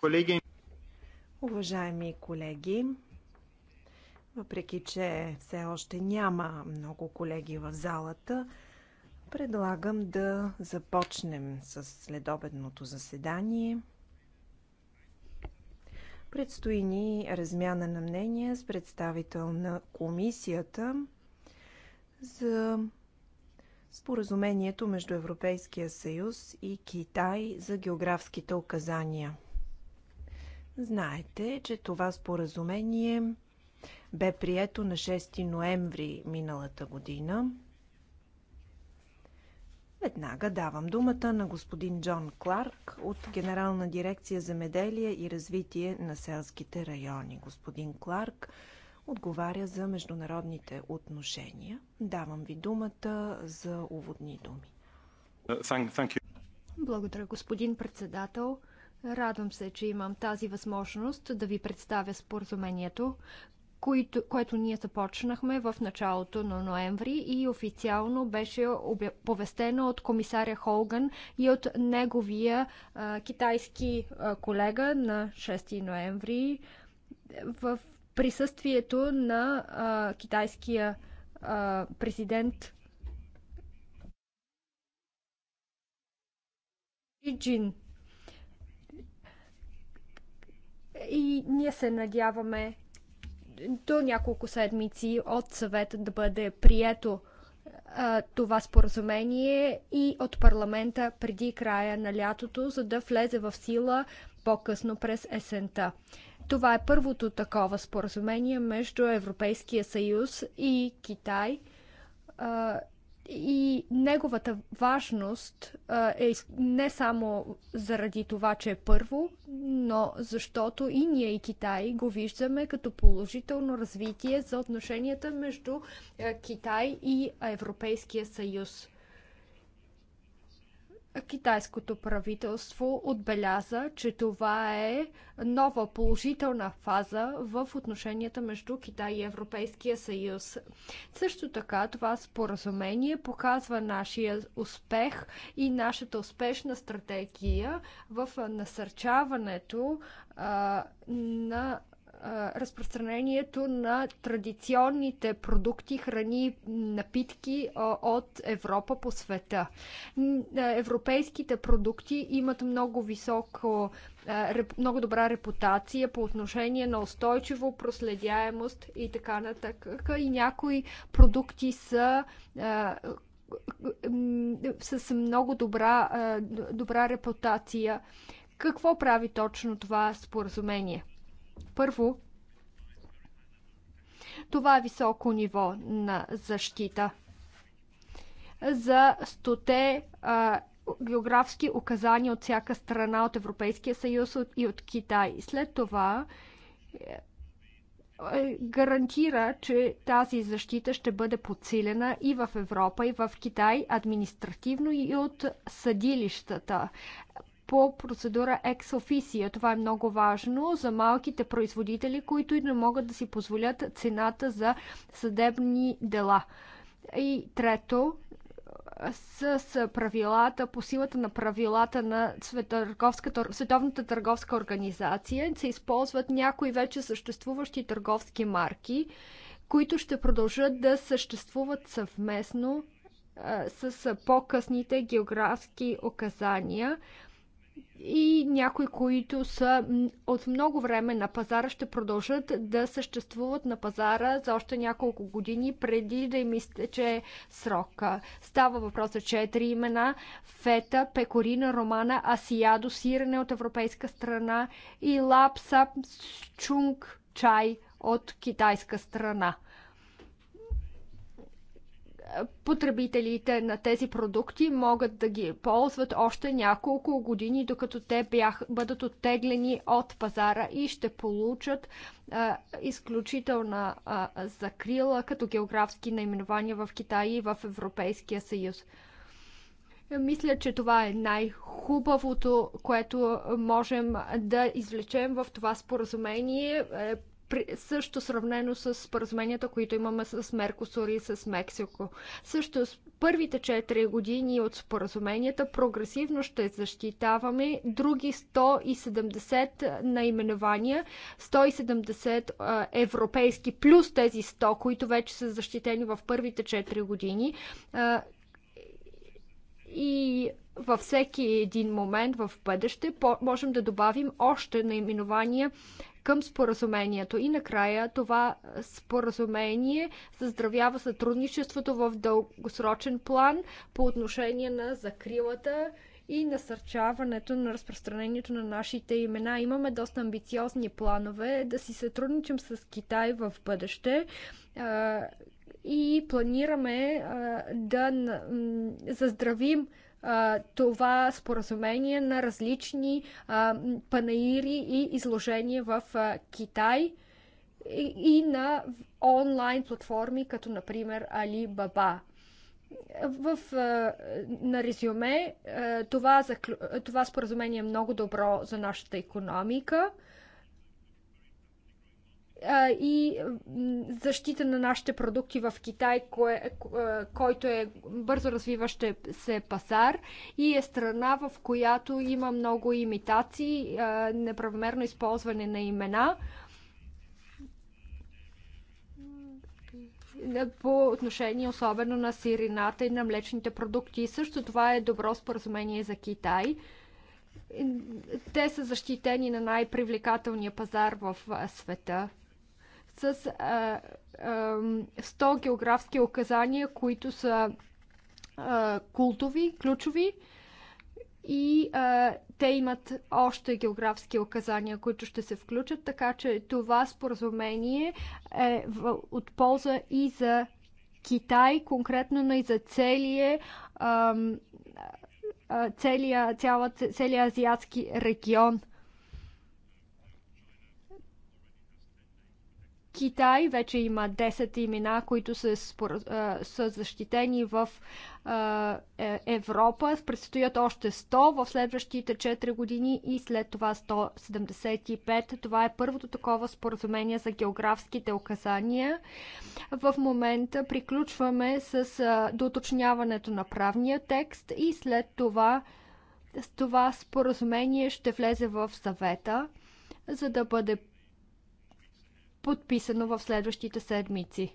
колеги. Уважаеми колеги, въпреки че все още няма много колеги в залата, предлагам да започнем с следобедното заседание. Предстои ни размяна на мнения с представител на комисията за споразумението между Европейския съюз и Китай за географските указания. Знаете, че това споразумение бе прието на 6 ноември миналата година. Веднага давам думата на господин Джон Кларк от Генерална дирекция за меделие и развитие на селските райони. Господин Кларк, отговаря за международните отношения. Давам ви думата за уводни думи. Uh, Благодаря, господин председател. Радвам се, че имам тази възможност да ви представя споразумението, което, което ние започнахме в началото на ноември и официално беше повестено от комисаря Холган и от неговия а, китайски а, колега на 6 ноември в присъствието на а, китайския а, президент Джин. И ние се надяваме до няколко седмици от съвета да бъде прието а, това споразумение и от парламента преди края на лятото, за да влезе в сила по-късно през есента. Това е първото такова споразумение между Европейския съюз и Китай. И неговата важност е не само заради това, че е първо, но защото и ние и Китай го виждаме като положително развитие за отношенията между Китай и Европейския съюз. Китайското правителство отбеляза, че това е нова положителна фаза в отношенията между Китай и Европейския съюз. Също така, това споразумение показва нашия успех и нашата успешна стратегия в насърчаването а, на разпространението на традиционните продукти, храни, напитки от Европа по света. Европейските продукти имат много високо много добра репутация по отношение на устойчиво проследяемост и така нататък. И някои продукти са с много добра, добра репутация. Какво прави точно това споразумение? Първо, това е високо ниво на защита за стоте а, географски указания от всяка страна от Европейския съюз и от Китай. След това е, е, гарантира, че тази защита ще бъде подсилена и в Европа, и в Китай административно, и от съдилищата по процедура екс офисия. Това е много важно за малките производители, които и не могат да си позволят цената за съдебни дела. И трето, с правилата, по силата на правилата на Световната търговска организация се използват някои вече съществуващи търговски марки, които ще продължат да съществуват съвместно с по-късните географски указания, и някои, които са от много време на пазара, ще продължат да съществуват на пазара за още няколко години преди да им изтече срока. Става въпрос за четири имена Фета, Пекорина, Романа, Асиядо, Сирене от европейска страна и Лапса, Чунг, Чай от китайска страна потребителите на тези продукти могат да ги ползват още няколко години, докато те бях, бъдат оттеглени от пазара и ще получат а, изключителна а, закрила като географски наименования в Китай и в Европейския съюз. Мисля, че това е най-хубавото, което можем да извлечем в това споразумение. Е, при, също сравнено с споразуменията, които имаме с Меркосур и с Мексико. Също с първите 4 години от споразуменията прогресивно ще защитаваме други 170 наименования, 170 европейски, плюс тези 100, които вече са защитени в първите 4 години. и във всеки един момент в бъдеще можем да добавим още наименования към споразумението. И накрая това споразумение заздравява сътрудничеството в дългосрочен план по отношение на закрилата и насърчаването на разпространението на нашите имена. Имаме доста амбициозни планове да си сътрудничим с Китай в бъдеще и планираме да заздравим това споразумение на различни панаири и изложения в Китай и на онлайн платформи, като например Alibaba. В, на резюме това, това споразумение е много добро за нашата економика и защита на нашите продукти в Китай, кое, който е бързо развиващ е, се пазар и е страна, в която има много имитации, неправомерно използване на имена. по отношение особено на сирината и на млечните продукти. И също това е добро споразумение за Китай. Те са защитени на най-привлекателния пазар в света с 100 географски указания, които са култови, ключови и а, те имат още географски указания, които ще се включат, така че това споразумение е в, от полза и за Китай, конкретно, но и за целия, а, целия, цяла, целия азиатски регион. Китай вече има 10 имена, които са, спор... са защитени в е, Европа. Предстоят още 100 в следващите 4 години и след това 175. Това е първото такова споразумение за географските указания. В момента приключваме с доточняването на правния текст и след това това споразумение ще влезе в съвета за да бъде подписано в следващите седмици.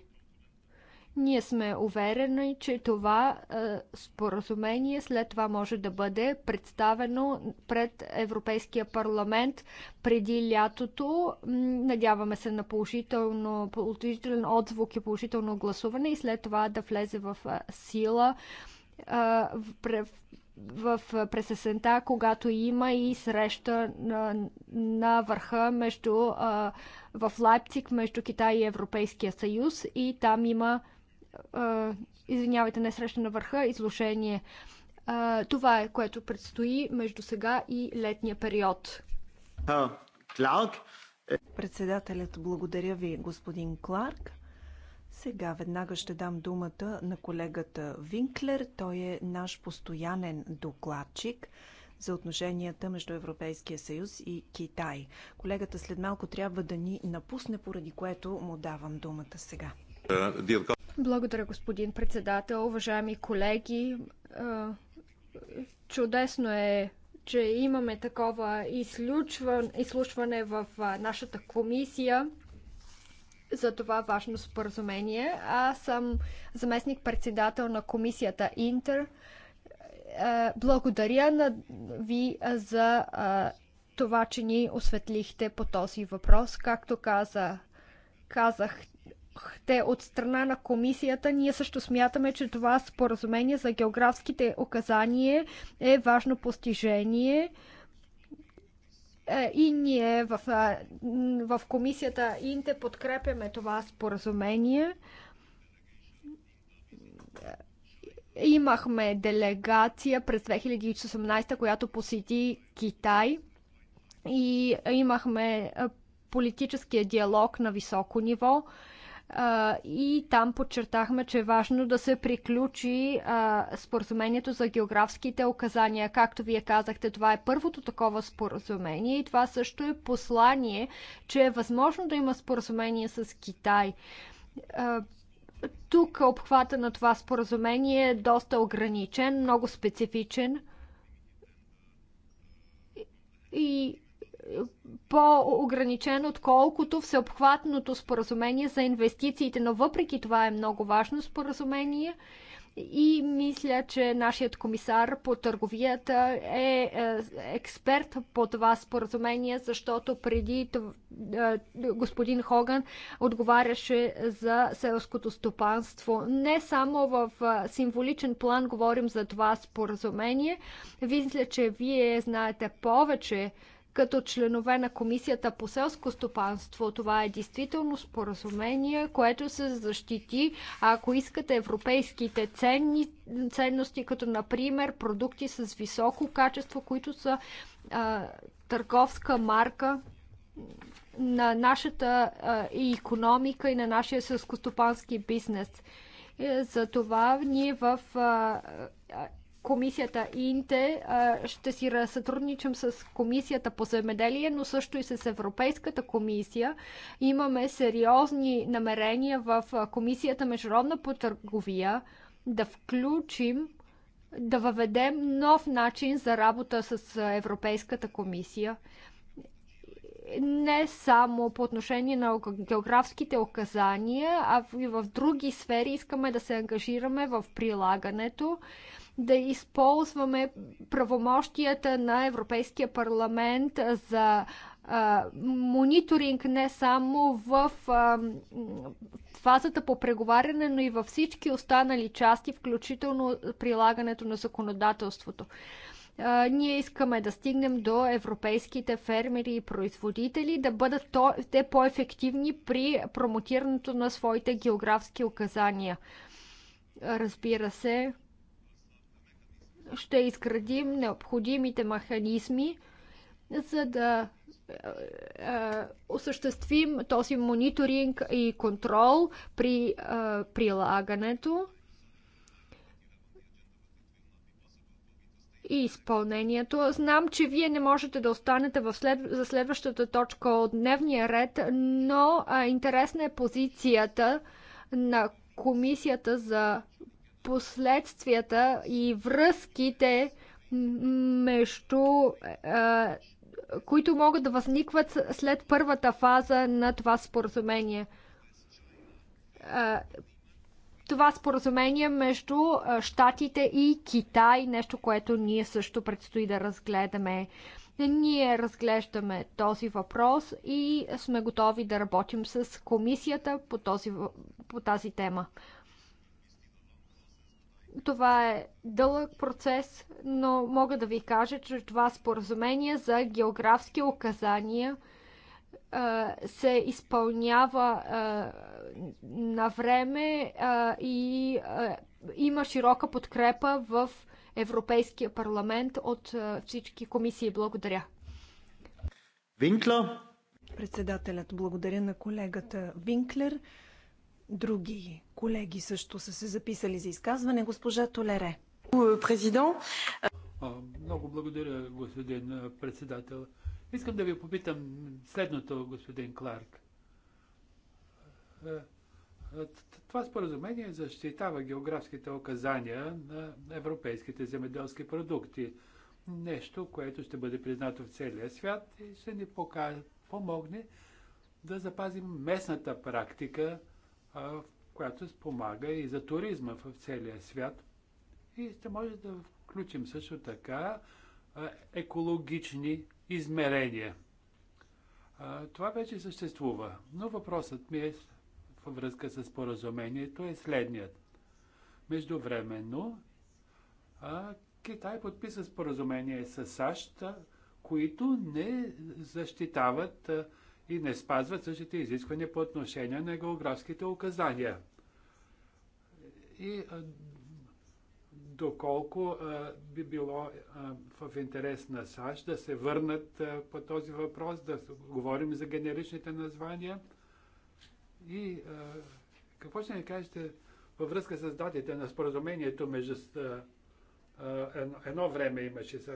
Ние сме уверени, че това е, споразумение след това може да бъде представено пред Европейския парламент преди лятото. Надяваме се на положително, положителен отзвук и положително гласуване и след това да влезе в е, сила е, в, в, е, през есента, когато има и среща на, на върха между е, в Лайпциг между Китай и Европейския съюз и там има, извинявайте, не среща на върха, изложение. Това е което предстои между сега и летния период. Кларк. Председателят, благодаря ви, господин Кларк. Сега веднага ще дам думата на колегата Винклер. Той е наш постоянен докладчик за отношенията между Европейския съюз и Китай. Колегата след малко трябва да ни напусне, поради което му давам думата сега. Благодаря, господин председател, уважаеми колеги. Чудесно е че имаме такова изслушване в нашата комисия за това важно споразумение. Аз съм заместник-председател на комисията Интер. Е, благодаря на ви за това, че ни осветлихте по този въпрос. Както каза, казах, те от страна на комисията, ние също смятаме, че това споразумение за географските указания е важно постижение. Е, и ние в, в комисията Инте подкрепяме това споразумение. Имахме делегация през 2018, която посети Китай и имахме политическия диалог на високо ниво. И там подчертахме, че е важно да се приключи споразумението за географските указания. Както вие казахте, това е първото такова споразумение и това също е послание, че е възможно да има споразумение с Китай тук обхвата на това споразумение е доста ограничен, много специфичен и по-ограничен, отколкото всеобхватното споразумение за инвестициите, но въпреки това е много важно споразумение – и мисля, че нашият комисар по търговията е, е експерт по това споразумение, защото преди е, господин Хоган отговаряше за селското стопанство. Не само в е, символичен план говорим за това споразумение. Мисля, че вие знаете повече като членове на Комисията по селско стопанство. Това е действително споразумение, което се защити, ако искате европейските ценни, ценности, като например продукти с високо качество, които са а, търговска марка на нашата а, економика и на нашия селскостопански бизнес. Е, За това ние в а, комисията ИНТЕ ще си сътрудничам с комисията по земеделие, но също и с Европейската комисия. Имаме сериозни намерения в комисията Международна по търговия да включим да въведем нов начин за работа с Европейската комисия. Не само по отношение на географските указания, а и в други сфери искаме да се ангажираме в прилагането да използваме правомощията на Европейския парламент за мониторинг не само в фазата по преговаряне, но и във всички останали части, включително прилагането на законодателството ние искаме да стигнем до европейските фермери и производители, да бъдат то, те по-ефективни при промотирането на своите географски указания. Разбира се, ще изградим необходимите механизми, за да е, е, осъществим този мониторинг и контрол при е, прилагането и изпълнението. Знам, че вие не можете да останете в след... за следващата точка от дневния ред, но интересна е позицията на Комисията за последствията и връзките между които могат да възникват след първата фаза на това споразумение. Това споразумение между Штатите и Китай, нещо, което ние също предстои да разгледаме. Ние разглеждаме този въпрос и сме готови да работим с комисията по, този, по тази тема. Това е дълъг процес, но мога да ви кажа, че това споразумение за географски указания се изпълнява на време и има широка подкрепа в Европейския парламент от всички комисии. Благодаря. Винклер. Председателят благодаря на колегата Винклер. Други колеги също са се записали за изказване. Госпожа Толере. Президент. Много благодаря, господин председател. Искам да ви попитам следното, господин Кларк. Това споразумение защитава географските оказания на европейските земеделски продукти. Нещо, което ще бъде признато в целия свят и ще ни помогне да запазим местната практика в която спомага и за туризма в целия свят. И ще може да включим също така екологични измерения. Това вече съществува, но въпросът ми е във връзка с поразумението е следният. Междувременно Китай подписа споразумение с САЩ, които не защитават и не спазват същите изисквания по отношение на географските указания. И доколко а, би било а, в интерес на САЩ да се върнат а, по този въпрос, да говорим за генеричните названия и а, какво ще ни кажете във връзка с датите на споразумението между а, едно, едно време имаше а,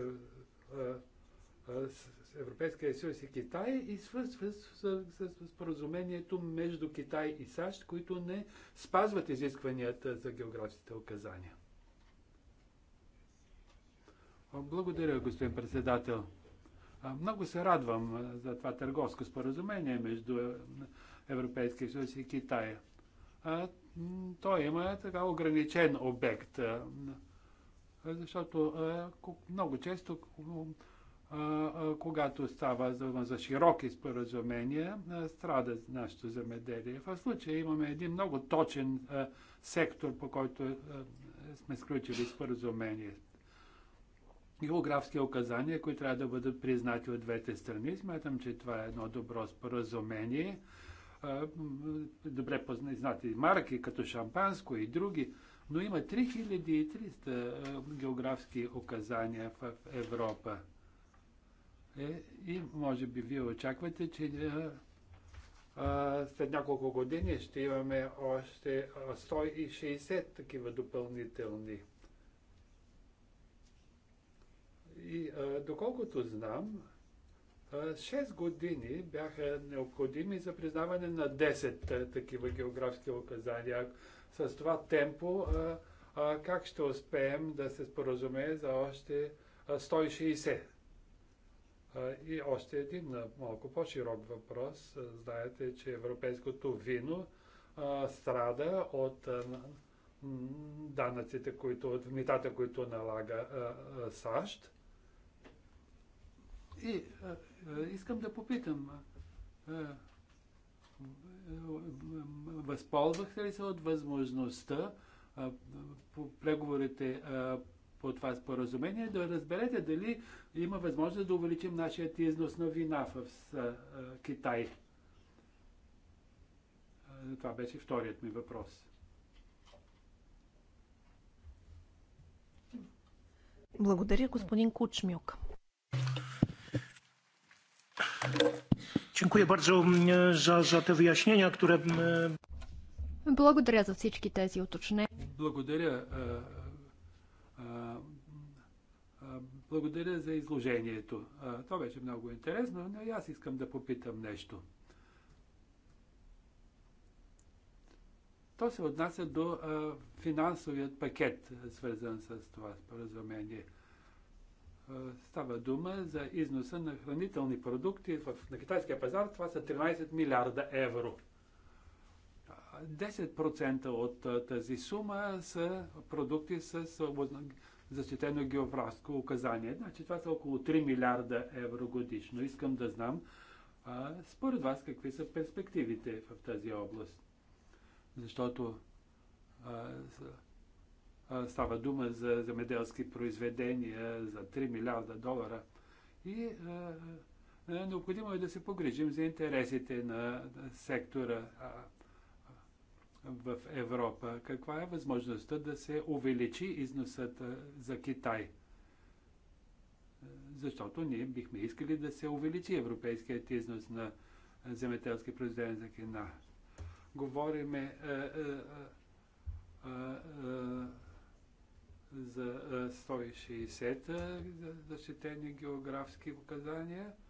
а, с Европейския съюз и Китай и с, с, с, с споразумението между Китай и САЩ, които не спазват изискванията за географските указания. Благодаря, господин председател. Много се радвам за това търговско споразумение между Европейския съюз и Китай. Той има така ограничен обект, защото много често когато става дума за широки споразумения, страда нашето земеделие. В случая имаме един много точен сектор, по който сме сключили споразумение. Географски указания, които трябва да бъдат признати от двете страни. Смятам, че това е едно добро споразумение. Добре познати марки, като шампанско и други, но има 3300 географски указания в Европа. Е, и може би вие очаквате, че е, след няколко години ще имаме още 160 такива допълнителни. И доколкото знам, 6 години бяха необходими за признаване на 10 такива географски указания. С това темпо как ще успеем да се споразумеем за още 160? И още един малко по-широк въпрос. Знаете, че европейското вино страда от данъците, които, от митата, които налага САЩ. И искам да попитам, възползвахте ли се от възможността по преговорите по това споразумение, да разберете дали има възможност да увеличим нашия износ на вина в Китай. Това беше вторият ми въпрос. Благодаря, господин Кучмюк. Dziękuję bardzo za, za te wyjaśnienia, które... Благодаря за всички тези уточнения. Благодаря благодаря за изложението. То беше много интересно, но и аз искам да попитам нещо. То се отнася до финансовият пакет, свързан с това споразумение. става дума за износа на хранителни продукти в, на китайския пазар. Това са 13 милиарда евро. 10% от тази сума са продукти с защитено географско указание. Значи това са около 3 милиарда евро годишно. Искам да знам а, според вас какви са перспективите в тази област. Защото а, а, става дума за земеделски произведения за 3 милиарда долара. И а, Необходимо е да се погрижим за интересите на сектора в Европа? Каква е възможността да се увеличи износът за Китай? Защото ние бихме искали да се увеличи европейският износ на земеделски произведения за Кина. Говориме е, е, е, за 160 защитени географски показания –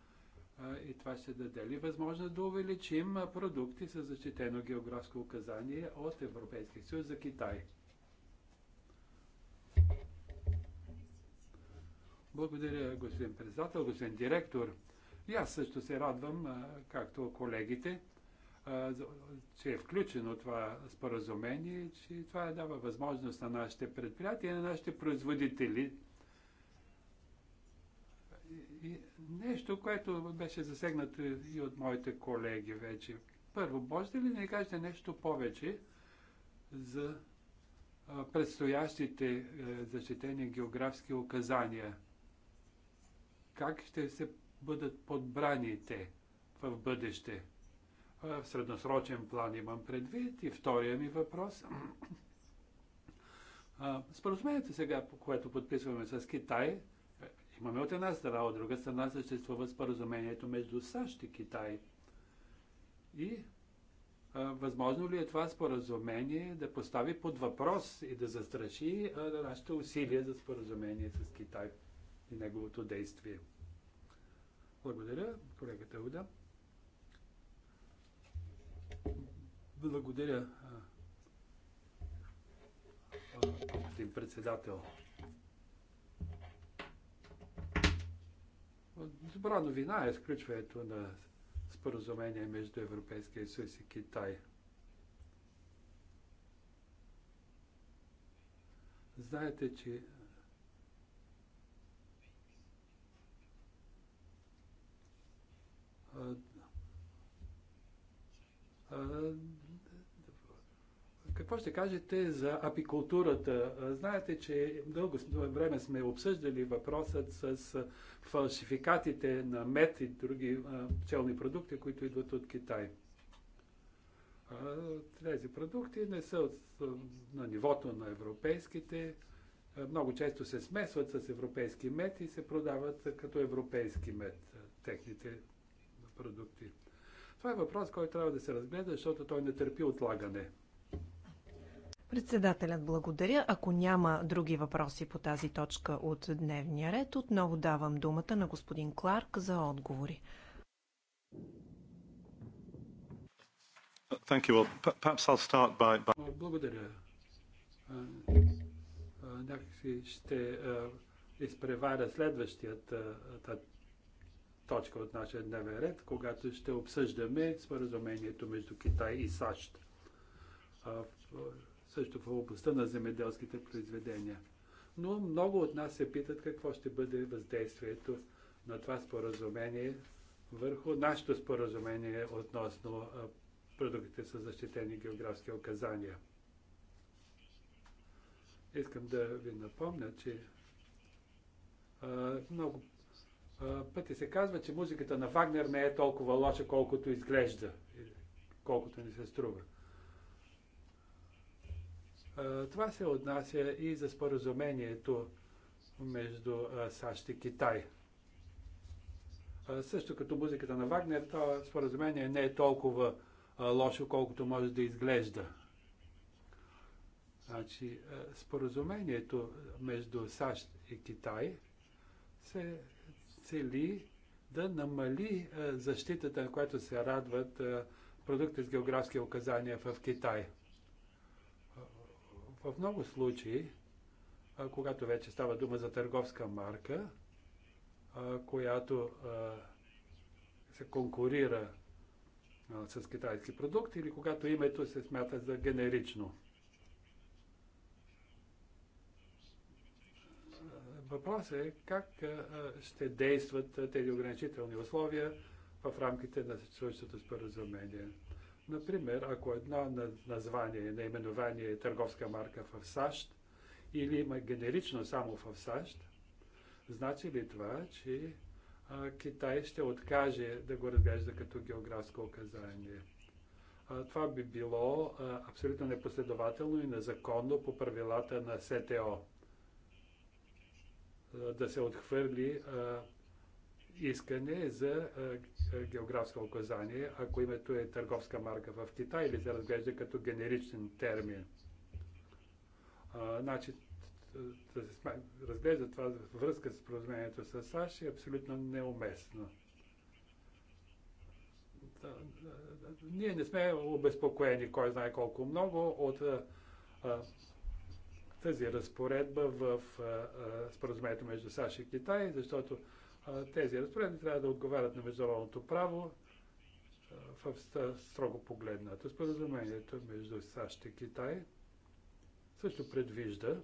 и това ще даде ли възможност да увеличим продукти с защитено географско указание от Европейския съюз за Китай? Благодаря, господин председател, господин директор. И аз също се радвам, както колегите, че е включено това споразумение, че това дава възможност на нашите предприятия и на нашите производители Нещо, което беше засегнато и от моите колеги вече. Първо, можете ли да ни кажете нещо повече за предстоящите е, защитени географски указания? Как ще се бъдат подбрани те в бъдеще? В средносрочен план имам предвид. И втория ми въпрос. Споразумението сега, което подписваме с Китай, Имаме от една страна, от друга страна съществува споразумението между САЩ и Китай. И а, възможно ли е това споразумение да постави под въпрос и да застраши а, да нашите усилия за споразумение с Китай и неговото действие? Благодаря, колегата Уда. Благодаря, господин председател. Добра новина е сключването на споразумение между Европейския съюз и Китай. Знаете, че а, а, какво ще кажете за апикултурата? Знаете, че дълго време сме обсъждали въпросът с фалшификатите на мед и други пчелни продукти, които идват от Китай. Тези продукти не са на нивото на европейските. Много често се смесват с европейски мед и се продават като европейски мед техните продукти. Това е въпрос, който трябва да се разгледа, защото той не търпи отлагане. Председателят благодаря. Ако няма други въпроси по тази точка от дневния ред, отново давам думата на господин Кларк за отговори. Благодаря. Някакси ще изпреваря следващият точка от нашия дневен ред, когато ще обсъждаме споразумението между Китай и САЩ също в областта на земеделските произведения. Но много от нас се питат какво ще бъде въздействието на това споразумение върху нашето споразумение относно продуктите с защитени географски указания. Искам да ви напомня, че а, много а, пъти се казва, че музиката на Вагнер не е толкова лоша, колкото изглежда, колкото ни се струва. Това се отнася и за споразумението между САЩ и Китай. Също като музиката на Вагнер, това споразумение не е толкова лошо, колкото може да изглежда. Значи, споразумението между САЩ и Китай се цели да намали защитата, на която се радват продукти с географски указания в Китай в много случаи, когато вече става дума за търговска марка, която се конкурира с китайски продукт или когато името се смята за генерично. Въпросът е как ще действат тези ограничителни условия в рамките на съществуващото споразумение. Например, ако едно название, наименование е търговска марка в САЩ или има генерично само в САЩ, значи ли това, че а, Китай ще откаже да го разглежда като географско указание? А, това би било а, абсолютно непоследователно и незаконно по правилата на СТО. А, да се отхвърли а, искане за географско указание, ако името е търговска марка в Китай или се разглежда като генеричен термин. значи, да се разглежда това връзка с споразумението с САЩ е абсолютно неуместно. ние не сме обезпокоени, кой знае колко много, от тази разпоредба в споразумението между САЩ и Китай, защото тези разпоредби трябва да отговарят на международното право в строго погледнато. Споразумението между САЩ и Китай също предвижда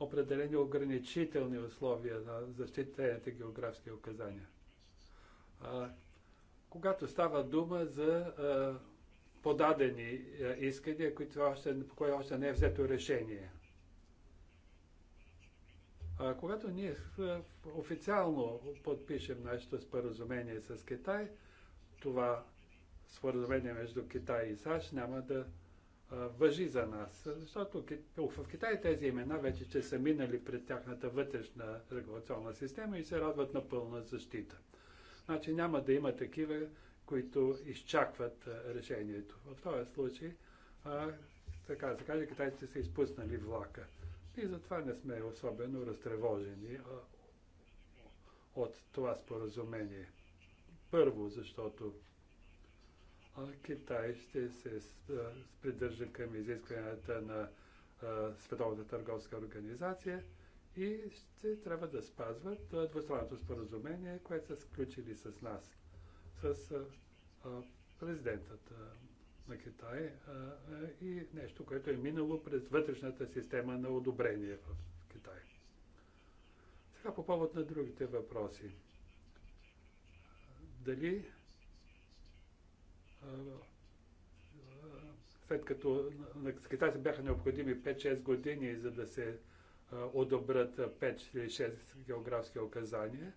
определени ограничителни условия на защитените географски указания. А, когато става дума за а, подадени а, искания, които още, по които още не е взето решение. А, когато ние е, официално подпишем нашето споразумение с Китай, това споразумение между Китай и САЩ няма да въжи за нас, защото в Китай тези имена вече че са минали през тяхната вътрешна регулационна система и се радват на пълна защита. Значи няма да има такива, които изчакват решението. В този случай, така да се каже, китайците са изпуснали влака. И затова не сме особено разтревожени от това споразумение. Първо, защото Китай ще се придържа към изискванията на Световната търговска организация и ще трябва да спазват двустранното споразумение, което са сключили с нас, с президентът на Китай и нещо, което е минало през вътрешната система на одобрение в Китай. Сега по повод на другите въпроси. Дали след като на се бяха необходими 5-6 години, за да се одобрят 5 или 6 географски указания,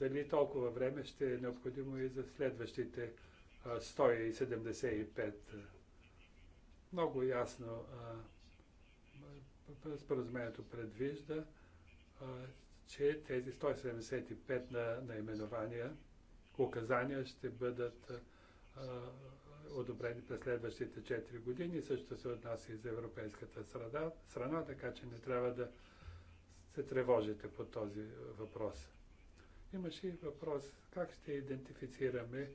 дали толкова време ще е необходимо и за следващите 175. Много ясно споразумението предвижда, че тези 175 на наименования, указания ще бъдат одобрени през следващите 4 години. Също се отнася и за европейската страна, страна, така че не трябва да се тревожите по този въпрос. Имаше и въпрос как ще идентифицираме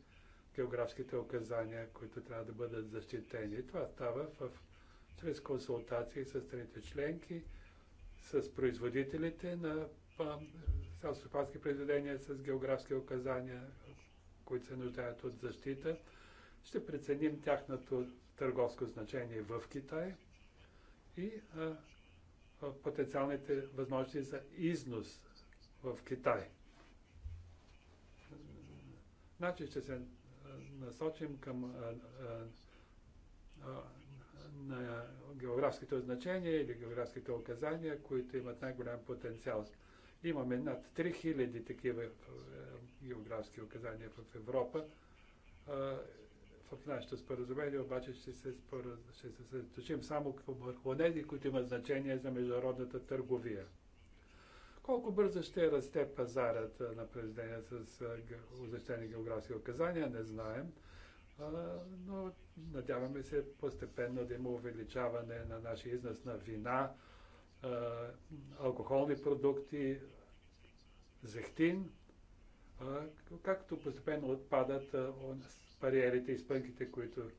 географските указания, които трябва да бъдат защитени. Това става в, чрез консултации с страните членки, с производителите на селскостопански произведения с географски указания, които се нуждаят от защита. Ще преценим тяхното търговско значение в Китай и а, а, потенциалните възможности за износ в Китай. Значи ще се насочим към на географските значения или географските указания, които имат най-голям потенциал. Имаме над 3000 такива е, географски указания в Европа. В нашето споразумение обаче ще се, спораз... ще се съсредоточим само върху тези, които имат значение за международната търговия. Колко бързо ще расте пазарът на произведения с означени географски указания, не знаем, но надяваме се постепенно да има увеличаване на нашия износ на вина, алкохолни продукти, зехтин, както постепенно отпадат бариерите и спънките, които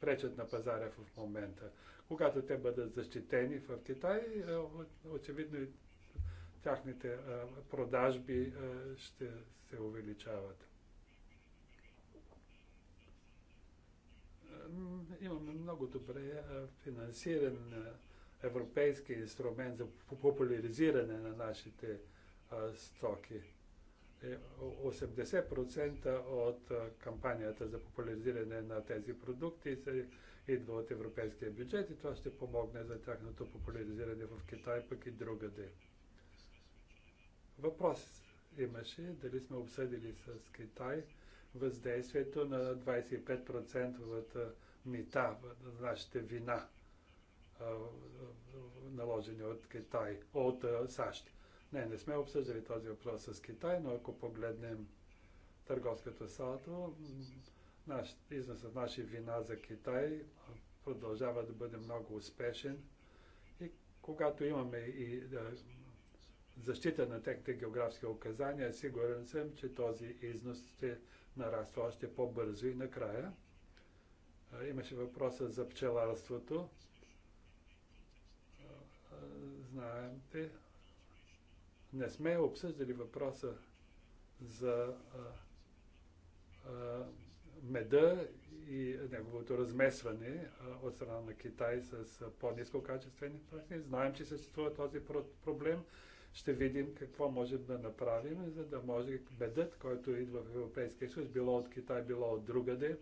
пречат на пазара в момента. Когато те бъдат защитени в Китай, очевидно тяхните продажби ще се увеличават. Имаме много добре финансиран европейски инструмент за популяризиране на нашите стоки. 80% е, от кампанията за популяризиране на тези продукти се идва от европейския бюджет и това ще помогне за тяхното популяризиране в Китай, пък и другаде. Въпрос имаше дали сме обсъдили с Китай въздействието на 25% мита нашите вина, наложени от Китай, от САЩ. Не, не сме обсъждали този въпрос с Китай, но ако погледнем търговското салдо, наш, износът наши вина за Китай продължава да бъде много успешен. И когато имаме и защита на техните географски указания, сигурен съм, че този износ ще нараства още по-бързо и накрая. Имаше въпроса за пчеларството. те. не сме обсъждали въпроса за меда и неговото размесване от страна на Китай с по-низкокачествени прахни. Знаем, че съществува този проблем ще видим какво можем да направим, за да може бедът, който идва в Европейския съюз, било от Китай, било от другаде,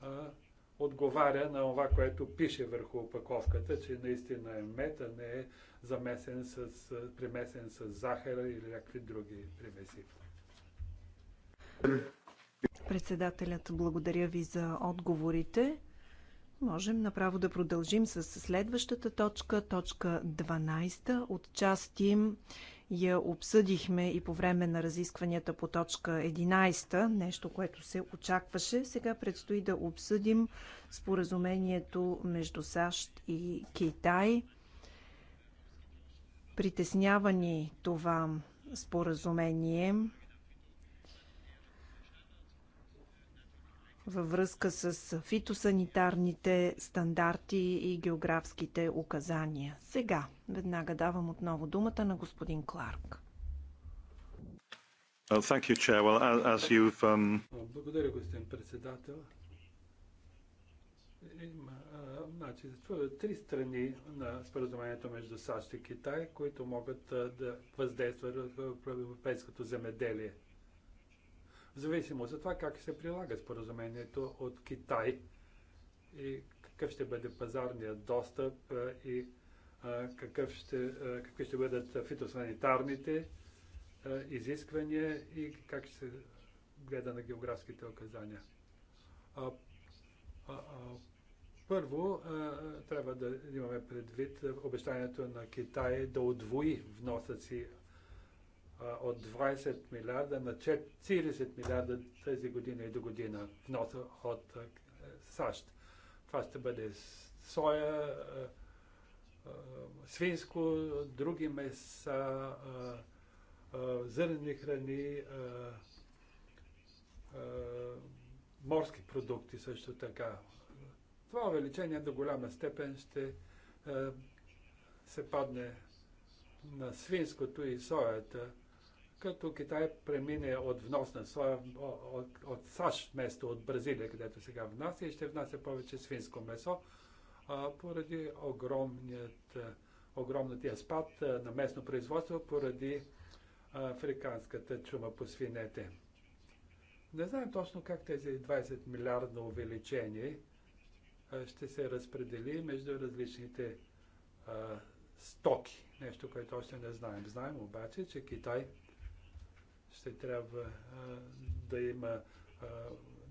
а, отговаря на това, което пише върху опаковката, че наистина е мед, а не е замесен с, примесен с захара или някакви други примеси. Председателят, благодаря ви за отговорите. Можем направо да продължим с следващата точка, точка 12. От им я обсъдихме и по време на разискванията по точка 11, нещо, което се очакваше. Сега предстои да обсъдим споразумението между САЩ и Китай. Притеснявани това споразумение. във връзка с фитосанитарните стандарти и географските указания. Сега веднага давам отново думата на господин Кларк. Um, Благодаря, господин председател. Има, а, значи, три страни на споразумението между САЩ и Китай, които могат а, да въздействат в европейското земеделие – в зависимост от това как се прилага споразумението от Китай и какъв ще бъде пазарният достъп и какъв ще, какви ще бъдат фитосанитарните изисквания и как ще се гледа на географските указания. А, а, а, първо, трябва да имаме предвид обещанието на Китай да отвои вноса си от 20 милиарда на 40 милиарда тази година и до година вноса от САЩ. Това ще бъде соя, свинско, други меса, зърнени храни, морски продукти също така. Това увеличение до голяма степен ще се падне на свинското и соята, като Китай премине от внос на своя, от, от САЩ место от Бразилия, където сега внася и ще внася повече свинско месо, а, поради огромният, огромният спад на местно производство, поради африканската чума по свинете. Не знаем точно как тези 20 милиардно увеличение ще се разпредели между различните а, стоки. Нещо, което още не знаем. Знаем обаче, че Китай ще трябва а, да има а,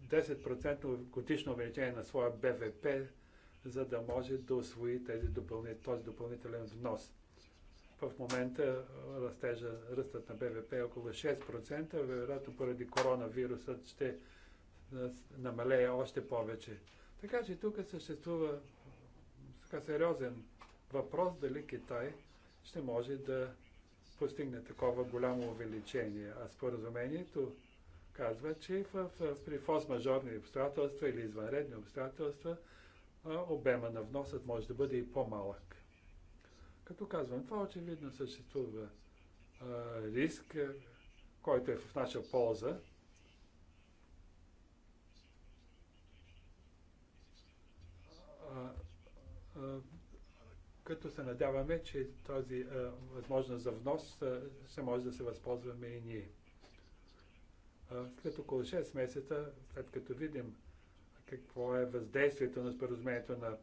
10% годишно увеличение на своя БВП, за да може да освои тези допълни, този допълнителен внос. В момента растежа, ръстът на БВП е около 6%, вероятно поради коронавирусът ще намалее още повече. Така че тук съществува така сериозен въпрос дали Китай ще може да постигне такова голямо увеличение. А споразумението казва, че в, в, при фос-мажорни обстоятелства или извънредни обстоятелства обема на вносът може да бъде и по-малък. Като казвам, това очевидно съществува а, риск, който е в наша полза. А, а, като се надяваме, че този а, е, възможност за внос а, е, ще може да се възползваме и ние. А, след около 6 месеца, след като видим какво е въздействието на споразумението на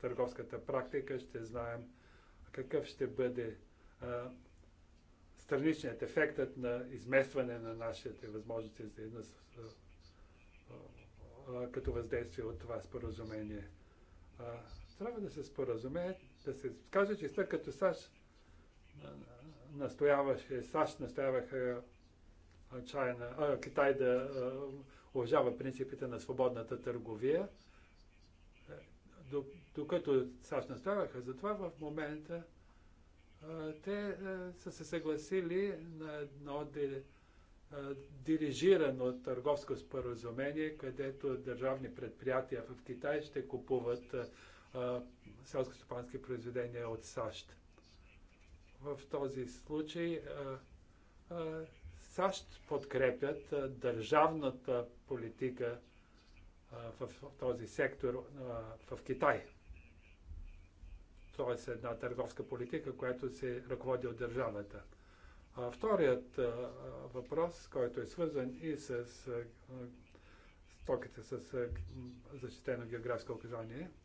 търговската практика, ще знаем какъв ще бъде а, страничният ефектът на изместване на нашите възможности за износ като въздействие от това споразумение. А, трябва да се споразумеят да се каже, че след като САЩ настояваше, САЩ настояваха Чайна, а, Китай да уважава принципите на свободната търговия, е, докато САЩ настояваха за това, в момента те са се съгласили на едно дирижирано търговско споразумение, където държавни предприятия в Китай ще купуват селско-стопански произведения от САЩ. В този случай САЩ подкрепят държавната политика в този сектор в Китай. Тоест една търговска политика, която се ръководи от държавата. Вторият въпрос, който е свързан и с стоките с защитено географско указание –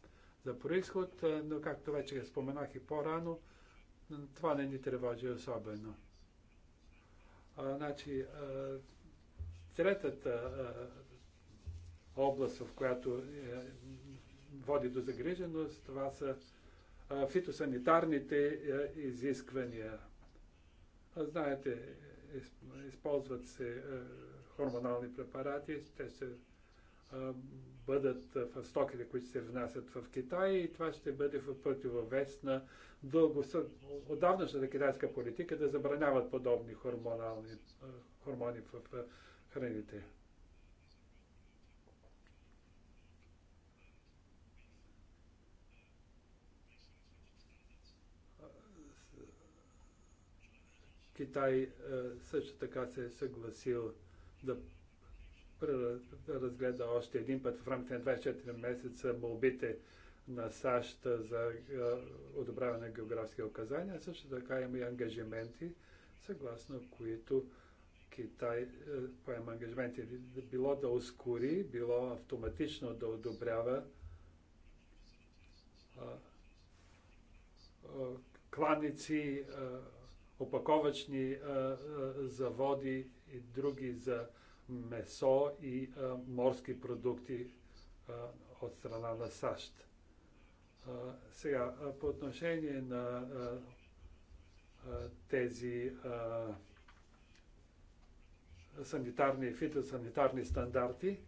за происход, но както вече споменах и по-рано, това не ни тревожи особено. А, значи, а, третата а, област, в която е, води до загриженост, това са а, фитосанитарните а, е, изисквания. А, знаете, е, използват се а, е, хормонални препарати, те се бъдат в стоките, които се внасят в Китай и това ще бъде в противовес на дългосъ... отдавнашната китайска политика да забраняват подобни хормонални, хормони в храните. Китай също така се е съгласил да разгледа още един път в рамките на 24 месеца молбите на САЩ за е, одобряване на географски указания. Също така има и ангажименти, съгласно които Китай е, поема ангажименти било да ускори, било автоматично да одобрява кланици, опаковачни заводи и други за месо и а, морски продукти а, от страна на САЩ. А, сега, по отношение на тези санитарни и фитосанитарни стандарти,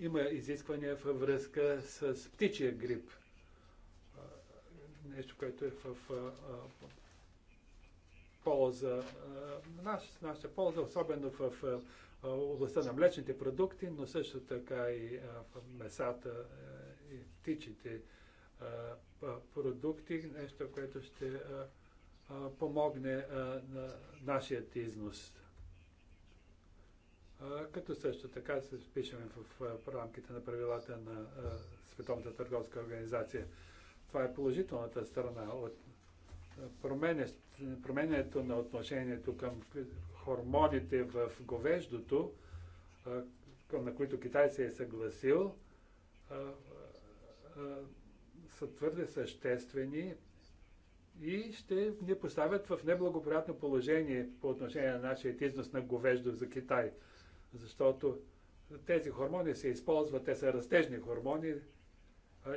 има изисквания във връзка с птичия грип. Нещо, което е в полза, наш, наша полза, особено в областта на млечните продукти, но също така и в месата и птичите продукти, нещо, което ще помогне на нашият износ. Като също така се впишем в рамките на правилата на Световната търговска организация. Това е положителната страна от променето на отношението към хормоните в говеждото, на които Китай се е съгласил, са твърде съществени и ще ни поставят в неблагоприятно положение по отношение на нашия износ на говеждо за Китай. Защото тези хормони се използват, те са растежни хормони,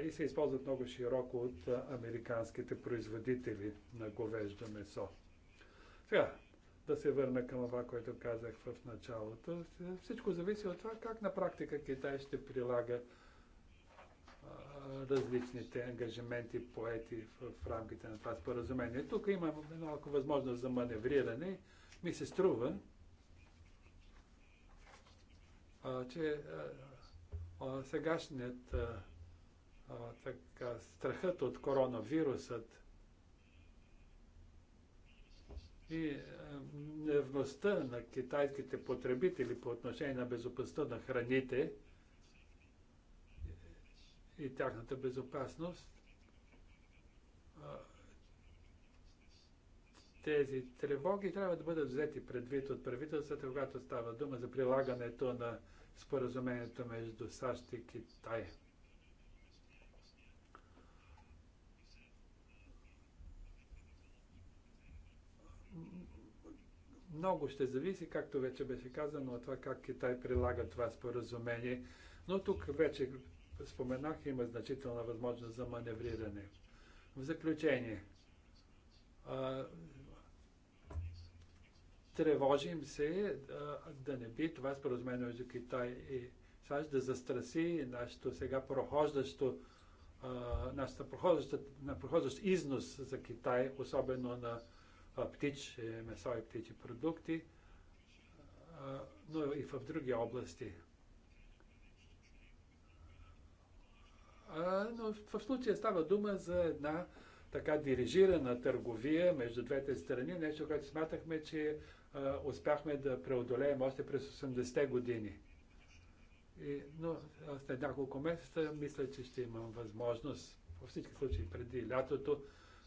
и се използват много широко от американските производители на говеждо месо. Сега, да се върна към това, което казах в началото. Всичко зависи от това как на практика Китай ще прилага различните ангажименти, поети в рамките на това споразумение. Тук има малко възможност за маневриране. Ми се струва, че сегашният а, така, страхът от коронавирусът и е, невността на китайските потребители по отношение на безопасността на храните и тяхната безопасност, тези тревоги трябва да бъдат взети предвид от правителствата, когато става дума за прилагането на споразумението между САЩ и Китай. много ще зависи, както вече беше казано, от това как Китай прилага това споразумение. Но тук вече споменах, има значителна възможност за маневриране. В заключение, а, тревожим се а, да не би това споразумение между Китай и САЩ да застраси нашето сега прохождащо нашата прохождаща, на прохождащ износ за Китай, особено на птиче месо и птичи продукти, но и в други области. Но в случая става дума за една така дирижирана търговия между двете страни, нещо, което смятахме, че успяхме да преодолеем още през 80-те години. И, но след няколко месеца мисля, че ще имам възможност, във всички случаи преди лятото,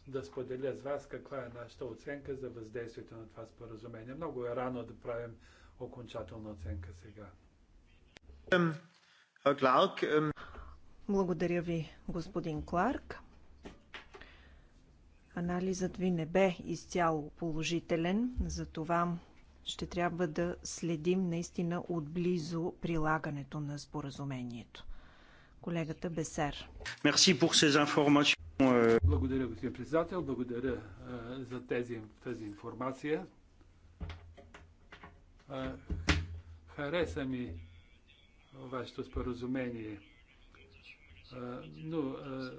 да споделя с вас каква е нашата оценка за въздействието на това споразумение. Много е рано да правим окончателна оценка сега. Благодаря ви, господин Кларк. Анализът ви не бе изцяло положителен, затова ще трябва да следим наистина отблизо прилагането на споразумението. Колегата Бесер. Благодаря, господин председател. Благодаря а, за тези, тази информация. А, хареса ми вашето споразумение. А, но, а,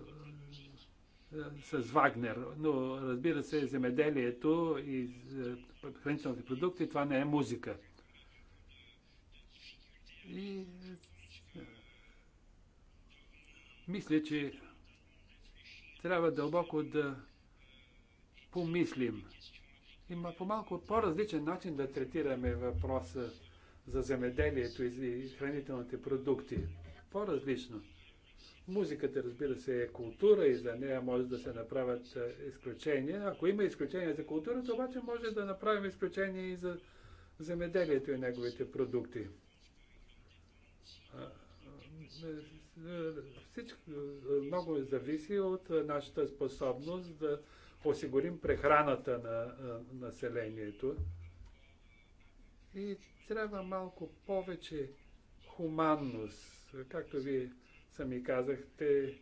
с Вагнер. Но разбира се, земеделието и хранителните продукти това не е музика. И мисля, че трябва дълбоко да помислим Има по малко по-различен начин да третираме въпроса за земеделието и хранителните продукти. По-различно. Музиката, разбира се, е култура и за нея може да се направят е, изключения. Ако има изключения за културата, обаче може да направим изключения и за земеделието и неговите продукти. Всичко е, много е зависи от е, нашата способност да осигурим прехраната на населението. И трябва малко повече хуманност. Както вие сами казахте,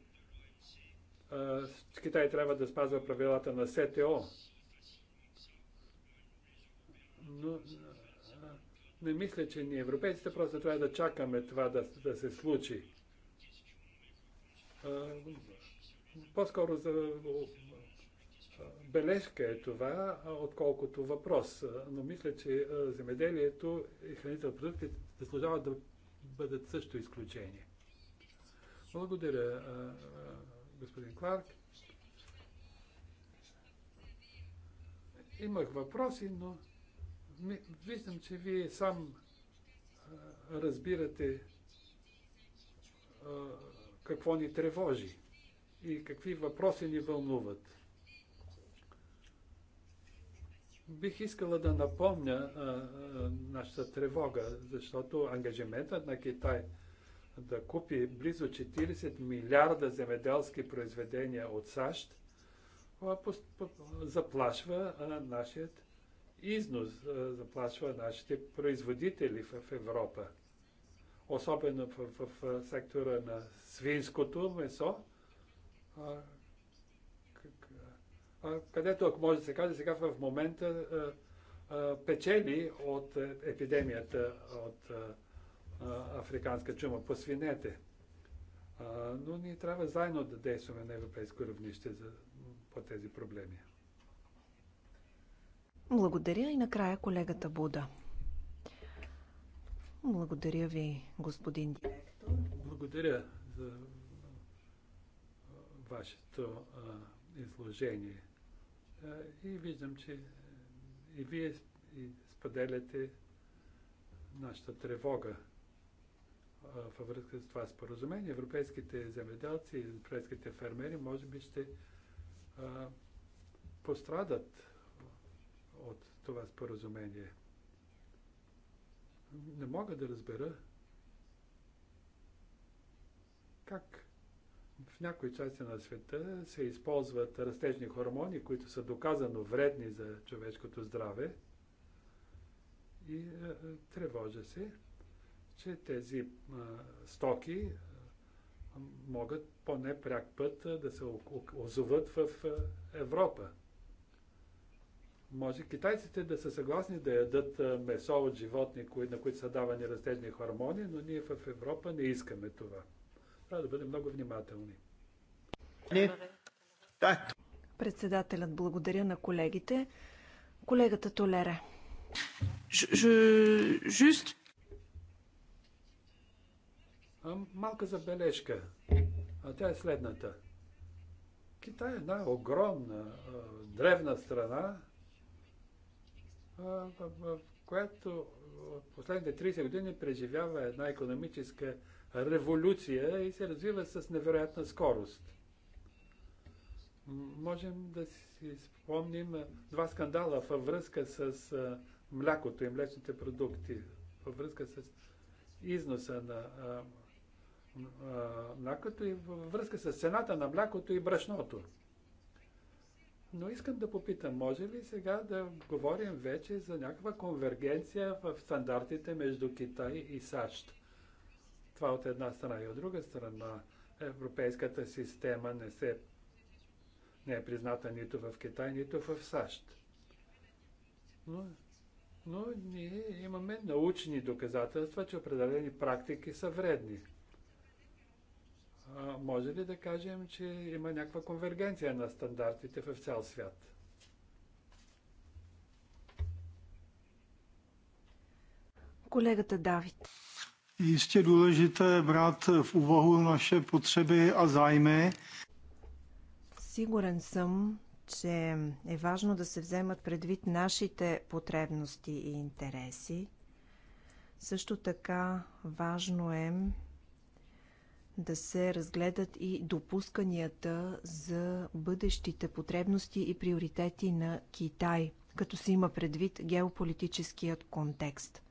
Китай трябва да спазва правилата на СТО. Но не мисля, че ние европейците просто трябва да чакаме това да, да се случи. Е, по-скоро за бележка е това, отколкото въпрос. Но мисля, че земеделието и хранителните продукти заслужават да бъдат също изключение. Благодаря, господин Кларк. Имах въпроси, но виждам, че вие сам разбирате какво ни тревожи и какви въпроси ни вълнуват. Бих искала да напомня а, а, нашата тревога, защото ангажиментът на Китай да купи близо 40 милиарда земеделски произведения от САЩ а, по, по, заплашва а, нашият износ, а, заплашва нашите производители в, в Европа особено в, в, в сектора на свинското месо, а, а, където, ако може да се каже, сега в момента а, а, печели от епидемията от а, а, африканска чума по свинете. А, но ние трябва заедно да действаме на европейско равнище за, по тези проблеми. Благодаря и накрая колегата Буда. Благодаря ви, господин директор. Благодаря за вашето а, изложение. А, и виждам, че и вие споделяте нашата тревога а, във връзка с това споразумение. Европейските земеделци, европейските фермери може би ще а, пострадат от това споразумение не мога да разбера как в някои части на света се използват растежни хормони, които са доказано вредни за човешкото здраве. И е, е, тревожа се, че тези стоки могат по непряк път да се озоват в Европа. Може китайците да са съгласни да ядат месо от животни, на които са давани растежни хормони, но ние в Европа не искаме това. Трябва да бъдем много внимателни. Председателят благодаря на колегите. Колегата Толере. Just... Малка забележка. А тя е следната. Китай е една огромна, древна страна, в която от последните 30 години преживява една економическа революция и се развива с невероятна скорост. Можем да си спомним два скандала във връзка с млякото и млечните продукти, във връзка с износа на млякото и във връзка с цената на млякото и брашното. Но искам да попитам, може ли сега да говорим вече за някаква конвергенция в стандартите между Китай и САЩ? Това от една страна и от друга страна. Европейската система не, се, не е призната нито в Китай, нито в САЩ. Но, но ние имаме научни доказателства, че определени практики са вредни може ли да кажем, че има някаква конвергенция на стандартите в цял свят? Колегата Давид. Jistě důležité в увагу на naše потреби a zájmy. Сигурен съм, че е важно да се вземат предвид нашите потребности и интереси. Също така важно е да се разгледат и допусканията за бъдещите потребности и приоритети на Китай, като се има предвид геополитическият контекст.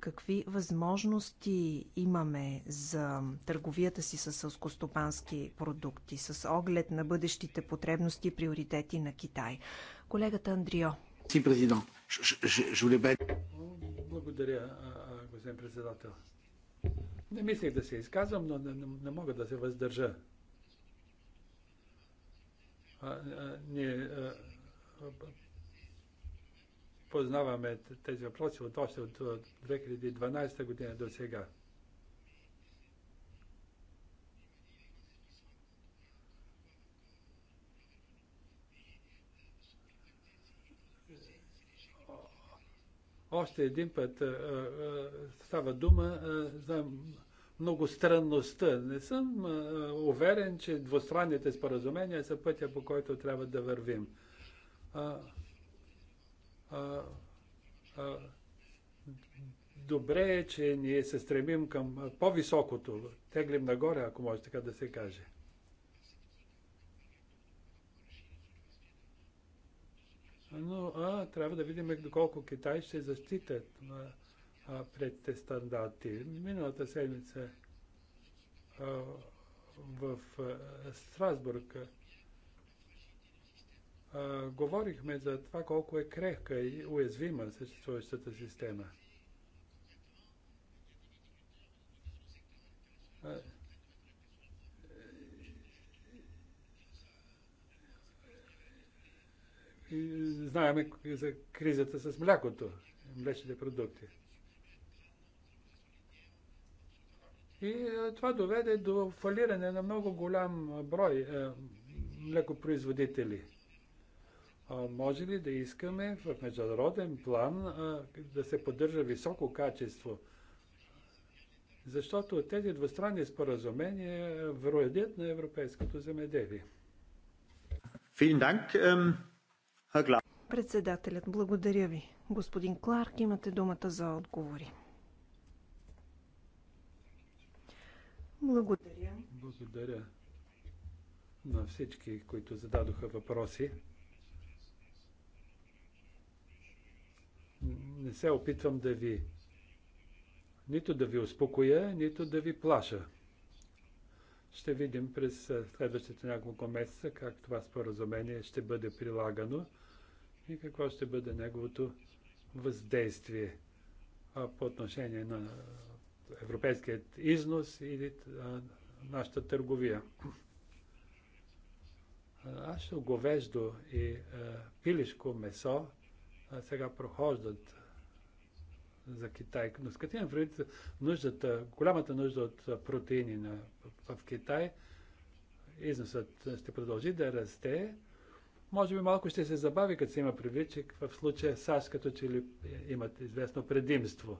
Какви възможности имаме за търговията си с сълскостопански продукти, с оглед на бъдещите потребности и приоритети на Китай? Колегата Андрио. Си президент, Благодаря, господин председател. Не мислех да се изказвам, но не, не, не мога да се въздържа. А, а, ние а, познаваме тези въпроси от още от 2012 година до сега. Още един път става дума за многостранността. Не съм уверен, че двустранните споразумения са пътя, по който трябва да вървим. Добре е, че ние се стремим към по-високото. Теглим нагоре, ако може така да се каже. но а, трябва да видим доколко Китай ще защитят а, пред те стандарти. Миналата седмица а, в а, Страсбург а, говорихме за това колко е крехка и уязвима съществуващата система. И знаеме за кризата с млякото, млечните продукти. И е, това доведе до фалиране на много голям брой е, млекопроизводители. А може ли да искаме в международен план а, е, да се поддържа високо качество? Защото тези двустранни споразумения вредят на европейското земеделие. Vielen Dank. Председателят, благодаря ви. Господин Кларк, имате думата за отговори. Благодаря. Благодаря на всички, които зададоха въпроси. Не се опитвам да ви нито да ви успокоя, нито да ви плаша. Ще видим през следващите няколко месеца как това споразумение ще бъде прилагано и какво ще бъде неговото въздействие по отношение на европейският износ или нашата търговия. Нашето говеждо и пилешко месо сега прохождат за Китай. Но с като предвид нуждата, голямата нужда от протеини на, в Китай, износът ще продължи да расте. Може би малко ще се забави, като се има предвид, че в случая САЩ като че ли имат известно предимство.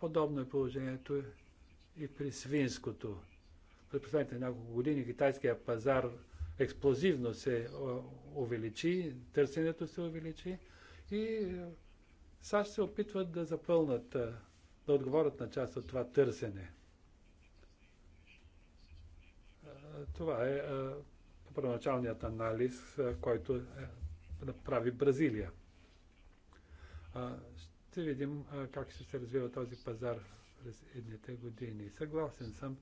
Подобно е положението и при свинското. През последните няколко години китайския пазар експлозивно се увеличи, търсенето се увеличи и САЩ се опитват да запълнат, да отговорят на част от това търсене. Това е първоначалният анализ, който е, направи Бразилия. Ще видим как ще се развива този пазар през едните години. Съгласен съм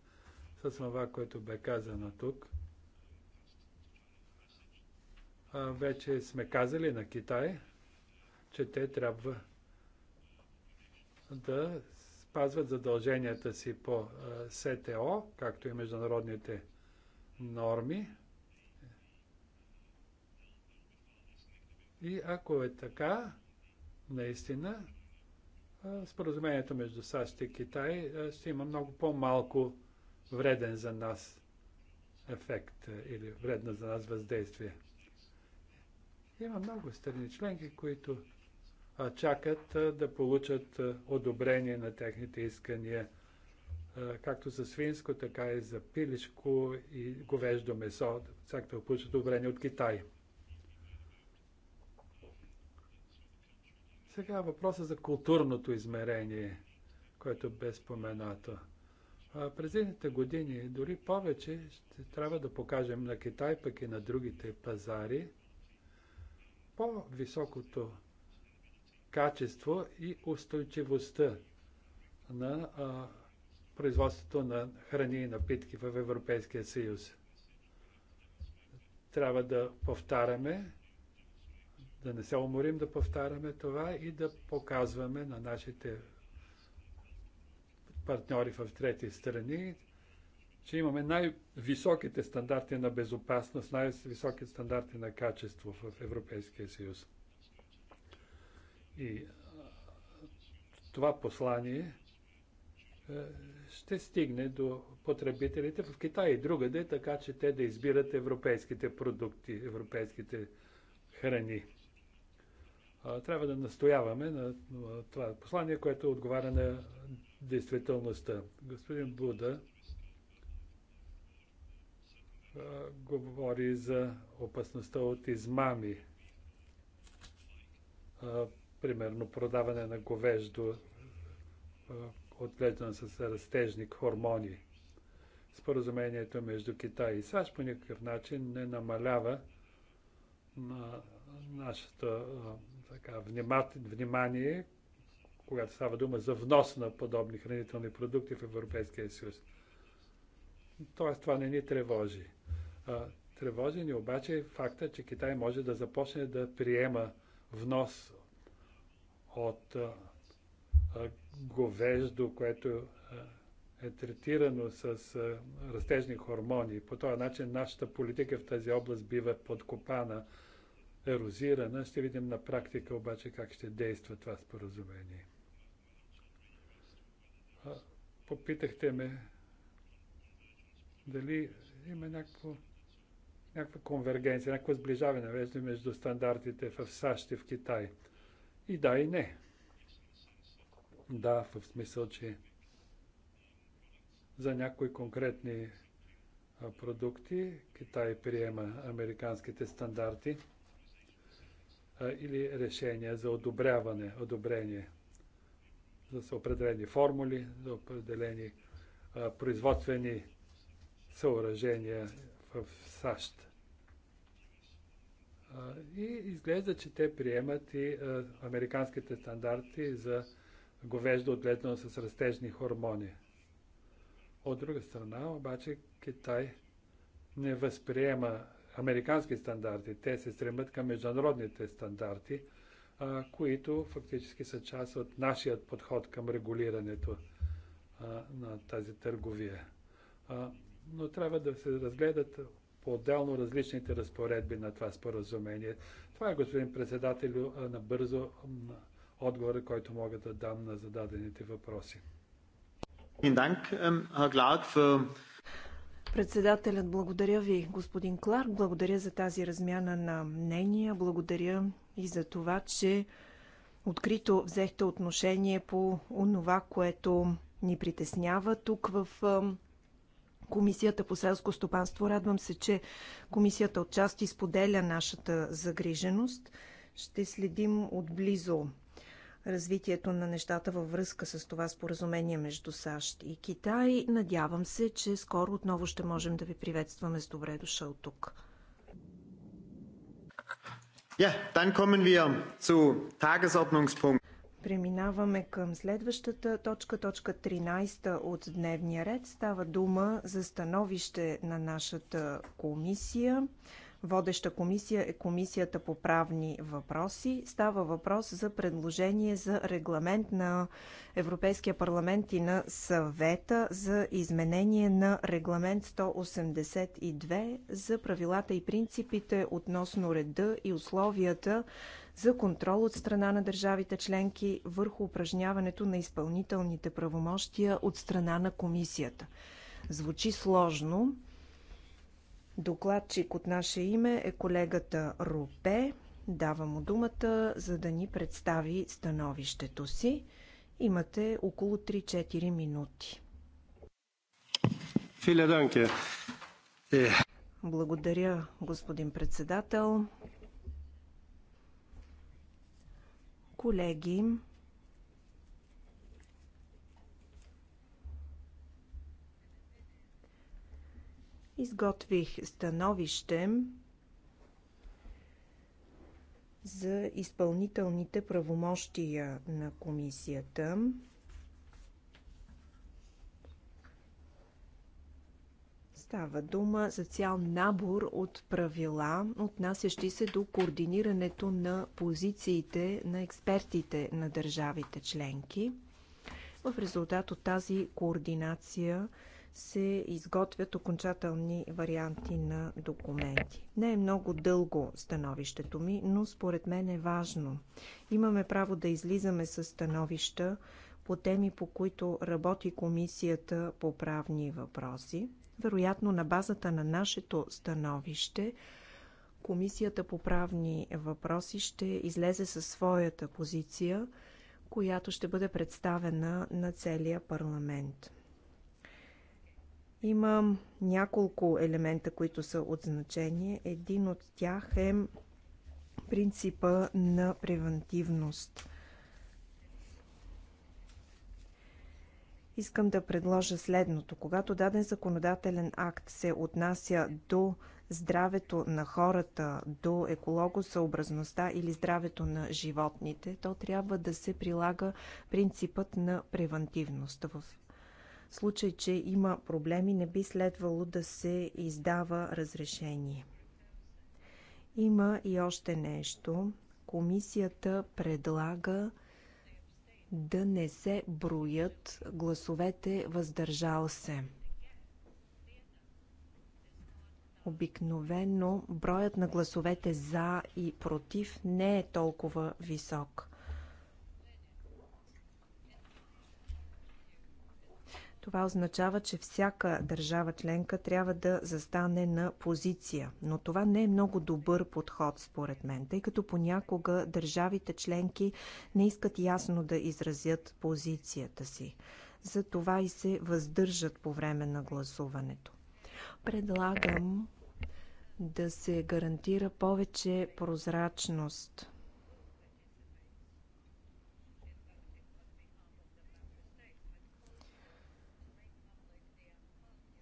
с това, което бе казано тук. Вече сме казали на Китай, че те трябва да спазват задълженията си по СТО, както и международните норми. И ако е така, наистина, споразумението между САЩ и Китай ще има много по-малко вреден за нас ефект или вредно за нас въздействие. Има много страни членки, които чакат да получат одобрение на техните искания, както за свинско, така и за пилешко и говеждо месо, чакат да получат одобрение от Китай. Сега въпроса за културното измерение, което бе споменато. През едните години, дори повече, ще трябва да покажем на Китай, пък и на другите пазари, по-високото качество и устойчивостта на а, производството на храни и напитки в Европейския съюз. Трябва да повтаряме, да не се уморим да повтаряме това и да показваме на нашите партньори в трети страни, че имаме най-високите стандарти на безопасност, най-високите стандарти на качество в Европейския съюз. И това послание е, ще стигне до потребителите в Китай и другаде, така че те да избират европейските продукти, европейските храни. Трябва да настояваме на това послание, което отговаря на действителността. Господин Буда говори за опасността от измами примерно продаване на говеждо, отглеждано с растежни хормони. Споразумението между Китай и САЩ по никакъв начин не намалява на нашето така, внимание, когато става дума за внос на подобни хранителни продукти в Европейския съюз. Тоест това не ни тревожи. Тревожи ни обаче факта, че Китай може да започне да приема внос от говеждо, което е третирано с растежни хормони. По този начин нашата политика в тази област бива подкопана, ерозирана. Ще видим на практика обаче как ще действа това споразумение. Попитахте ме дали има някакво, някаква конвергенция, някакво сближаване между стандартите в САЩ и в Китай. И да, и не. Да, в смисъл, че за някои конкретни продукти Китай приема американските стандарти или решения за одобряване, одобрение за определени формули, за определени производствени съоръжения в САЩ. И изглежда, че те приемат и американските стандарти за говеждо отглеждано с растежни хормони. От друга страна, обаче, Китай не възприема американски стандарти. Те се стремят към международните стандарти, които фактически са част от нашия подход към регулирането на тази търговия. но трябва да се разгледат по-отделно различните разпоредби на това споразумение. Това е, господин председател, на бързо отговор, който мога да дам на зададените въпроси. Ähm, Председателят, благодаря ви, господин Кларк. Благодаря за тази размяна на мнения. Благодаря и за това, че открито взехте отношение по онова, което ни притеснява тук в Комисията по селско стопанство. Радвам се, че комисията отчасти споделя нашата загриженост. Ще следим отблизо развитието на нещата във връзка с това споразумение между САЩ и Китай. Надявам се, че скоро отново ще можем да ви приветстваме с добре дошъл тук. Ja, yeah, dann kommen wir zu Tagesordnungspunkt Преминаваме към следващата точка, точка 13 от дневния ред. Става дума за становище на нашата комисия. Водеща комисия е Комисията по правни въпроси. Става въпрос за предложение за регламент на Европейския парламент и на съвета за изменение на регламент 182 за правилата и принципите относно реда и условията за контрол от страна на държавите членки върху упражняването на изпълнителните правомощия от страна на комисията. Звучи сложно. Докладчик от наше име е колегата Рупе. Давам му думата, за да ни представи становището си. Имате около 3-4 минути. Е. Благодаря, господин председател. Колеги, изготвих становище за изпълнителните правомощия на комисията. Става дума за цял набор от правила, отнасящи се до координирането на позициите на експертите на държавите членки. В резултат от тази координация се изготвят окончателни варианти на документи. Не е много дълго становището ми, но според мен е важно. Имаме право да излизаме с становища по теми, по които работи Комисията по правни въпроси. Вероятно на базата на нашето становище Комисията по правни въпроси ще излезе със своята позиция, която ще бъде представена на целия парламент. Има няколко елемента, които са от значение. Един от тях е принципа на превентивност. Искам да предложа следното. Когато даден законодателен акт се отнася до здравето на хората, до екологосъобразността или здравето на животните, то трябва да се прилага принципът на превантивност. В случай, че има проблеми, не би следвало да се издава разрешение. Има и още нещо. Комисията предлага да не се броят гласовете въздържал се. Обикновено броят на гласовете за и против не е толкова висок. Това означава, че всяка държава членка трябва да застане на позиция. Но това не е много добър подход, според мен, тъй като понякога държавите членки не искат ясно да изразят позицията си. За това и се въздържат по време на гласуването. Предлагам да се гарантира повече прозрачност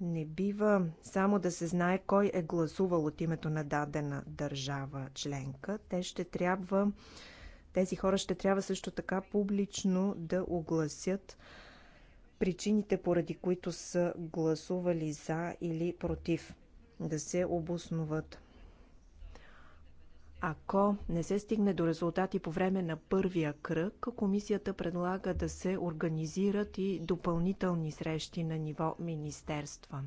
Не бива само да се знае кой е гласувал от името на дадена държава членка. Те ще трябва, тези хора ще трябва също така публично да огласят причините, поради които са гласували за или против. Да се обосноват ако не се стигне до резултати по време на първия кръг, комисията предлага да се организират и допълнителни срещи на ниво министерства.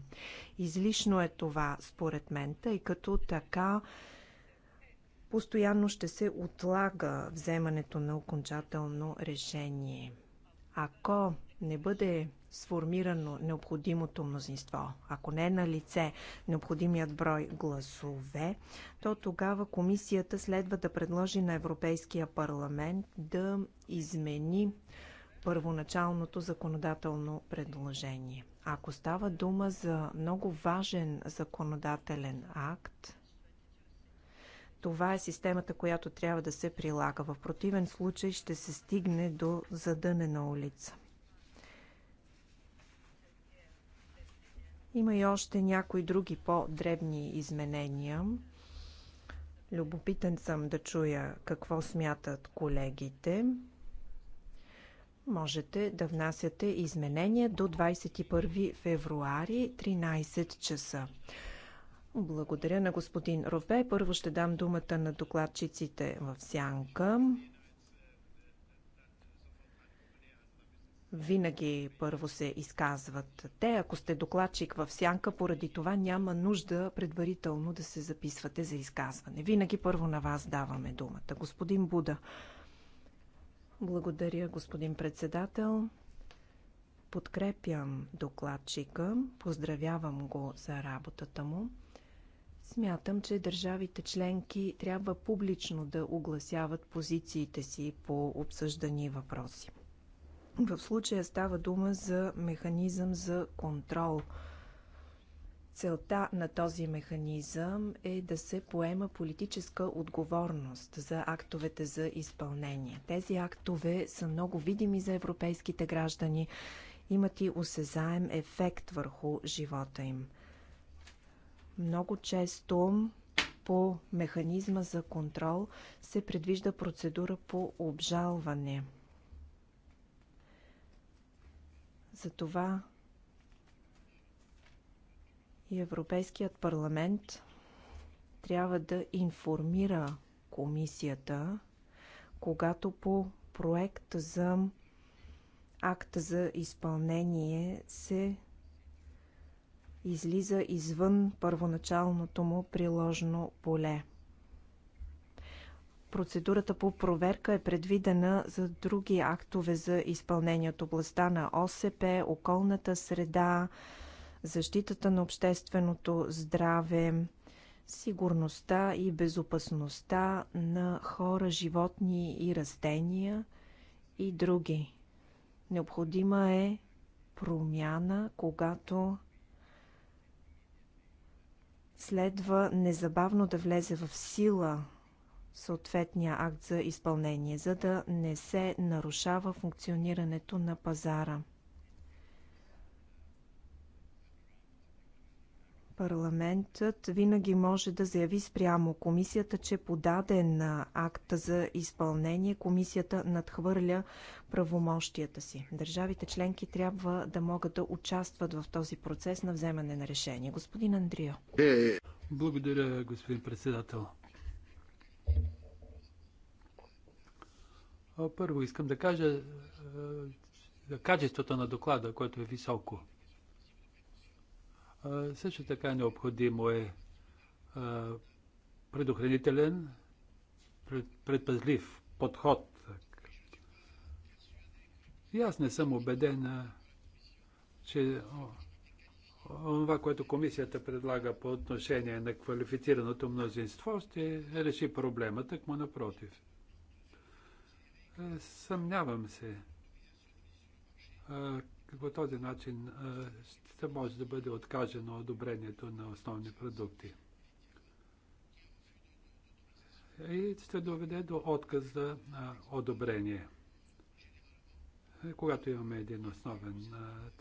Излишно е това, според мен, тъй като така постоянно ще се отлага вземането на окончателно решение. Ако не бъде сформирано необходимото мнозинство, ако не е на лице необходимият брой гласове, то тогава комисията следва да предложи на Европейския парламент да измени първоначалното законодателно предложение. Ако става дума за много важен законодателен акт, това е системата, която трябва да се прилага. В противен случай ще се стигне до задънена улица. Има и още някои други по-дребни изменения. Любопитен съм да чуя какво смятат колегите. Можете да внасяте изменения до 21 февруари 13 часа. Благодаря на господин Рове. Първо ще дам думата на докладчиците в сянка. винаги първо се изказват. Те, ако сте докладчик в сянка, поради това няма нужда предварително да се записвате за изказване. Винаги първо на вас даваме думата. Господин Буда. Благодаря, господин председател. Подкрепям докладчика, поздравявам го за работата му. Смятам, че държавите членки трябва публично да огласяват позициите си по обсъждани въпроси. В случая става дума за механизъм за контрол. Целта на този механизъм е да се поема политическа отговорност за актовете за изпълнение. Тези актове са много видими за европейските граждани, имат и осезаем ефект върху живота им. Много често по механизма за контрол се предвижда процедура по обжалване – Затова и Европейският парламент трябва да информира комисията, когато по проект за акт за изпълнение се излиза извън първоначалното му приложно поле. Процедурата по проверка е предвидена за други актове за изпълнение от областта на ОСП, околната среда, защитата на общественото здраве, сигурността и безопасността на хора, животни и растения и други. Необходима е промяна, когато следва незабавно да влезе в сила съответния акт за изпълнение, за да не се нарушава функционирането на пазара. парламентът винаги може да заяви спрямо комисията, че подаден на акта за изпълнение, комисията надхвърля правомощията си. Държавите членки трябва да могат да участват в този процес на вземане на решение. Господин Андрио. Благодаря, господин председател. Първо искам да кажа за качеството на доклада, което е високо. Също така необходимо е предохранителен, предпазлив подход. И аз не съм убеден, че това, което комисията предлага по отношение на квалифицираното мнозинство, ще реши проблема, так му напротив. Съмнявам се. По този начин ще може да бъде откажено одобрението на основни продукти. И ще доведе до отказ за одобрение. Когато имаме един основен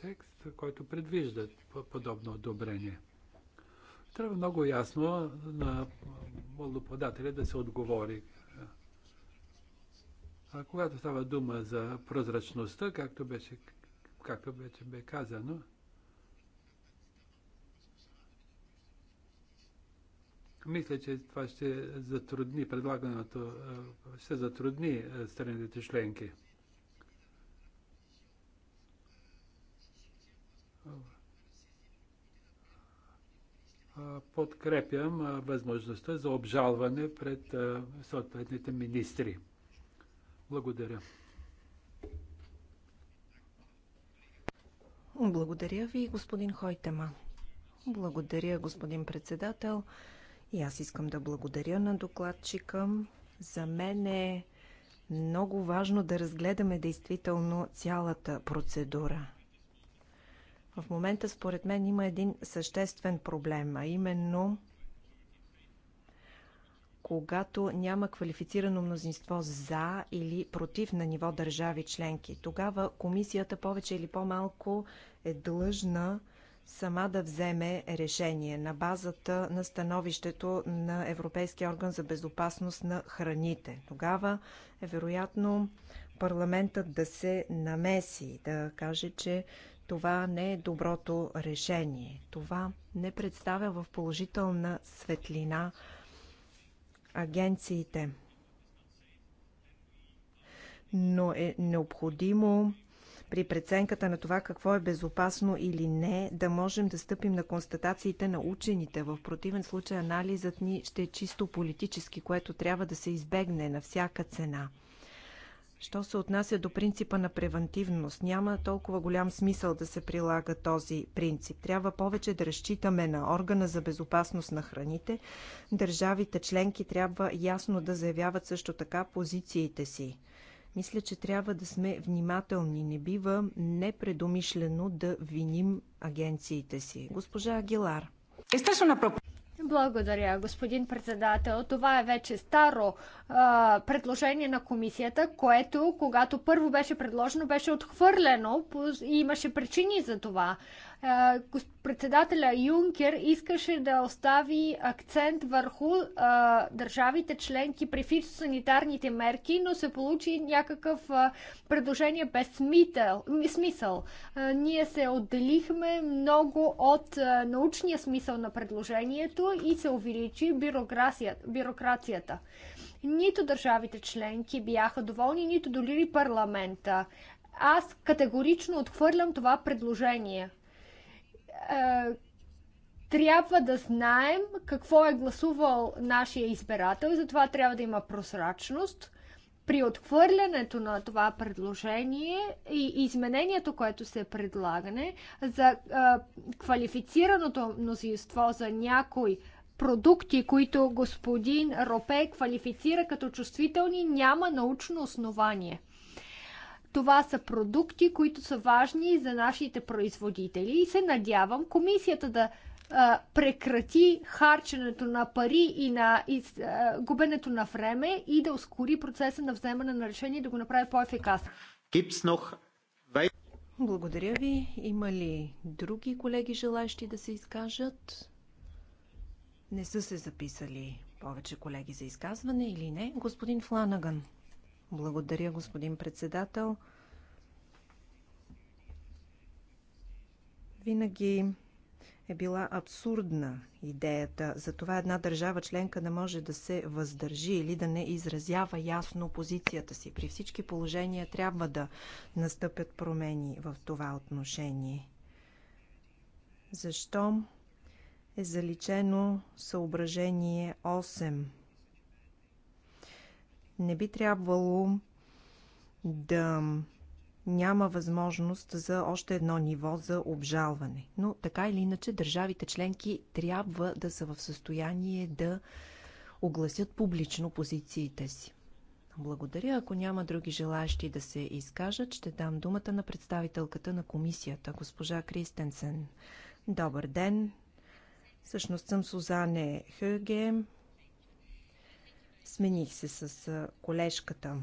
текст, който предвижда подобно одобрение трябва много ясно на молбоподателя да се отговори а когато става дума за прозрачността, както беше, както вече бе казано, мисля, че това ще затрудни предлагането, е, ще затрудни е, страните членки. Подкрепям възможността за обжалване пред е, съответните министри. Благодаря. Благодаря ви, господин Хойтема. Благодаря, господин председател. И аз искам да благодаря на докладчика. За мен е много важно да разгледаме действително цялата процедура. В момента, според мен, има един съществен проблем, а именно когато няма квалифицирано мнозинство за или против на ниво държави членки. Тогава комисията повече или по-малко е длъжна сама да вземе решение на базата на становището на Европейския орган за безопасност на храните. Тогава е вероятно парламентът да се намеси, да каже, че това не е доброто решение. Това не представя в положителна светлина агенциите. Но е необходимо при преценката на това какво е безопасно или не, да можем да стъпим на констатациите на учените. В противен случай анализът ни ще е чисто политически, което трябва да се избегне на всяка цена. Що се отнася до принципа на превентивност, няма толкова голям смисъл да се прилага този принцип. Трябва повече да разчитаме на органа за безопасност на храните. Държавите членки трябва ясно да заявяват също така позициите си. Мисля, че трябва да сме внимателни. Не бива непредомишлено да виним агенциите си. Госпожа Агилар. Естествено, благодаря, господин председател. Това е вече старо а, предложение на комисията, което, когато първо беше предложено, беше отхвърлено и имаше причини за това. А, председателя Юнкер искаше да остави акцент върху а, държавите членки при фитосанитарните мерки, но се получи някакъв а, предложение без смисъл. А, ние се отделихме много от а, научния смисъл на предложението увеличила и се увеличи бюрокрацията. Нито държавите членки бяха доволни, нито дори парламента. Аз категорично отхвърлям това предложение. Е, трябва да знаем какво е гласувал нашия избирател и затова трябва да има прозрачност – при отхвърлянето на това предложение и изменението, което се предлагане за а, квалифицираното мнозинство за някой продукти, които господин Ропе квалифицира като чувствителни, няма научно основание. Това са продукти, които са важни за нашите производители и се надявам комисията да прекрати харченето на пари и на и, а, губенето на време и да ускори процеса на вземане на решение и да го направи по-ефикасно. Благодаря ви. Има ли други колеги желащи да се изкажат? Не са се записали повече колеги за изказване или не? Господин Фланаган. Благодаря, господин председател. Винаги е била абсурдна идеята Затова една държава членка да може да се въздържи или да не изразява ясно позицията си. При всички положения трябва да настъпят промени в това отношение. Защо е заличено съображение 8? Не би трябвало да няма възможност за още едно ниво за обжалване. Но така или иначе държавите членки трябва да са в състояние да огласят публично позициите си. Благодаря. Ако няма други желаящи да се изкажат, ще дам думата на представителката на комисията, госпожа Кристенсен. Добър ден! Всъщност съм Сузане Хъге. Смених се с колежката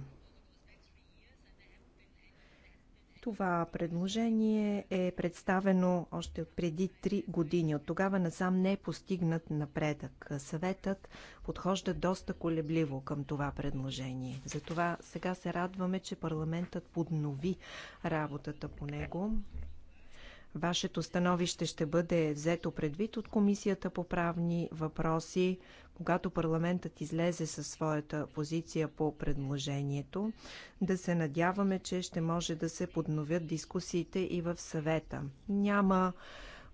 Това предложение е представено още от преди 3 години. От тогава насам не е постигнат напредък. Съветът подхожда доста колебливо към това предложение. Затова сега се радваме, че парламентът поднови работата по него. Вашето становище ще бъде взето предвид от Комисията по правни въпроси, когато парламентът излезе със своята позиция по предложението. Да се надяваме, че ще може да се подновят дискусиите и в съвета. Няма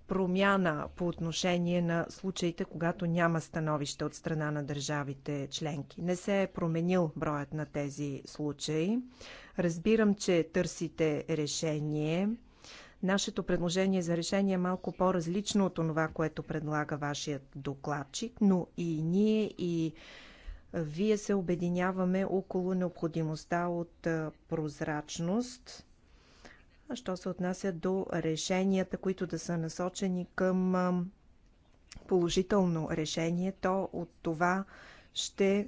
промяна по отношение на случаите, когато няма становище от страна на държавите членки. Не се е променил броят на тези случаи. Разбирам, че търсите решение – Нашето предложение за решение е малко по-различно от това, което предлага вашият докладчик, но и ние и вие се обединяваме около необходимостта от прозрачност. А що се отнася до решенията, които да са насочени към положително решение, то от това ще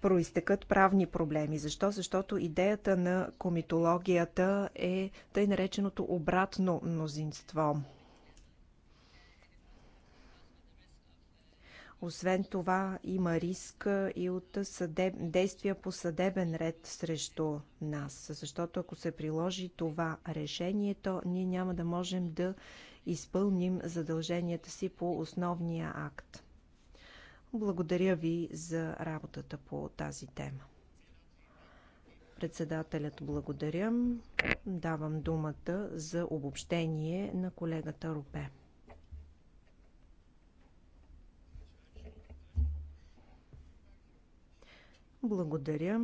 проистекат правни проблеми. Защо? Защото идеята на комитологията е тъй нареченото обратно мнозинство. Освен това, има риск и от съдеб... действия по съдебен ред срещу нас, защото ако се приложи това решение, то ние няма да можем да изпълним задълженията си по основния акт. Благодаря ви за работата по тази тема. Председателят благодаря. Давам думата за обобщение на колегата Рупе. Благодаря.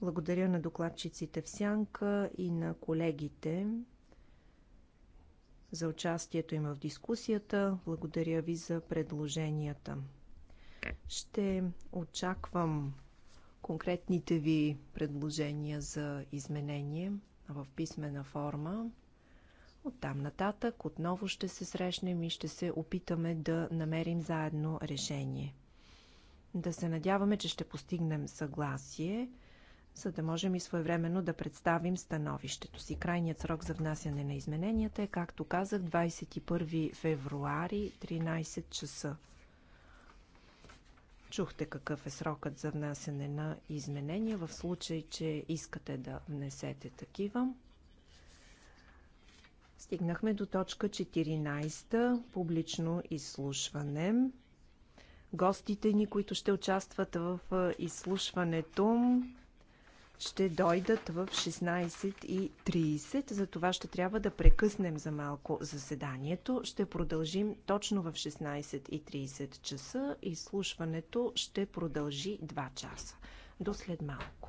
Благодаря на докладчиците в Сянка и на колегите, за участието им в дискусията. Благодаря ви за предложенията. Ще очаквам конкретните ви предложения за изменение в писмена форма. От там нататък отново ще се срещнем и ще се опитаме да намерим заедно решение. Да се надяваме, че ще постигнем съгласие – за да можем и своевременно да представим становището си. Крайният срок за внасяне на измененията е, както казах, 21 февруари, 13 часа. Чухте какъв е срокът за внасяне на изменения в случай, че искате да внесете такива. Стигнахме до точка 14 публично изслушване. Гостите ни, които ще участват в изслушването, ще дойдат в 16.30. За това ще трябва да прекъснем за малко заседанието. Ще продължим точно в 16.30 часа. Изслушването ще продължи 2 часа. До след малко.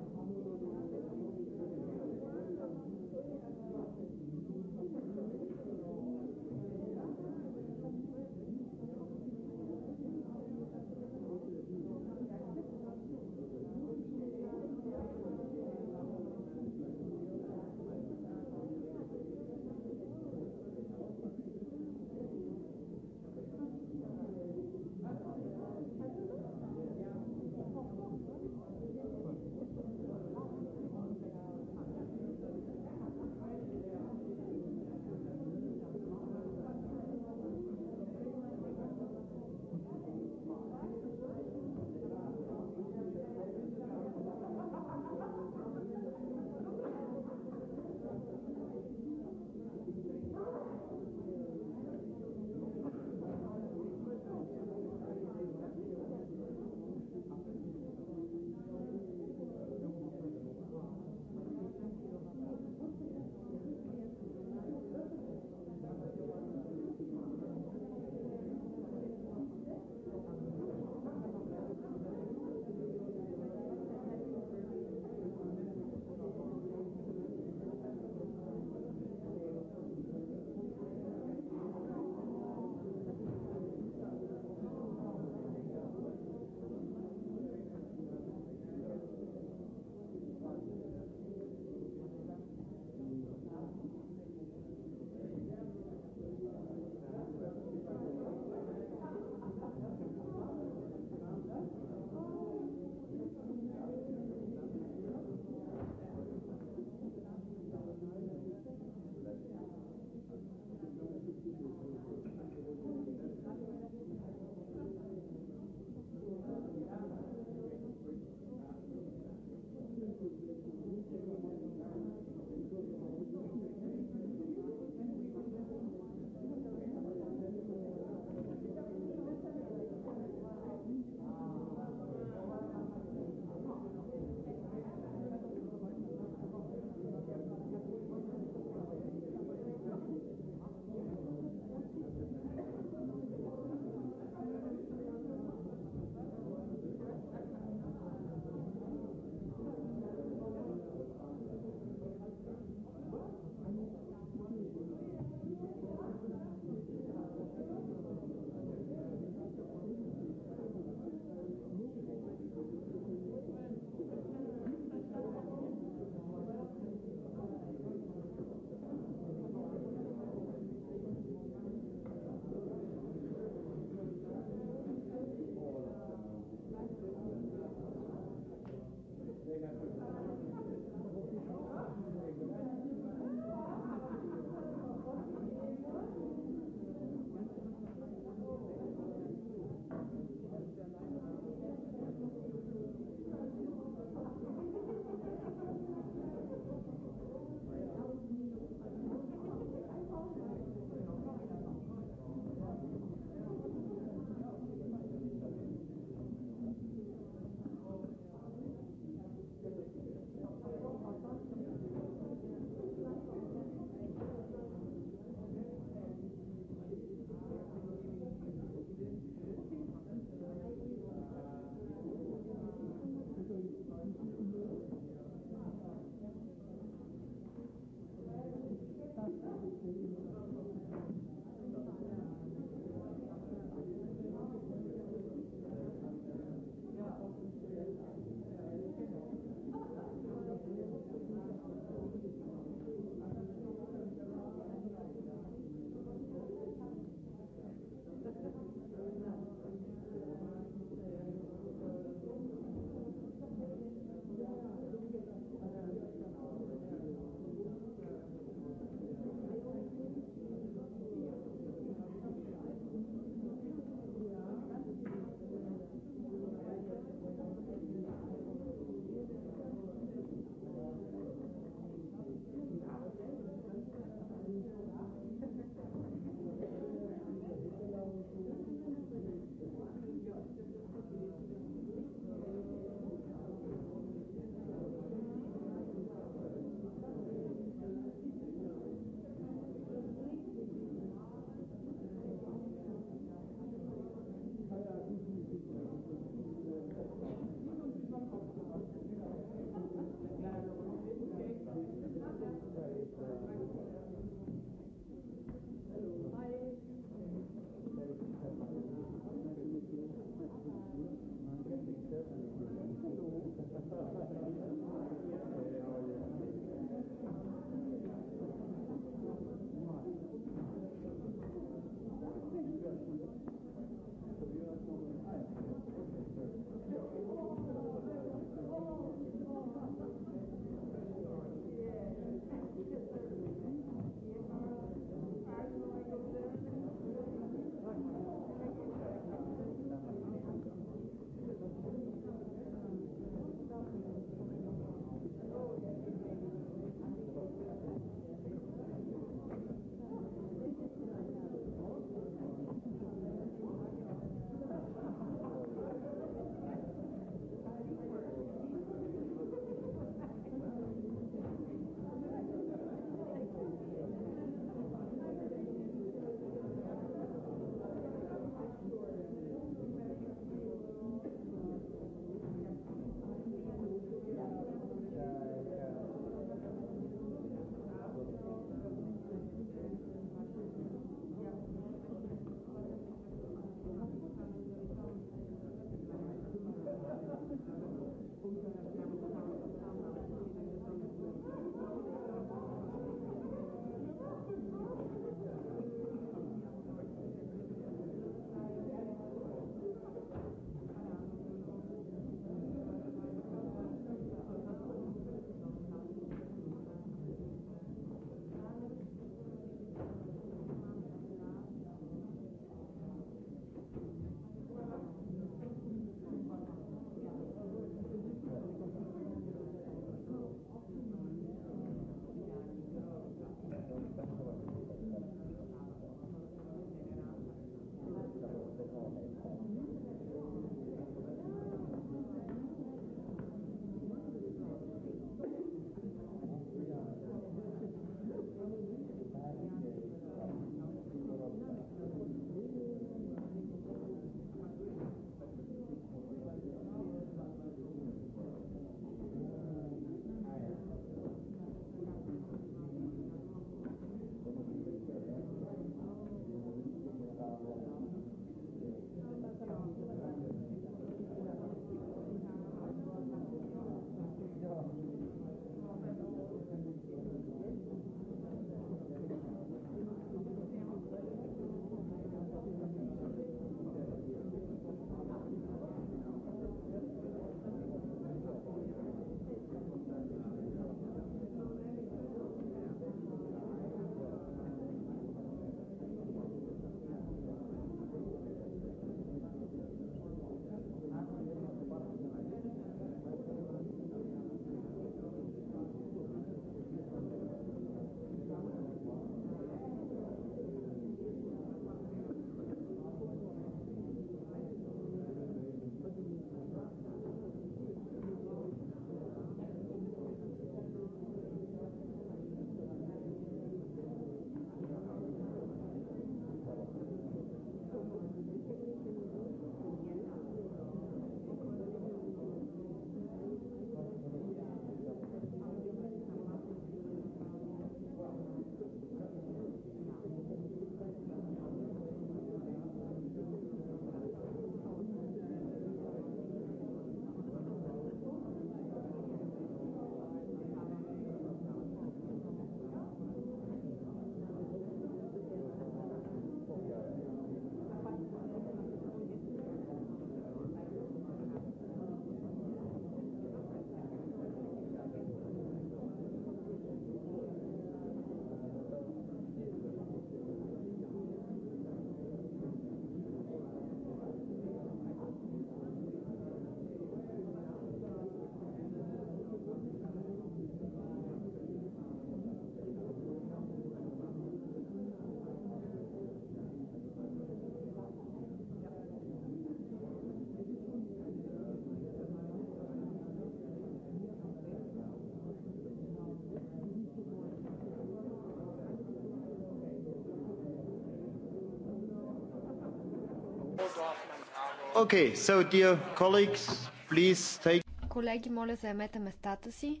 Okay, so dear colleagues, please take... Колеги, моля заемете местата си.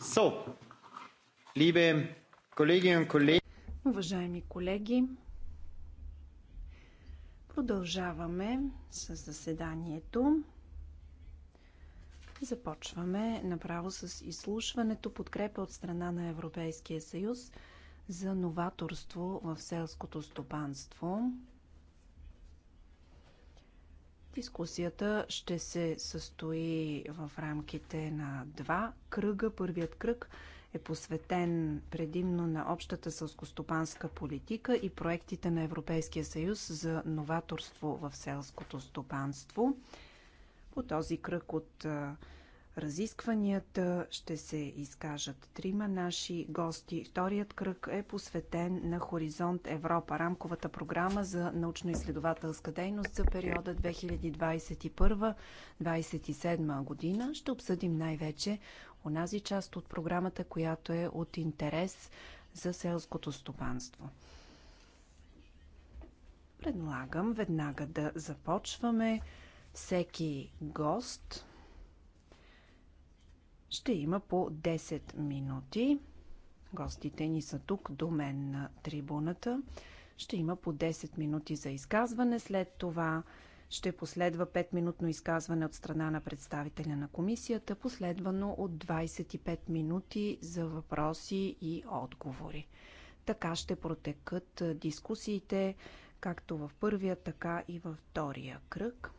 So, liebe Kolleginnen und Kollegen, Уважаеми колеги, Продължаваме с заседанието. Започваме направо с изслушването подкрепа от страна на Европейския съюз за новаторство в селското стопанство. Дискусията ще се състои в рамките на два кръга. Първият кръг – е посветен предимно на общата сълскостопанска политика и проектите на Европейския съюз за новаторство в селското стопанство. По този кръг от разискванията ще се изкажат трима наши гости. Вторият кръг е посветен на Хоризонт Европа, рамковата програма за научно-изследователска дейност за периода 2021-2027 година. Ще обсъдим най-вече онази част от програмата, която е от интерес за селското стопанство. Предлагам веднага да започваме. Всеки гост ще има по 10 минути. Гостите ни са тук до мен на трибуната. Ще има по 10 минути за изказване. След това ще последва 5-минутно изказване от страна на представителя на комисията, последвано от 25 минути за въпроси и отговори. Така ще протекат дискусиите, както в първия, така и във втория кръг.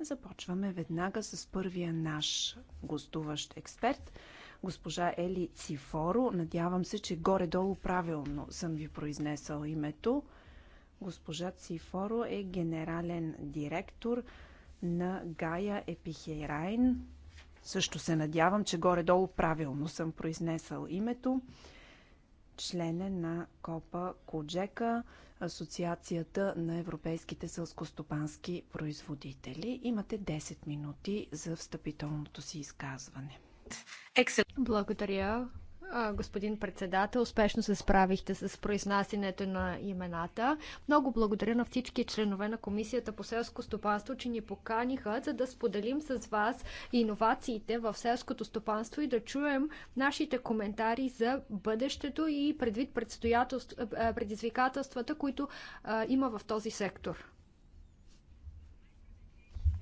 Започваме веднага с първия наш гостуващ експерт, госпожа Ели Цифоро. Надявам се, че горе-долу правилно съм ви произнесъл името. Госпожа Цифоро е генерален директор на Гая Епихейрайн. Също се надявам, че горе-долу правилно съм произнесъл името. член е на Копа Коджека, Асоциацията на европейските сълскостопански производители. Имате 10 минути за встъпителното си изказване. Благодаря, господин председател. Успешно се справихте с произнасянето на имената. Много благодаря на всички членове на Комисията по селско стопанство, че ни поканиха, за да споделим с вас иновациите в селското стопанство и да чуем нашите коментари за бъдещето и предвид предизвикателствата, които а, има в този сектор.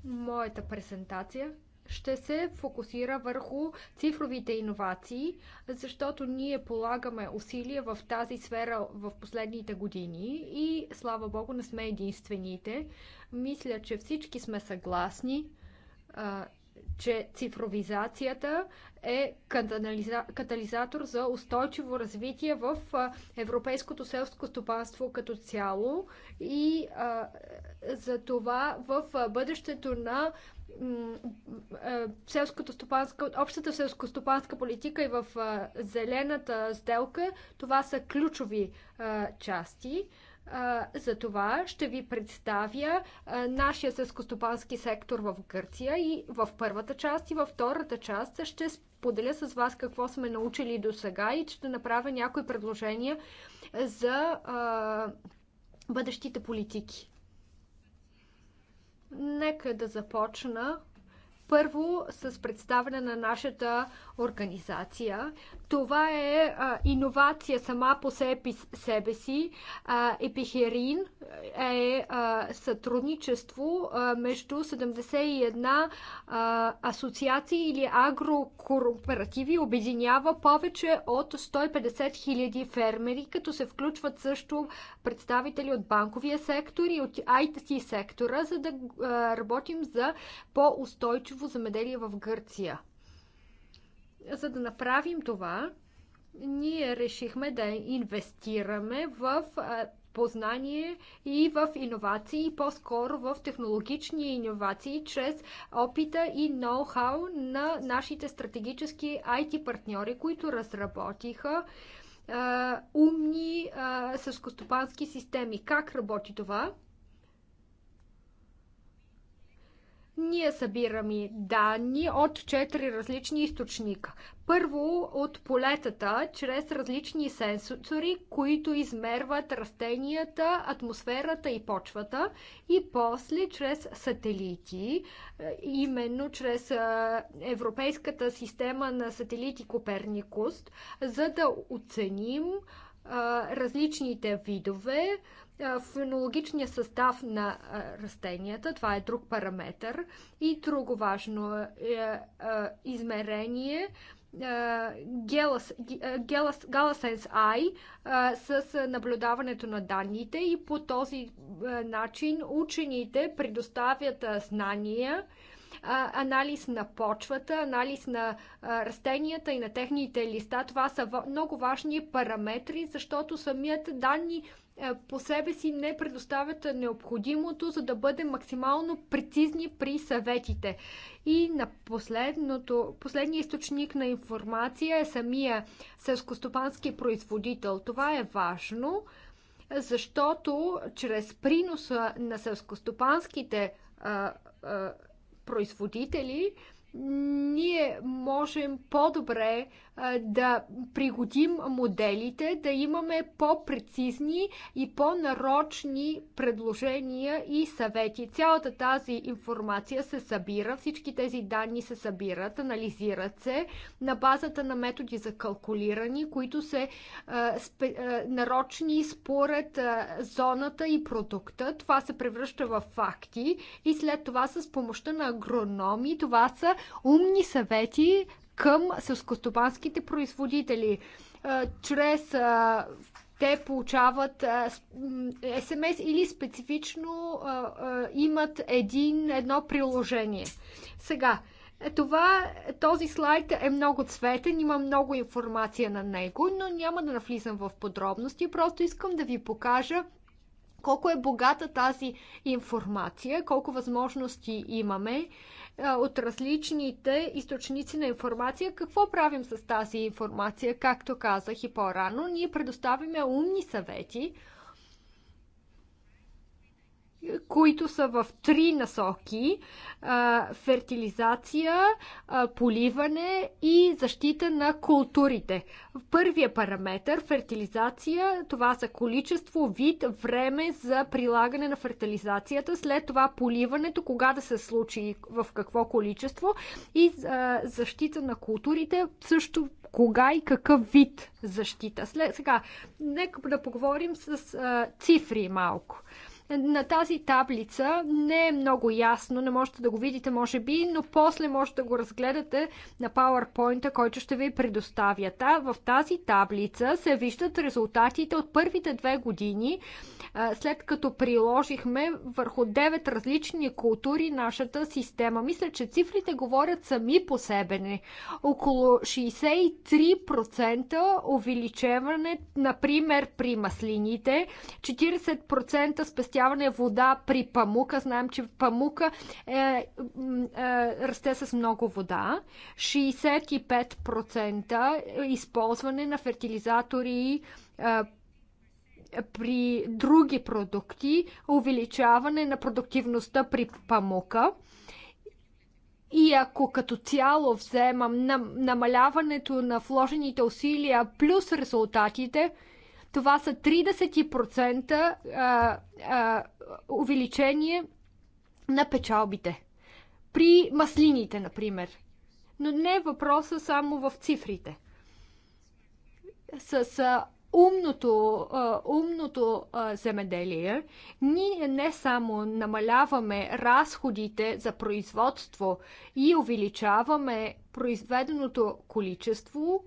Моята презентация ще се фокусира върху цифровите иновации, защото ние полагаме усилия в тази сфера в последните години и слава Богу не сме единствените. Мисля, че всички сме съгласни, че цифровизацията е катализатор за устойчиво развитие в европейското селско стопанство като цяло и а, за това в бъдещето на общата селскостопанска политика и в зелената сделка, това са ключови части. За това ще ви представя нашия селскостопански сектор в Гърция и в първата част и във втората част ще споделя с вас какво сме научили до сега и ще направя някои предложения за бъдещите политики. Нека да започна първо с представяне на нашата организация. Това е а, иновация сама по себе, себе си. А, Епихерин е а, сътрудничество а, между 71 а, асоциации или агрокорпоративи. Обединява повече от 150 хиляди фермери, като се включват също представители от банковия сектор и от IT сектора, за да а, работим за по-устойчиво замеделие в Гърция. За да направим това, ние решихме да инвестираме в познание и в иновации, по-скоро в технологични иновации, чрез опита и ноу-хау на нашите стратегически IT партньори, които разработиха а, умни а, съскостопански системи. Как работи това? Ние събираме данни от четири различни източника. Първо от полетата, чрез различни сенсори, които измерват растенията, атмосферата и почвата. И после чрез сателити, е, именно чрез е, Европейската система на сателити Коперникус, за да оценим е, различните видове, фенологичния състав на растенията, това е друг параметр. И друго важно е, е измерение Galasense Eye с наблюдаването на данните и по този начин учените предоставят знания, анализ на почвата, анализ на растенията и на техните листа. Това са много важни параметри, защото самият данни е, по себе си не предоставят необходимото, за да бъдем максимално прецизни при съветите. И на последното, източник на информация е самия селскостопански производител. Това е важно, защото чрез приноса на селскостопанските производители ние можем по-добре да пригодим моделите, да имаме по-прецизни и по-нарочни предложения и съвети. Цялата тази информация се събира, всички тези данни се събират, анализират се на базата на методи за калкулирани, които са нарочни според зоната и продукта. Това се превръща в факти и след това с помощта на агрономи, това са умни съвети, към селскостопанските производители. Чрез те получават СМС или специфично имат един, едно приложение. Сега, е, това, е, този слайд е много цветен, има много информация на него, но няма да навлизам в подробности. Просто искам да ви покажа колко е богата тази информация, колко възможности имаме от различните източници на информация. Какво правим с тази информация? Както казах и по-рано, ние предоставяме умни съвети, които са в три насоки фертилизация, поливане и защита на културите. Първия параметр фертилизация това са количество, вид, време за прилагане на фертилизацията, след това поливането, кога да се случи в какво количество и защита на културите също кога и какъв вид защита. След, сега, нека да поговорим с а, цифри малко. А, на тази таблица не е много ясно, не можете да го видите, може би, но после можете да го разгледате на PowerPoint, който ще ви предоставя. Та, в тази таблица се виждат резултатите от първите две години, след като приложихме върху 9 различни култури нашата система. Мисля, че цифрите говорят сами по себе не. Около 63% увеличаване, например, при маслините, 40% спестяване сгъстяване вода при памука. Знаем, че памука е, е, расте с много вода. 65% използване на фертилизатори е, при други продукти, увеличаване на продуктивността при памука. И ако като цяло вземам намаляването на вложените усилия плюс резултатите, това са 30% а, а, увеличение на печалбите. При маслините, например. Но не е въпроса само в цифрите. С а, умното, а, умното а, земеделие, ние не само намаляваме разходите за производство и увеличаваме произведеното количество,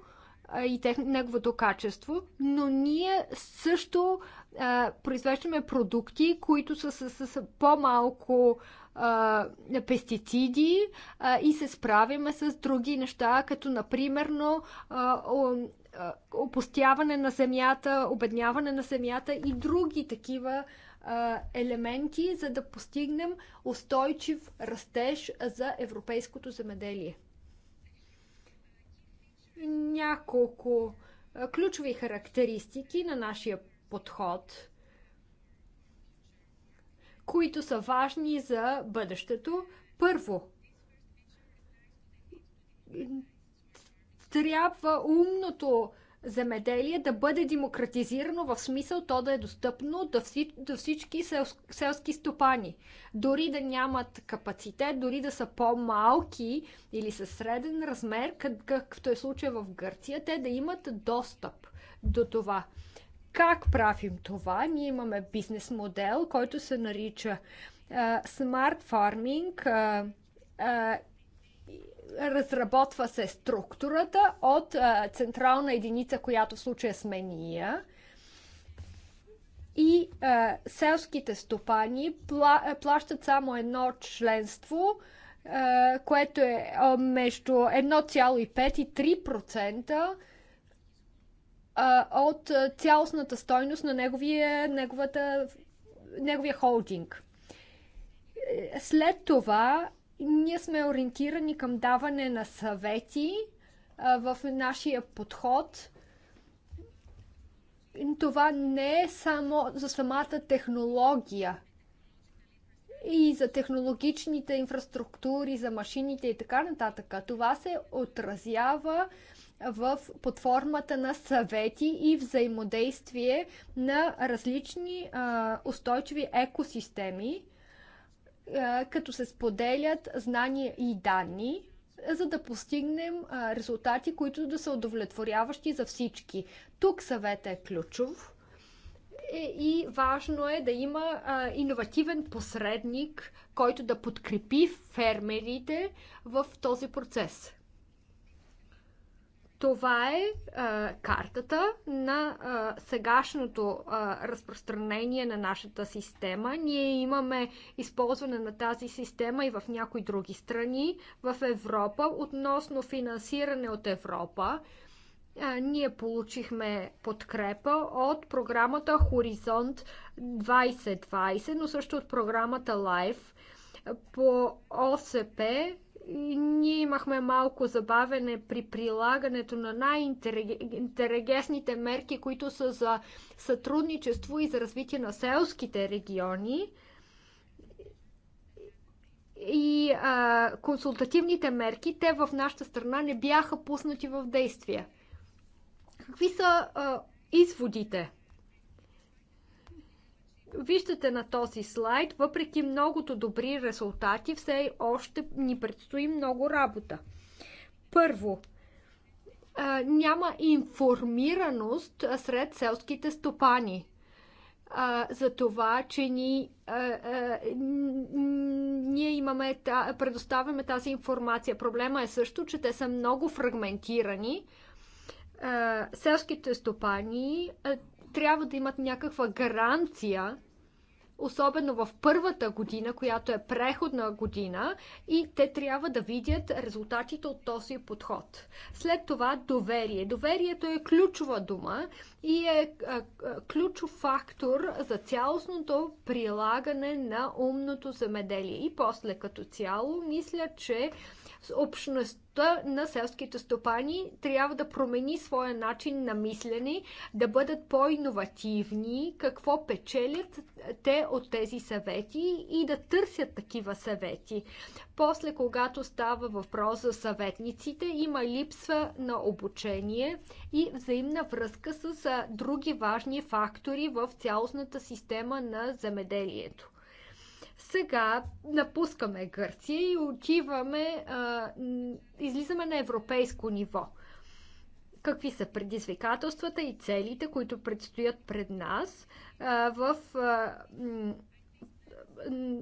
и тех, неговото качество, но ние също а, произвеждаме продукти, които са с, с, с по-малко пестициди а, и се справяме с други неща, като например а, о, опустяване на земята, обедняване на земята и други такива елементи, за да постигнем устойчив растеж за европейското земеделие няколко ключови характеристики на нашия подход, които са важни за бъдещето. Първо, трябва умното земеделие да бъде демократизирано в смисъл то да е достъпно до, всич, до всички селски стопани. Дори да нямат капацитет, дори да са по-малки или със среден размер, както е случай в Гърция, те да имат достъп до това. Как правим това? Ние имаме бизнес модел, който се нарича uh, Smart Farming. Uh, разработва се структурата от а, централна единица, която в случая сме ние. И а, селските стопани пла, плащат само едно членство, а, което е а, между 1,5 и 3% а, от цялостната стойност на неговия, неговата, неговия холдинг. Е, след това ние сме ориентирани към даване на съвети в нашия подход. Това не е само за самата технология и за технологичните инфраструктури, за машините и така нататък. Това се отразява в подформата на съвети и взаимодействие на различни а, устойчиви екосистеми, като се споделят знания и данни, за да постигнем резултати, които да са удовлетворяващи за всички. Тук съветът е ключов е, и важно е да има иновативен посредник, който да подкрепи фермерите в този процес. Това е а, картата на а, сегашното а, разпространение на нашата система. Ние имаме използване на тази система и в някои други страни в Европа относно финансиране от Европа. А, ние получихме подкрепа от програмата Хоризонт 2020, но също от програмата Life по ОСП и ние имахме малко забавене при прилагането на най интерегесните мерки, които са за сътрудничество и за развитие на селските региони и а, консултативните мерки, те в нашата страна не бяха пуснати в действие. Какви са а, изводите? виждате на този слайд, въпреки многото добри резултати, все още ни предстои много работа. Първо, няма информираност сред селските стопани за това, че ни, ние имаме, предоставяме тази информация. Проблема е също, че те са много фрагментирани. Селските стопани трябва да имат някаква гаранция, особено в първата година, която е преходна година, и те трябва да видят резултатите от този подход. След това доверие. Доверието е ключова дума и е, е, е ключов фактор за цялостното прилагане на умното земеделие. И после като цяло, мисля, че общността на селските стопани трябва да промени своя начин на мислене, да бъдат по-инновативни, какво печелят те от тези съвети и да търсят такива съвети. После, когато става въпрос за съветниците, има липса на обучение и взаимна връзка с други важни фактори в цялостната система на земеделието. Сега напускаме Гърция и отиваме, а, излизаме на европейско ниво. Какви са предизвикателствата и целите, които предстоят пред нас а, в. А,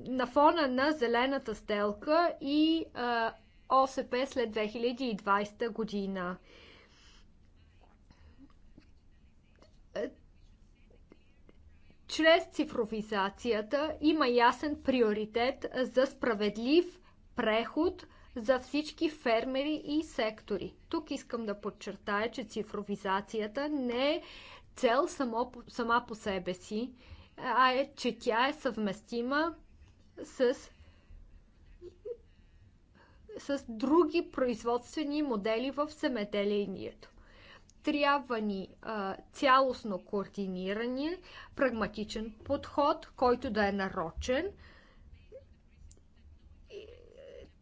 на фона на зелената стелка и а, ОСП след 2020 година. Чрез цифровизацията има ясен приоритет за справедлив преход за всички фермери и сектори. Тук искам да подчертая, че цифровизацията не е цел само, сама по себе си, а е, че тя е съвместима с с други производствени модели в семеделението. Трябва ни а, цялостно координиране, прагматичен подход, който да е нарочен.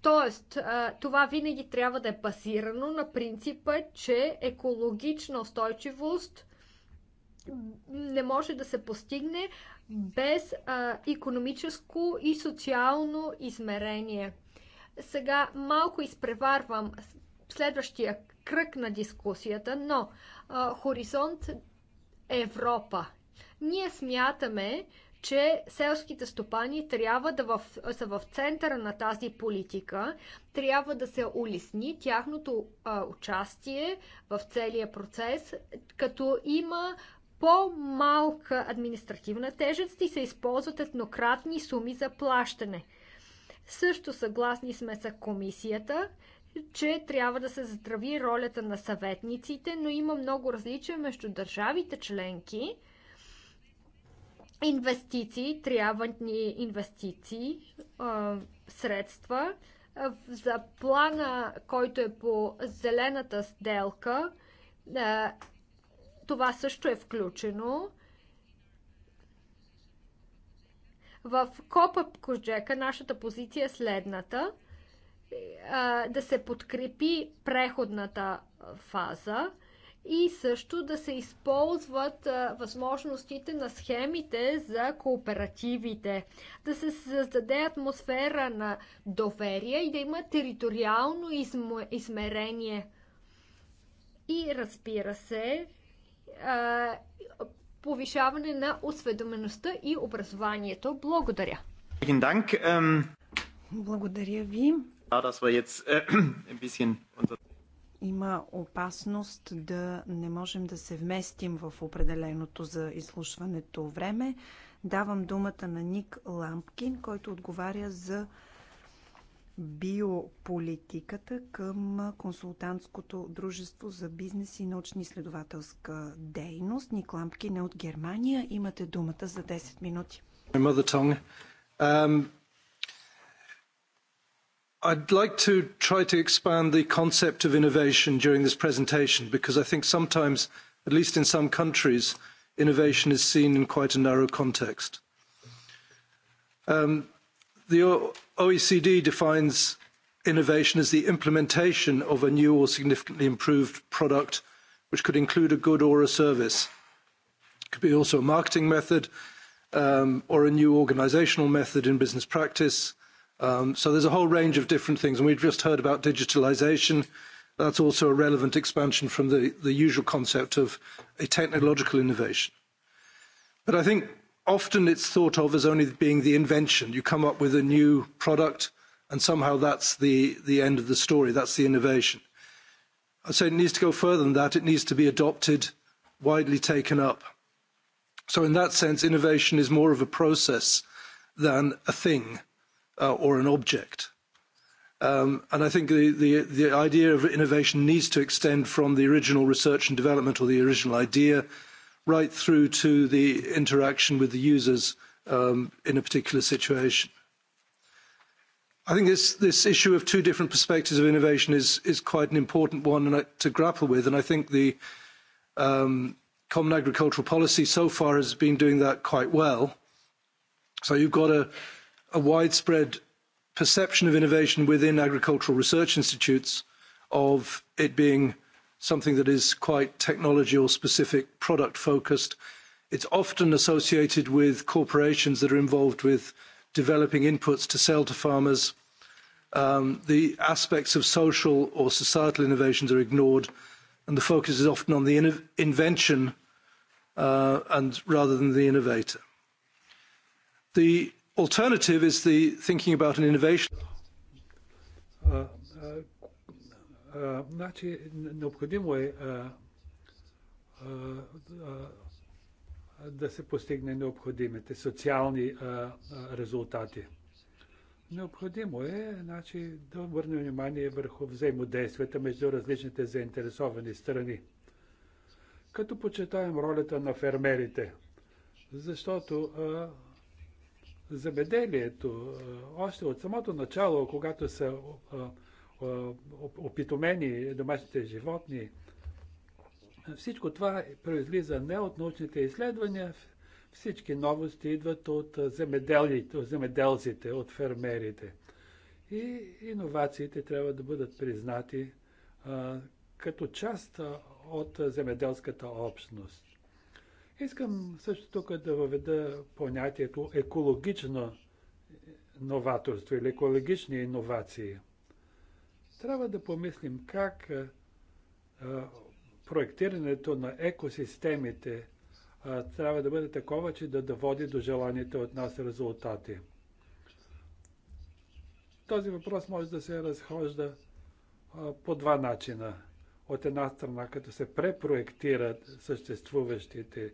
Тоест, това винаги трябва да е базирано на принципа, че екологична устойчивост не може да се постигне без економическо и социално измерение. Сега малко изпреварвам следващия кръг на дискусията, но а, Хоризонт Европа. Ние смятаме, че селските стопани трябва да в, са в центъра на тази политика, трябва да се улесни тяхното а, участие в целия процес, като има по-малка административна тежест и се използват еднократни суми за плащане. Също съгласни сме с комисията, че трябва да се затрави ролята на съветниците, но има много различия между държавите членки. Инвестиции, трябва ни инвестиции, средства. За плана, който е по зелената сделка, това също е включено. В Копа Кожека нашата позиция е следната – да се подкрепи преходната фаза и също да се използват възможностите на схемите за кооперативите, да се създаде атмосфера на доверие и да има териториално измерение. И разбира се, повишаване на осведомеността и образованието. Благодаря. Ähm, Благодаря ви. Äh, Има опасност да не можем да се вместим в определеното за изслушването време. Давам думата на Ник Лампкин, който отговаря за биополитиката към консултантското дружество за бизнес и научни изследователска дейност. Ник Лампкин е от Германия. Имате думата за 10 минути. Um, I'd like to try to expand the concept of innovation during this presentation because I think sometimes, at least in some countries, innovation is seen in quite a narrow context. Um, the OECD defines innovation as the implementation of a new or significantly improved product, which could include a good or a service. It could be also a marketing method um, or a new organizational method in business practice Um, so there's a whole range of different things, and we've just heard about digitalisation. That's also a relevant expansion from the, the usual concept of a technological innovation. But I think often it's thought of as only being the invention. You come up with a new product, and somehow that's the, the end of the story, that's the innovation. I say it needs to go further than that, it needs to be adopted, widely taken up. So, in that sense, innovation is more of a process than a thing uh, or an object. Um, and I think the, the, the idea of innovation needs to extend from the original research and development or the original idea right through to the interaction with the users um, in a particular situation. I think this, this issue of two different perspectives of innovation is, is quite an important one to grapple with. And I think the um, common agricultural policy so far has been doing that quite well. So you've got a a widespread perception of innovation within agricultural research institutes of it being something that is quite technology or specific product focused. It's often associated with corporations that are involved with developing inputs to sell to farmers. the aspects of social or societal innovations are ignored, and the focus is often on the invention and rather than the innovator. The alternative is the thinking about an innovation. значи, необходимо е да се постигне необходимите социални резултати. Необходимо е значи, да обърнем внимание върху взаимодействията между различните заинтересовани страни. Като почитаем ролята на фермерите, защото а, Забеделието още от самото начало, когато са опитомени домашните животни, всичко това произлиза не от научните изследвания, всички новости идват от земеделците, от фермерите. И иновациите трябва да бъдат признати а, като част от земеделската общност. Искам също тук да въведа понятието екологично новаторство или екологични иновации. Трябва да помислим как проектирането на екосистемите трябва да бъде такова, че да, доводи води до желаните от нас резултати. Този въпрос може да се разхожда по два начина. От една страна, като се препроектират съществуващите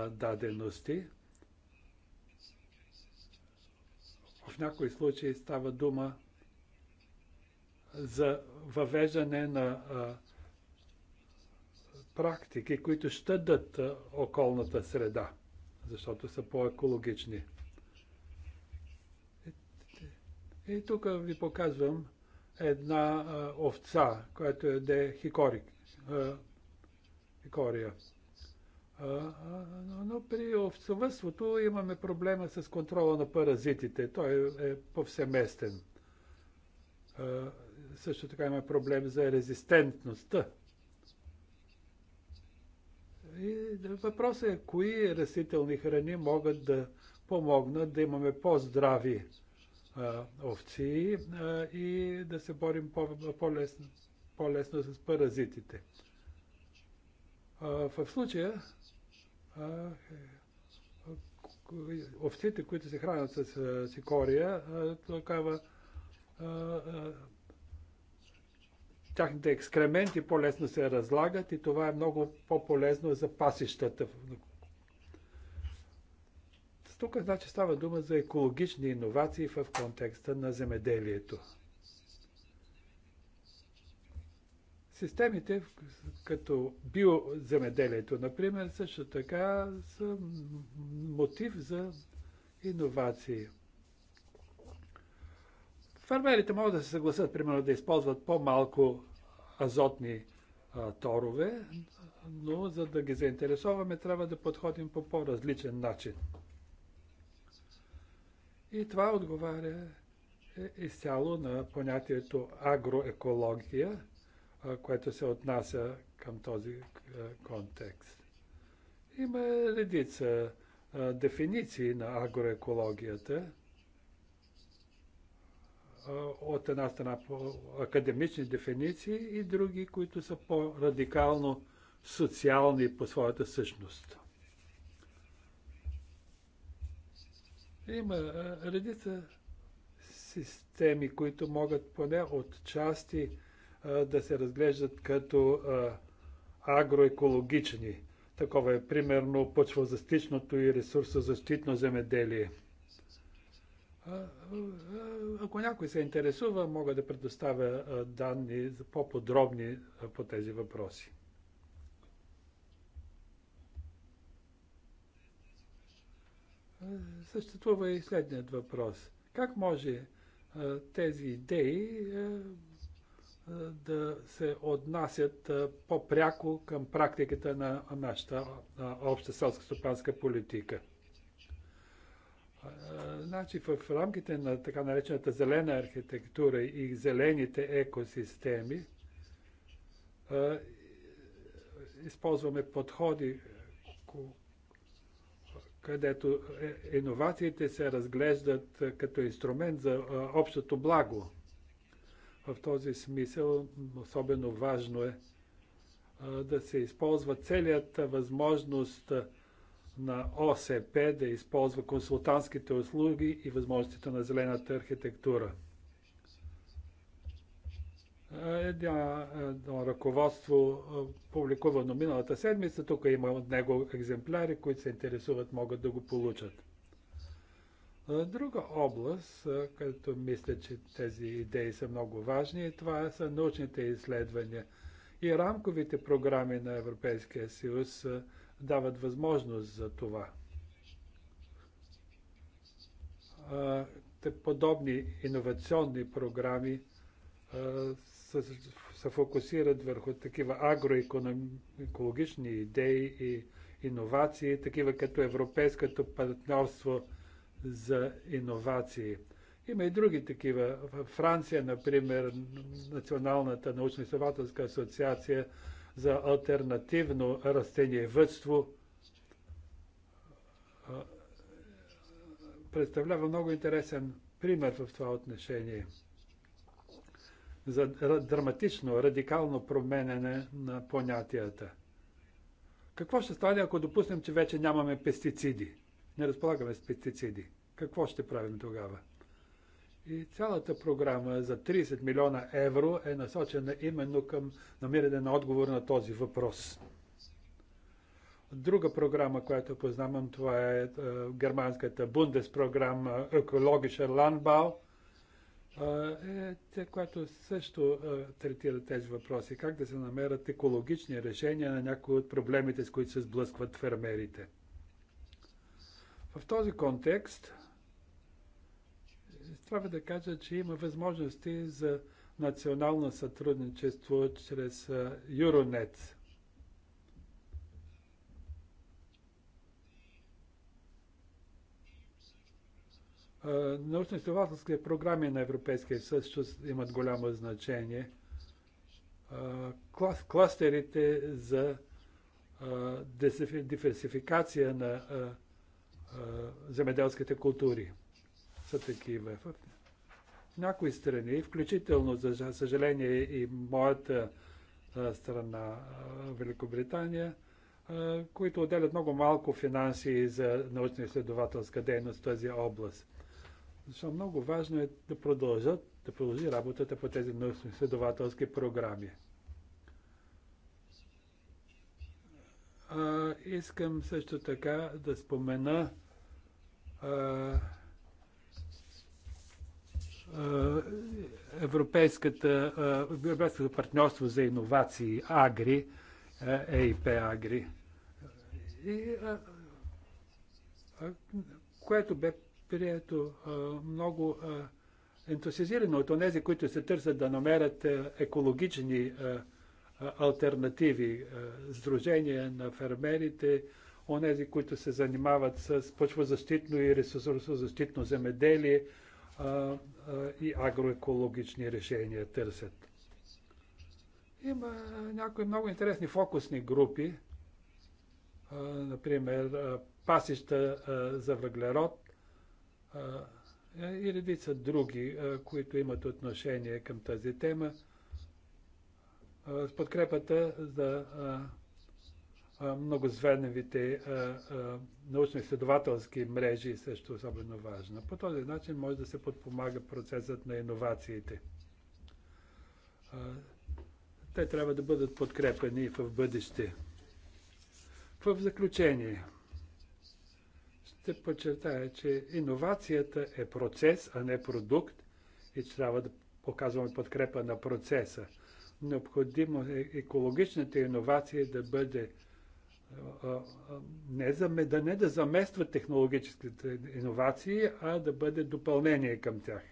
дадености. В някои случаи става дума за въвеждане на а, практики, които щадат околната среда, защото са по-екологични. И, и тук ви показвам една а, овца, която е хикорик, а, хикория. Но, но при овцовътството имаме проблема с контрола на паразитите. Той е повсеместен. Също така има проблем за резистентността. И въпросът е кои растителни храни могат да помогнат да имаме по-здрави овци а, и да се борим по-лесно по по с паразитите. В случая овците, които се хранят с сикория, такава тяхните екскременти по-лесно се разлагат и това е много по-полезно за пасищата. Тук значи става дума за екологични иновации в контекста на земеделието. Системите, като биоземеделието, например, също така са мотив за иновации. Фармерите могат да се съгласят, примерно, да използват по-малко азотни а, торове, но за да ги заинтересоваме, трябва да подходим по по-различен начин. И това отговаря е, изцяло на понятието агроекология – което се отнася към този е, контекст. Има редица дефиниции на агроекологията. От една страна по академични дефиниции и други, които са по-радикално социални по своята същност. Има редица системи, които могат поне от части да се разглеждат като агроекологични. Такова е примерно почвозастичното и ресурсозащитно земеделие. Ако някой се интересува, мога да предоставя данни по-подробни по тези въпроси. Съществува и следният въпрос. Как може тези идеи да се отнасят по-пряко към практиката на нашата обща селско-стопанска политика. Значи в рамките на така наречената зелена архитектура и зелените екосистеми използваме подходи, където е, иновациите се разглеждат като инструмент за общото благо – в този смисъл особено важно е да се използва целият възможност на ОСП да използва консултантските услуги и възможностите на зелената архитектура. Едно, ръководство, публикувано миналата седмица, тук има от него екземпляри, които се интересуват, могат да го получат. Друга област, където мисля, че тези идеи са много важни, и това са научните изследвания. И рамковите програми на Европейския съюз дават възможност за това. Подобни иновационни програми се фокусират върху такива агроекологични идеи и иновации, такива като Европейското партньорство за иновации. Има и други такива. В Франция, например, Националната научно-изследователска асоциация за альтернативно растениевътство представлява много интересен пример в това отношение за драматично, радикално променене на понятията. Какво ще стане, ако допуснем, че вече нямаме пестициди? не разполагаме с пестициди. Какво ще правим тогава? И цялата програма за 30 милиона евро е насочена именно към намиране на отговор на този въпрос. Друга програма, която познавам, това е, е германската Бундеспрограма Ökologischer Landbau, е, е която също е, третира тези въпроси. Как да се намерят екологични решения на някои от проблемите, с които се сблъскват фермерите. В този контекст трябва да кажа, че има възможности за национално сътрудничество чрез Юронет. Научно-изследователските програми на Европейския съюз имат голямо значение. кластерите за диверсификация на земеделските култури са такива. В някои страни, включително, за съжаление, и моята страна, Великобритания, които отделят много малко финанси за научно-изследователска дейност в тази област. Защото много важно е да продължат, да продължи работата по тези научно-изследователски програми. А, искам също така да спомена Европейската, Европейската партньорство за иновации Агри, ЕИП Агри, и, което бе прието много ентусиазирано от тези, които се търсят да намерят екологични альтернативи, сдружения на фермерите, а, онези, които се занимават с почвозащитно и ресурсозащитно земеделие а, а, и агроекологични решения търсят. Има някои много интересни фокусни групи, а, например пасища за въглерод и редица други, които имат отношение към тази тема. С подкрепата за многозвеневите научно-изследователски мрежи е също особено важна. По този начин може да се подпомага процесът на иновациите. Те трябва да бъдат подкрепени и в бъдеще. В заключение, ще подчертая, че иновацията е процес, а не продукт и че трябва да показваме подкрепа на процеса. Необходимо е екологичната иновация да бъде не за, да не да заместват технологическите иновации, а да бъде допълнение към тях.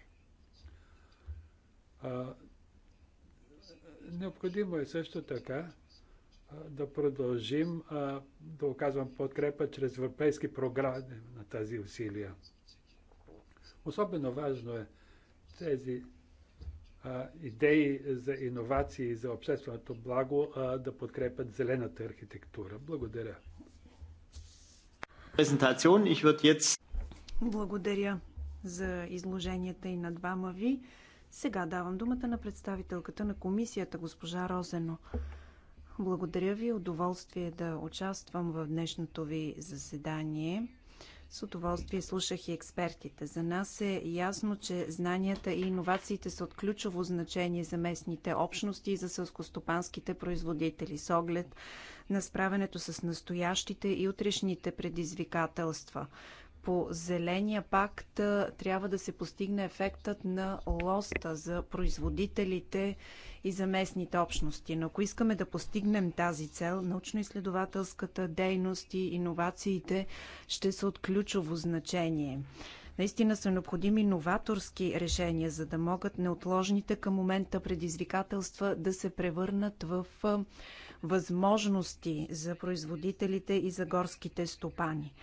Необходимо е също така да продължим да оказвам подкрепа чрез европейски програми на тази усилия. Особено важно е тези идеи за иновации и за общественото благо да подкрепят зелената архитектура. Благодаря. Благодаря за изложенията и на двама ви. Сега давам думата на представителката на комисията, госпожа Розено. Благодаря ви. Удоволствие да участвам в днешното ви заседание. С удоволствие слушах и експертите. За нас е ясно, че знанията и иновациите са от ключово значение за местните общности и за сълскостопанските производители с оглед на справянето с настоящите и утрешните предизвикателства. По зеления пакт трябва да се постигне ефектът на лоста за производителите и за местните общности. Но ако искаме да постигнем тази цел, научно-изследователската дейност и иновациите ще са от ключово значение. Наистина са необходими новаторски решения, за да могат неотложните към момента предизвикателства да се превърнат в възможности за производителите и за горските стопани.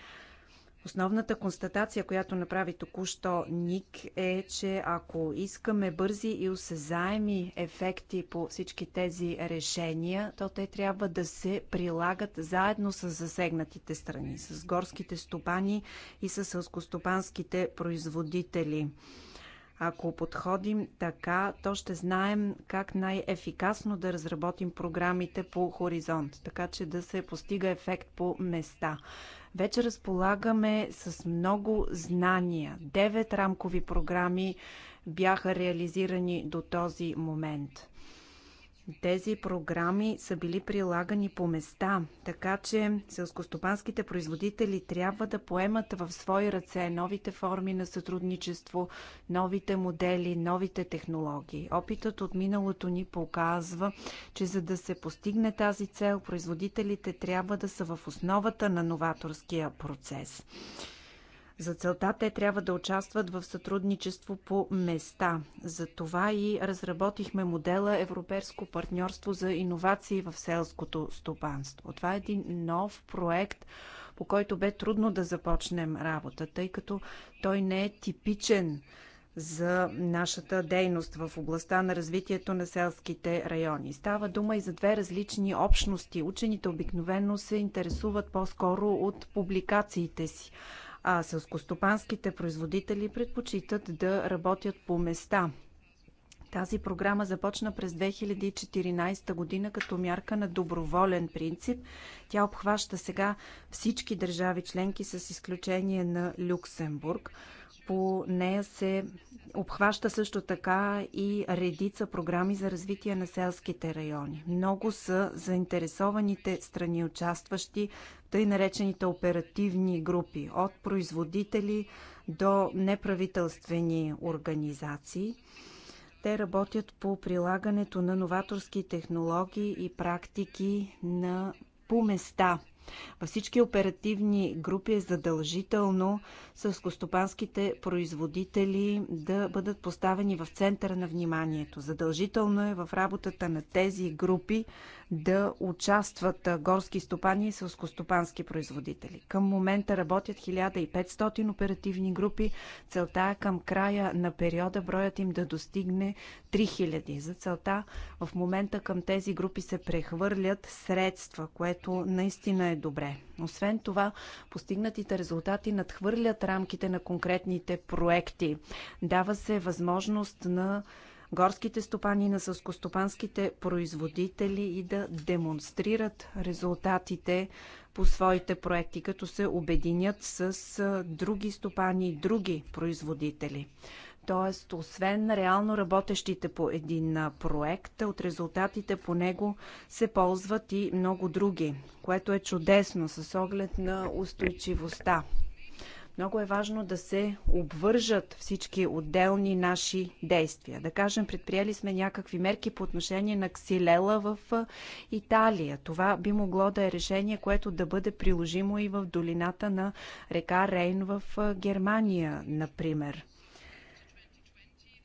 Основната констатация, която направи току-що Ник е, че ако искаме бързи и осезаеми ефекти по всички тези решения, то те трябва да се прилагат заедно с засегнатите страни, с горските стопани и с сълскостопанските производители. Ако подходим така, то ще знаем как най-ефикасно да разработим програмите по хоризонт, така че да се постига ефект по места. Вече разполагаме с много знания. Девет рамкови програми бяха реализирани до този момент. Тези програми са били прилагани по места, така че селскостопанските производители трябва да поемат в свои ръце новите форми на сътрудничество, новите модели, новите технологии. Опитът от миналото ни показва, че за да се постигне тази цел, производителите трябва да са в основата на новаторския процес. За целта те трябва да участват в сътрудничество по места. За това и разработихме модела Европейско партньорство за иновации в селското стопанство. Това е един нов проект, по който бе трудно да започнем работа, тъй като той не е типичен за нашата дейност в областта на развитието на селските райони. Става дума и за две различни общности. Учените обикновено се интересуват по-скоро от публикациите си, а селскостопанските производители предпочитат да работят по места. Тази програма започна през 2014 година като мярка на доброволен принцип. Тя обхваща сега всички държави членки с изключение на Люксембург. По нея се обхваща също така и редица програми за развитие на селските райони. Много са заинтересованите страни, участващи в тъй наречените оперативни групи, от производители до неправителствени организации. Те работят по прилагането на новаторски технологии и практики на по места във всички оперативни групи е задължително сълскостопанските производители да бъдат поставени в центъра на вниманието. Задължително е в работата на тези групи да участват горски стопани и селскостопански производители. Към момента работят 1500 оперативни групи. Целта е към края на периода броят им да достигне 3000. За целта в момента към тези групи се прехвърлят средства, което наистина е добре. Освен това, постигнатите резултати надхвърлят рамките на конкретните проекти. Дава се възможност на горските стопани, на съскостопанските производители и да демонстрират резултатите по своите проекти, като се обединят с други стопани и други производители. Тоест, освен реално работещите по един проект, от резултатите по него се ползват и много други, което е чудесно с оглед на устойчивостта много е важно да се обвържат всички отделни наши действия. Да кажем, предприели сме някакви мерки по отношение на ксилела в Италия. Това би могло да е решение, което да бъде приложимо и в долината на река Рейн в Германия, например.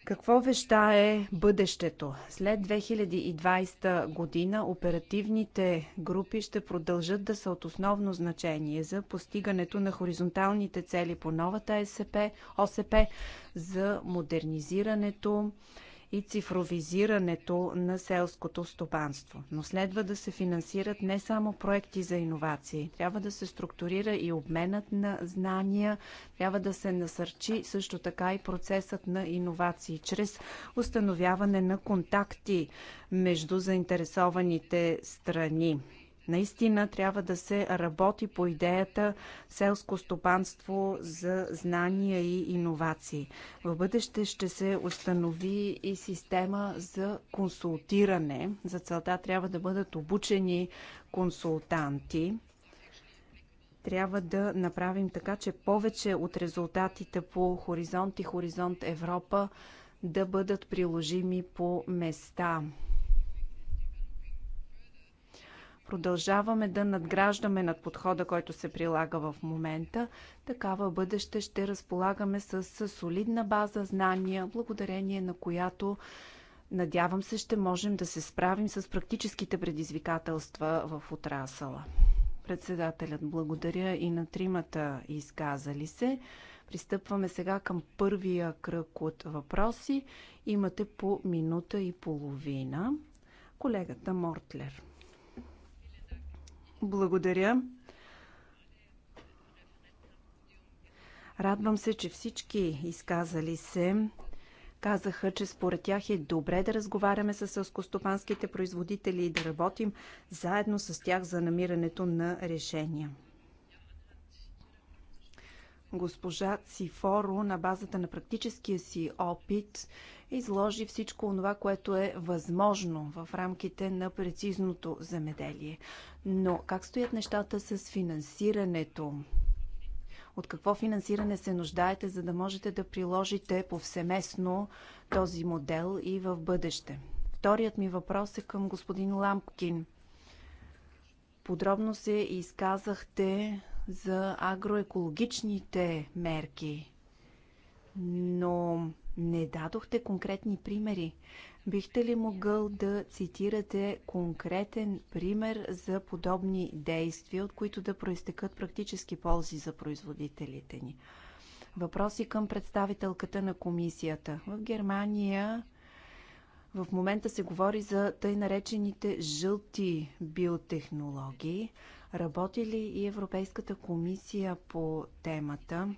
Какво вещае бъдещето? След 2020 година оперативните групи ще продължат да са от основно значение за постигането на хоризонталните цели по новата СП, ОСП, за модернизирането, и цифровизирането на селското стопанство. Но следва да се финансират не само проекти за иновации, трябва да се структурира и обменът на знания, трябва да се насърчи също така и процесът на иновации чрез установяване на контакти между заинтересованите страни. Наистина трябва да се работи по идеята селско стопанство за знания и иновации. В бъдеще ще се установи и система за консултиране. За целта трябва да бъдат обучени консултанти трябва да направим така, че повече от резултатите по Хоризонт и Хоризонт Европа да бъдат приложими по места. Продължаваме да надграждаме над подхода, който се прилага в момента. Такава бъдеще ще разполагаме с солидна база знания, благодарение на която надявам се ще можем да се справим с практическите предизвикателства в отрасала. Председателят благодаря и на тримата изказали се. Пристъпваме сега към първия кръг от въпроси. Имате по минута и половина. Колегата Мортлер. Благодаря. Радвам се, че всички изказали се казаха, че според тях е добре да разговаряме с селскостопанските производители и да работим заедно с тях за намирането на решения. Госпожа Цифоро на базата на практическия си опит изложи всичко това, което е възможно в рамките на прецизното замеделие. Но как стоят нещата с финансирането? От какво финансиране се нуждаете, за да можете да приложите повсеместно този модел и в бъдеще? Вторият ми въпрос е към господин Лампкин. Подробно се изказахте за агроекологичните мерки, но не дадохте конкретни примери. Бихте ли могъл да цитирате конкретен пример за подобни действия, от които да проистекат практически ползи за производителите ни? Въпроси към представителката на комисията. В Германия в момента се говори за тъй наречените жълти биотехнологии. Работи ли и Европейската комисия по темата?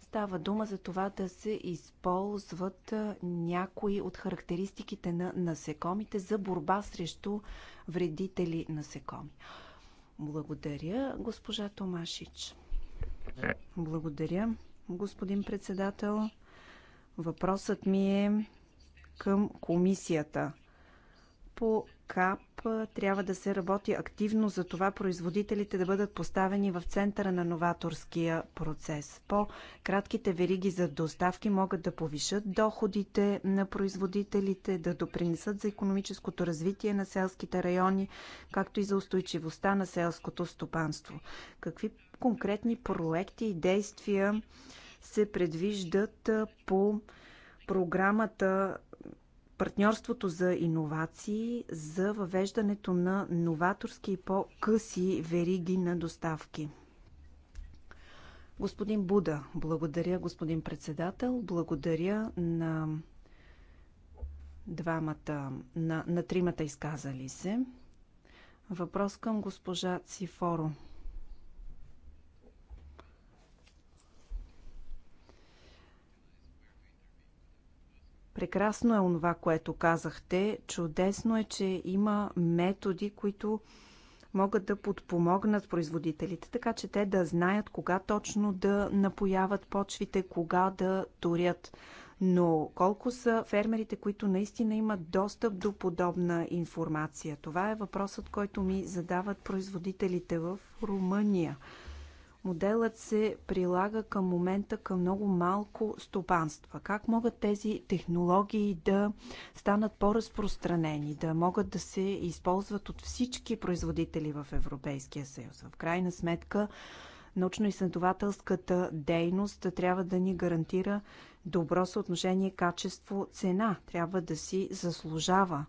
Става дума за това да се използват някои от характеристиките на насекомите за борба срещу вредители насекоми. Благодаря, госпожа Томашич. Благодаря, господин председател. Въпросът ми е към комисията по КАП трябва да се работи активно за това производителите да бъдат поставени в центъра на новаторския процес. По-кратките вериги за доставки могат да повишат доходите на производителите, да допринесат за економическото развитие на селските райони, както и за устойчивостта на селското стопанство. Какви конкретни проекти и действия се предвиждат по програмата партньорството за иновации, за въвеждането на новаторски и по-къси вериги на доставки. Господин Буда, благодаря, господин председател. Благодаря на двамата, на, на тримата изказали се. Въпрос към госпожа Цифоро. Прекрасно е онова, което казахте. Чудесно е, че има методи, които могат да подпомогнат производителите, така че те да знаят кога точно да напояват почвите, кога да турят. Но колко са фермерите, които наистина имат достъп до подобна информация? Това е въпросът, който ми задават производителите в Румъния. Моделът се прилага към момента към много малко стопанства. Как могат тези технологии да станат по-разпространени, да могат да се използват от всички производители в Европейския съюз? В крайна сметка, научно-изследователската дейност трябва да ни гарантира добро съотношение качество-цена. Трябва да си заслужава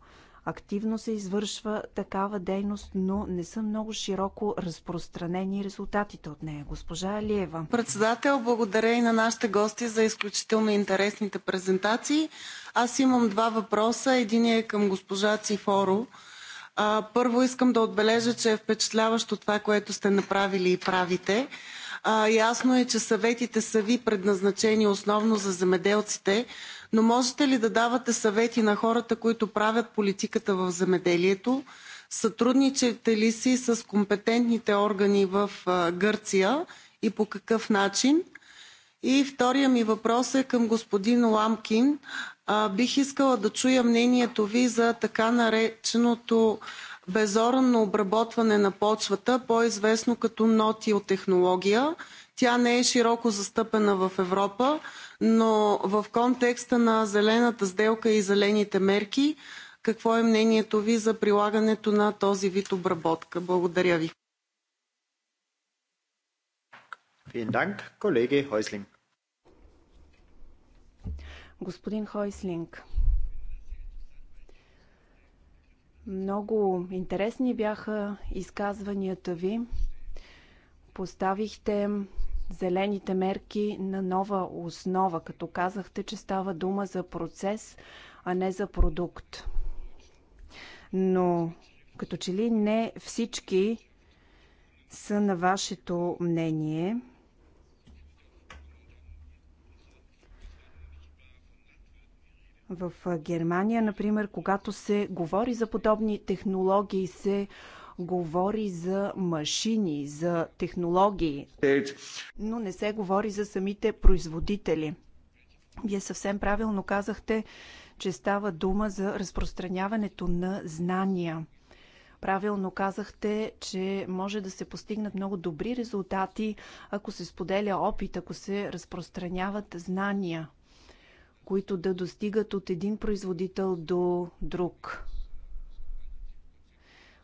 Активно се извършва такава дейност, но не са много широко разпространени резултатите от нея. Госпожа Алиева. Председател, благодаря и на нашите гости за изключително интересните презентации. Аз имам два въпроса. Единият е към госпожа Цифоро. първо искам да отбележа, че е впечатляващо това, което сте направили и правите. А, ясно е, че съветите са ви предназначени основно за земеделците, но можете ли да давате съвети на хората, които правят политиката в земеделието? Сътрудничате ли си с компетентните органи в Гърция и по какъв начин? И втория ми въпрос е към господин Ламкин. А, бих искала да чуя мнението ви за така нареченото безоранно обработване на почвата, по-известно като нотиотехнология. Тя не е широко застъпена в Европа, но в контекста на зелената сделка и зелените мерки, какво е мнението ви за прилагането на този вид обработка? Благодаря ви. Господин Хойслинг. Много интересни бяха изказванията ви. Поставихте зелените мерки на нова основа, като казахте, че става дума за процес, а не за продукт. Но като че ли не всички са на вашето мнение – В Германия, например, когато се говори за подобни технологии, се говори за машини, за технологии, но не се говори за самите производители. Вие съвсем правилно казахте, че става дума за разпространяването на знания. Правилно казахте, че може да се постигнат много добри резултати, ако се споделя опит, ако се разпространяват знания които да достигат от един производител до друг.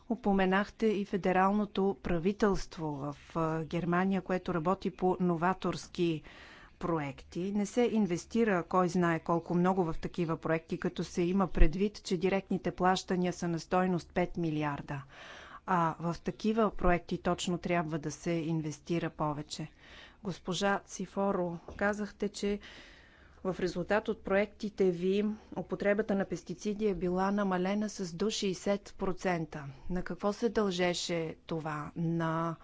Упоменахте и федералното правителство в Германия, което работи по новаторски проекти. Не се инвестира кой знае колко много в такива проекти, като се има предвид, че директните плащания са на стойност 5 милиарда. А в такива проекти точно трябва да се инвестира повече. Госпожа Цифоро, казахте, че в резултат от проектите ви употребата на пестициди е била намалена с до 60%. На какво се дължеше това? На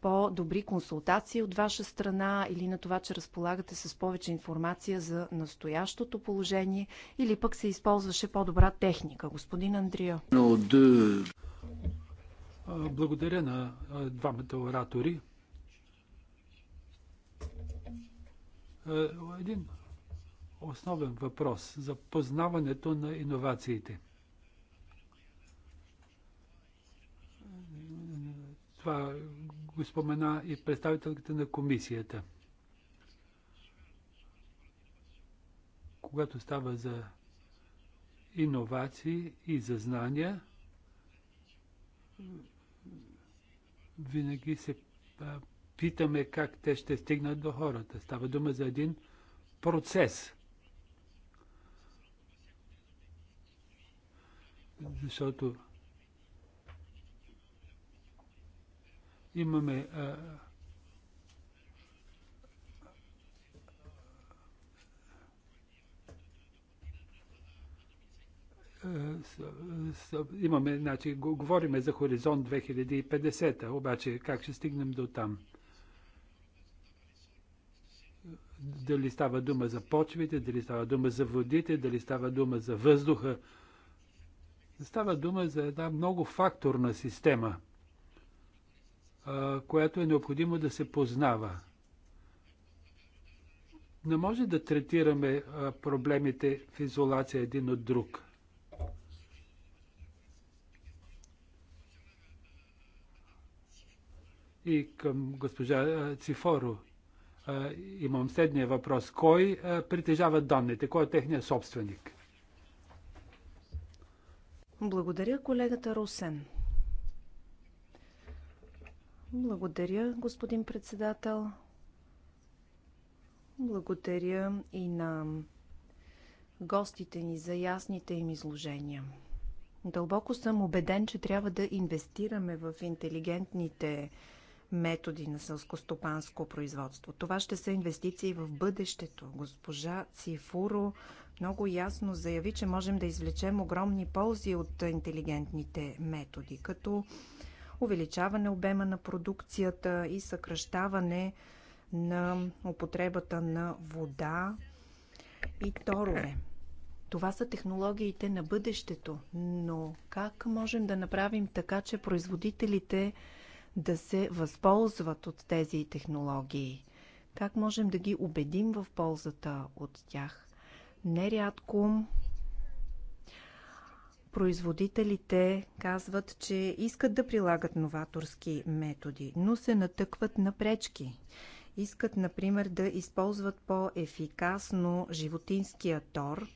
по-добри консултации от ваша страна или на това, че разполагате с повече информация за настоящото положение или пък се използваше по-добра техника, господин Андрия? Благодаря на двамата оратори. Един основен въпрос за познаването на иновациите. Това го спомена и представителката на комисията. Когато става за иновации и за знания, винаги се питаме как те ще стигнат до хората. Става дума за един процес. защото имаме а, имаме, значи, говориме за хоризонт 2050, обаче как ще стигнем до там? Дали става дума за почвите, дали става дума за водите, дали става дума за въздуха, Става дума за една много факторна система, която е необходимо да се познава. Не може да третираме проблемите в изолация един от друг. И към госпожа Цифоро имам следния въпрос. Кой притежава данните? Кой е техният собственик? Благодаря, колегата Русен. Благодаря, господин председател. Благодаря и на гостите ни за ясните им изложения. Дълбоко съм убеден, че трябва да инвестираме в интелигентните методи на сълскостопанско производство. Това ще са инвестиции в бъдещето. Госпожа Цифуро много ясно заяви, че можем да извлечем огромни ползи от интелигентните методи, като увеличаване обема на продукцията и съкръщаване на употребата на вода и торове. Това са технологиите на бъдещето, но как можем да направим така, че производителите да се възползват от тези технологии? Как можем да ги убедим в ползата от тях? Нерядко производителите казват, че искат да прилагат новаторски методи, но се натъкват на пречки. Искат, например, да използват по-ефикасно животинския тор,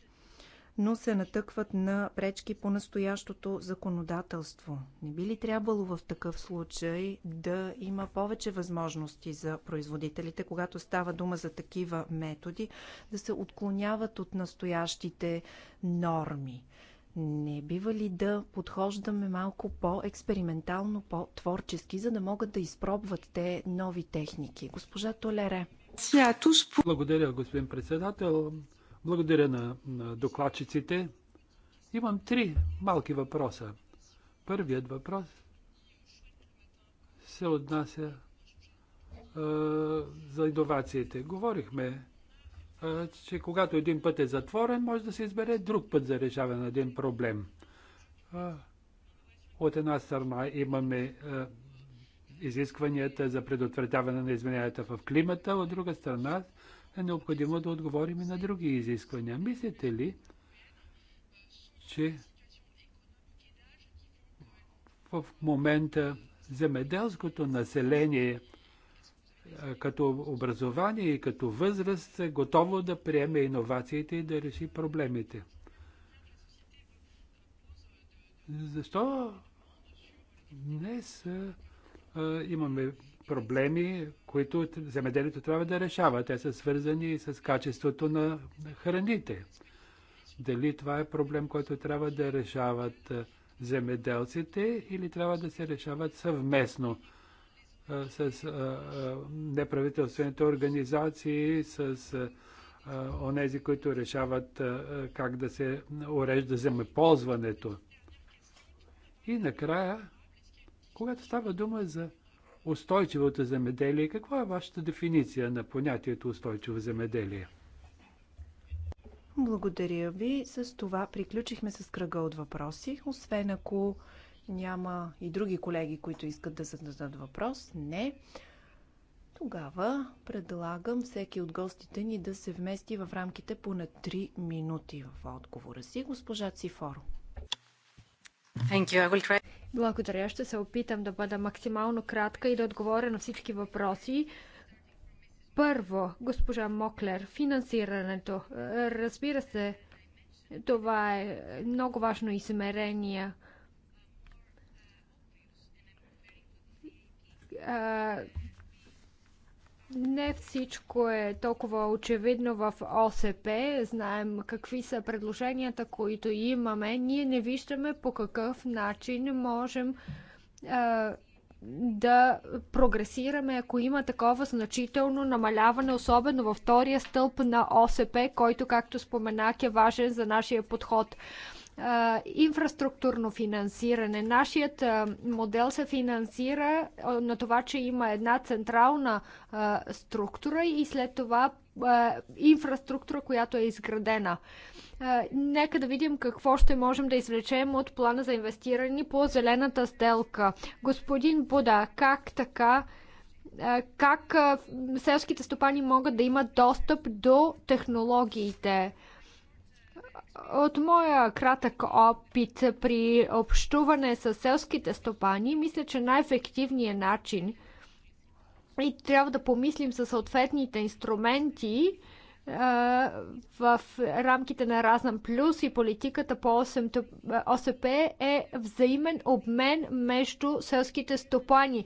но се натъкват на пречки по настоящото законодателство. Не би ли трябвало в такъв случай да има повече възможности за производителите, когато става дума за такива методи, да се отклоняват от настоящите норми? Не бива ли да подхождаме малко по-експериментално, по-творчески, за да могат да изпробват те нови техники? Госпожа Толере. Благодаря, господин председател. Благодаря на, на докладчиците. Имам три малки въпроса. Първият въпрос се отнася а, за иновациите. Говорихме, а, че когато един път е затворен, може да се избере друг път за решаване на един проблем. А, от една страна имаме а, изискванията за предотвратяване на измененията в климата, от друга страна е необходимо да отговорим и на други изисквания. Мислите ли, че в момента земеделското население е, като образование и като възраст е готово да приеме иновациите и да реши проблемите. Защо днес а, е, имаме проблеми, които земеделието трябва да решава. Те са свързани с качеството на храните. Дали това е проблем, който трябва да решават земеделците или трябва да се решават съвместно с неправителствените организации, с онези, които решават как да се урежда земеползването. И накрая, когато става дума за устойчивото земеделие. Каква е вашата дефиниция на понятието устойчиво земеделие? Благодаря ви. С това приключихме с кръга от въпроси, освен ако няма и други колеги, които искат да зададат въпрос. Не. Тогава предлагам всеки от гостите ни да се вмести в рамките поне 3 минути в отговора си. Госпожа Цифоро. Thank you. I will try. Благодаря. Ще се опитам да бъда максимално кратка и да отговоря на всички въпроси. Първо, госпожа Моклер, финансирането. Е, разбира се, това е много важно измерение. Е, не всичко е толкова очевидно в ОСП. Знаем какви са предложенията, които имаме. Ние не виждаме по какъв начин можем а, да прогресираме, ако има такова значително намаляване, особено във втория стълб на ОСП, който, както споменах, е важен за нашия подход инфраструктурно финансиране. Нашият модел се финансира на това, че има една централна структура и след това инфраструктура, която е изградена. Нека да видим какво ще можем да извлечем от плана за инвестиране по зелената сделка. Господин Буда, как така как селските стопани могат да имат достъп до технологиите? От моя кратък опит при общуване с селските стопани, мисля, че най-ефективният начин и трябва да помислим със съответните инструменти в рамките на Разъм Плюс и политиката по ОСП е взаимен обмен между селските стопани,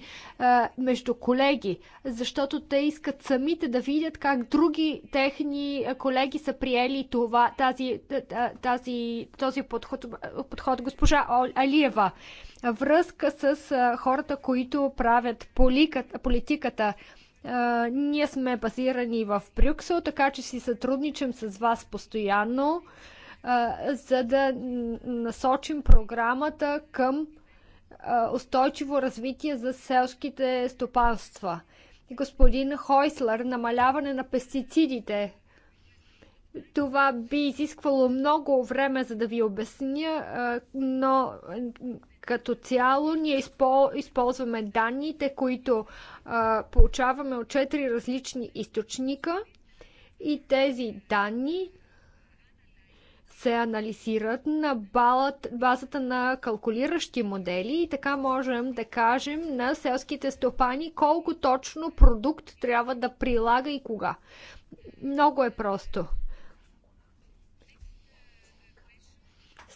между колеги, защото те искат самите да видят как други техни колеги са приели това, тази, тази, този подход, подход госпожа Алиева. Връзка с хората, които правят политиката ние сме базирани в Брюксел, така че си сътрудничим с вас постоянно, за да насочим програмата към устойчиво развитие за селските стопанства. Господин Хойслер, намаляване на пестицидите. Това би изисквало много време, за да ви обясня, но като цяло ние използваме данните, които а, получаваме от четири различни източника и тези данни се анализират на базата на калкулиращи модели и така можем да кажем на селските стопани колко точно продукт трябва да прилага и кога. Много е просто.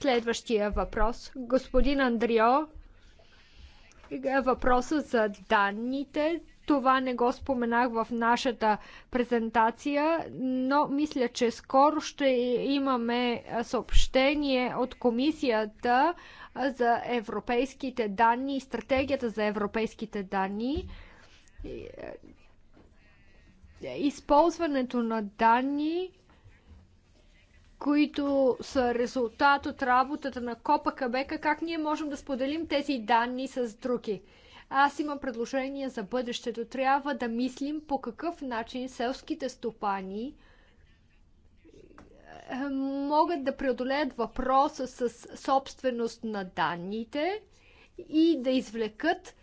Следващия въпрос. Господин Андрио, въпросът за данните. Това не го споменах в нашата презентация, но мисля, че скоро ще имаме съобщение от комисията за европейските данни и стратегията за европейските данни. Използването на данни които са резултат от работата на Копа Кабека, как ние можем да споделим тези данни с други. Аз имам предложение за бъдещето. Трябва да мислим по какъв начин селските стопани е, могат да преодолеят въпроса с собственост на данните и да извлекат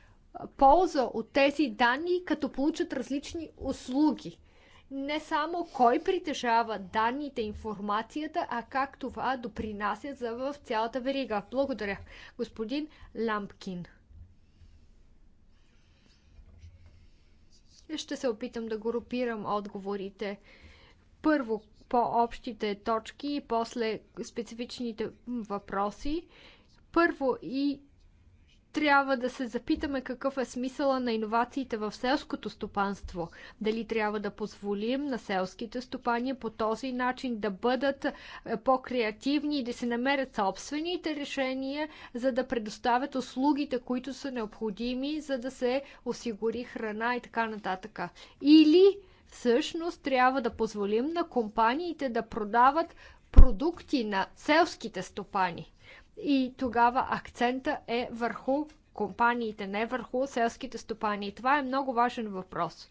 полза от тези данни, като получат различни услуги – не само кой притежава данните, информацията, а как това допринася за в цялата верига. Благодаря, господин Лампкин. Ще се опитам да групирам отговорите. Първо по-общите точки и после специфичните въпроси. Първо и трябва да се запитаме какъв е смисъла на иновациите в селското стопанство. Дали трябва да позволим на селските стопани по този начин да бъдат е, по-креативни и да се намерят собствените решения, за да предоставят услугите, които са необходими, за да се осигури храна и така нататък. Или всъщност трябва да позволим на компаниите да продават продукти на селските стопани. И тогава акцента е върху компаниите, не върху селските стопани. И това е много важен въпрос.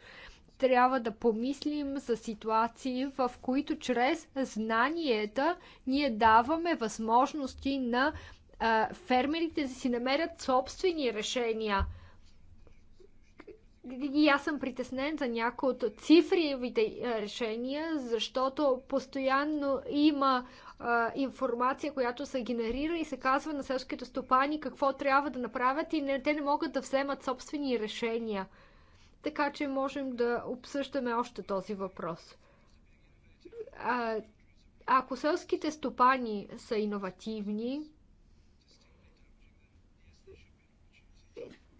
Трябва да помислим за ситуации, в които чрез знанията ние даваме възможности на а, фермерите да си намерят собствени решения – и аз съм притеснен за някои от цифривите решения, защото постоянно има а, информация, която се генерира и се казва на селските стопани какво трябва да направят и не, те не могат да вземат собствени решения. Така че можем да обсъждаме още този въпрос. А, ако селските стопани са иновативни,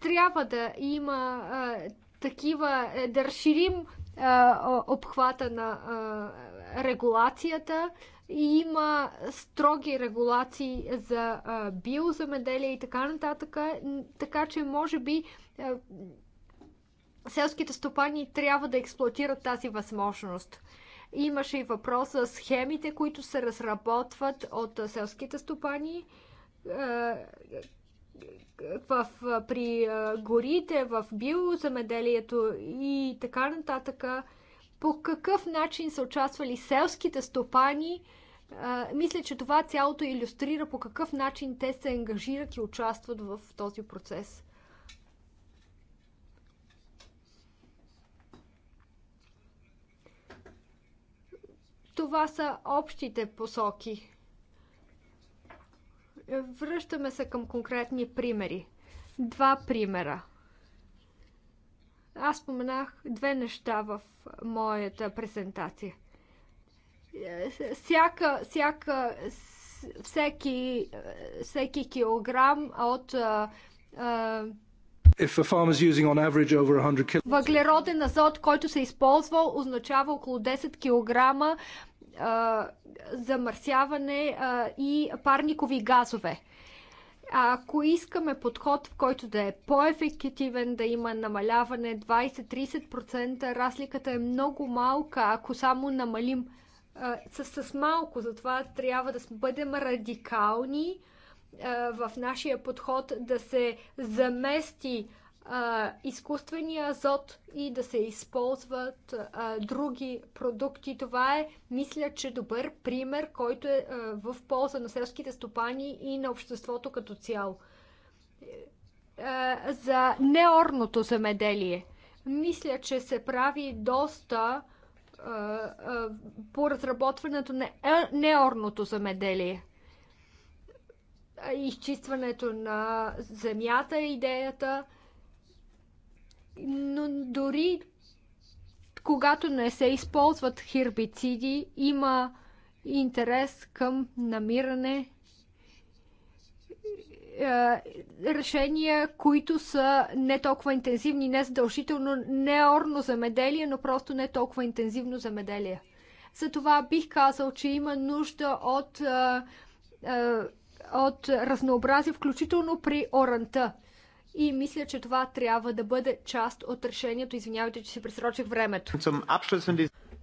трябва да има а, такива, е, да разширим а, обхвата на а, регулацията. И има строги регулации за а, биоземеделие и така нататък. Така че, може би, а, селските стопани трябва да експлуатират тази възможност. Имаше и въпрос за схемите, които се разработват от селските стопани в, при горите, в биозамеделието и така нататък, по какъв начин са участвали селските стопани. Мисля, че това цялото иллюстрира по какъв начин те се ангажират и участват в този процес. Това са общите посоки е, връщаме се към конкретни примери. Два примера. Аз споменах две неща в моята презентация. Е, всяка, всяка, всеки, е, всеки килограм от Въглероден азот, който се използва, означава около 10 килограма замърсяване и парникови газове. ако искаме подход, в който да е по-ефективен, да има намаляване 20-30%, разликата е много малка, ако само намалим а, с, с малко. Затова трябва да бъдем радикални а, в нашия подход, да се замести а, изкуствения азот и да се използват а, други продукти. Това е, мисля, че добър пример, който е а, в полза на селските стопани и на обществото като цяло. за неорното замеделие. Мисля, че се прави доста а, а, по разработването на неорното замеделие. изчистването на земята, идеята но дори когато не се използват хербициди, има интерес към намиране е, решения, които са не толкова интензивни, не задължително не орно замеделие, но просто не толкова интензивно замеделие. Затова бих казал, че има нужда от, е, е, от разнообразие, включително при оранта. И мисля, че това трябва да бъде част от решението. Извинявайте, че си пресрочих времето.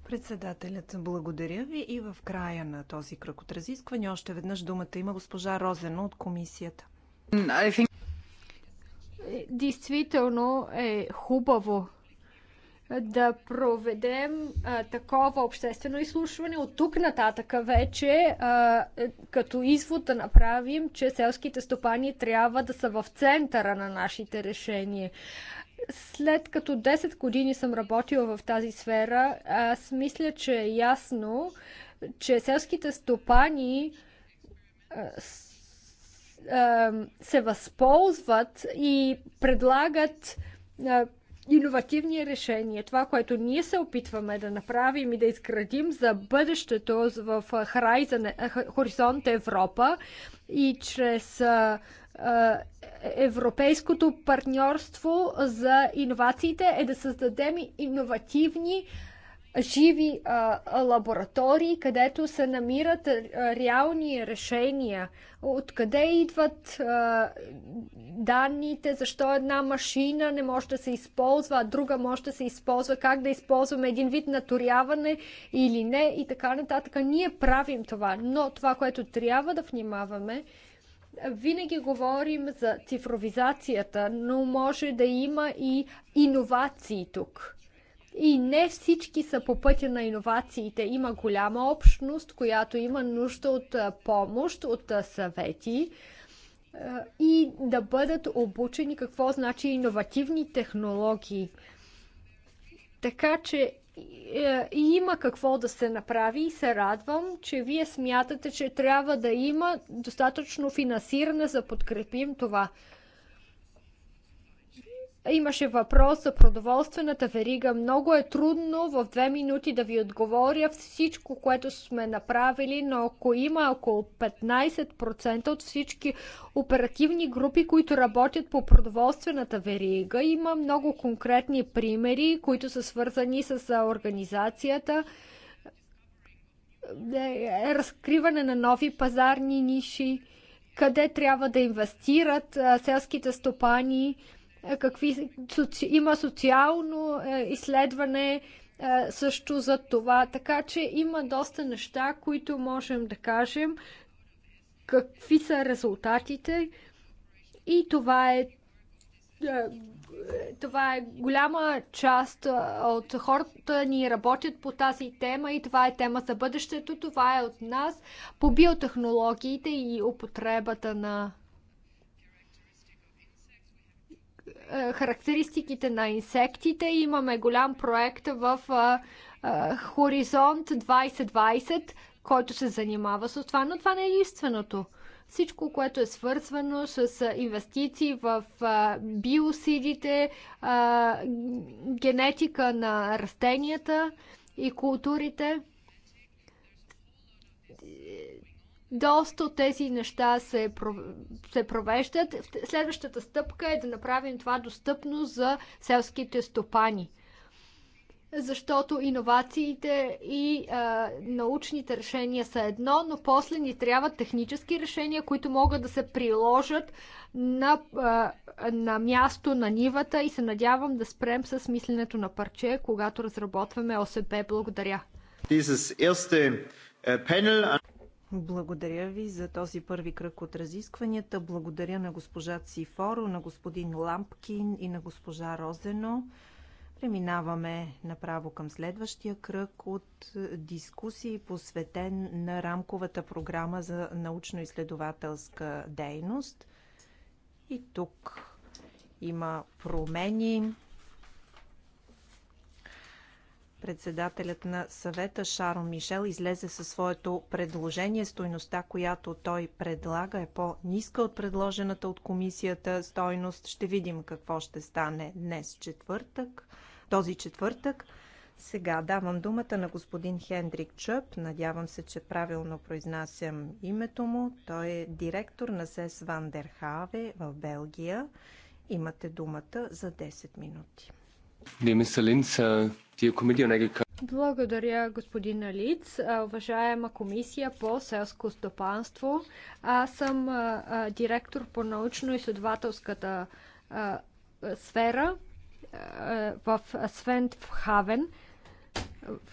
Председателят, благодаря ви и в края на този кръг от разискване още веднъж думата има госпожа Розена от комисията. Think... Е, действително е хубаво да проведем а, такова обществено изслушване от тук нататъка вече, а, е, като извод да направим, че селските стопани трябва да са в центъра на нашите решения. След като 10 години съм работила в тази сфера, аз мисля, че е ясно, че селските стопани а, се възползват и предлагат иновативни решения. Това, което ние се опитваме да направим и да изградим за бъдещето в Хоризонт Европа и чрез европейското партньорство за иновациите е да създадем иновативни живи а, лаборатории, където се намират реални решения. Откъде идват а, данните, защо една машина не може да се използва, а друга може да се използва, как да използваме един вид наторяване или не и така нататък. Ние правим това, но това, което трябва да внимаваме, винаги говорим за цифровизацията, но може да има и иновации тук и не всички са по пътя на иновациите. Има голяма общност, която има нужда от помощ, от съвети и да бъдат обучени какво значи иновативни технологии. Така че е, и има какво да се направи и се радвам, че вие смятате, че трябва да има достатъчно финансиране за подкрепим това. Имаше въпрос за продоволствената верига. Много е трудно в две минути да ви отговоря всичко, което сме направили, но ако има около 15% от всички оперативни групи, които работят по продоволствената верига, има много конкретни примери, които са свързани с организацията, е, е, разкриване на нови пазарни ниши, къде трябва да инвестират селските стопани – какви, соци, има социално е, изследване е, също за това. Така че има доста неща, които можем да кажем какви са резултатите и това е, е това е голяма част от хората ни работят по тази тема и това е тема за бъдещето. Това е от нас по биотехнологиите и употребата на Е, характеристиките на инсектите. Имаме голям проект в е, е, Хоризонт 2020, който се занимава с това, но това не е единственото. Всичко, което е свързвано с инвестиции в биосидите, генетика на растенията и културите – Доста от тези неща се, се провеждат. Следващата стъпка е да направим това достъпно за селските стопани защото иновациите и а, научните решения са едно, но после ни трябват технически решения, които могат да се приложат на, а, на място на нивата и се надявам да спрем с мисленето на парче, когато разработваме ОСП. Благодаря. Благодаря ви за този първи кръг от разискванията. Благодаря на госпожа Цифоро, на господин Лампкин и на госпожа Розено. Преминаваме направо към следващия кръг от дискусии, посветен на рамковата програма за научно-изследователска дейност. И тук има промени. Председателят на съвета Шаро Мишел излезе със своето предложение. Стойността, която той предлага е по-ниска от предложената от комисията стойност. Ще видим какво ще стане днес четвъртък, този четвъртък. Сега давам думата на господин Хендрик Чъп. Надявам се, че правилно произнасям името му. Той е директор на СЕС Вандерхаве в Белгия. Имате думата за 10 минути. Uh, Благодаря, господин Лиц. Уважаема комисия по селско стопанство, аз съм директор по научно-изследователската сфера в Свентхавен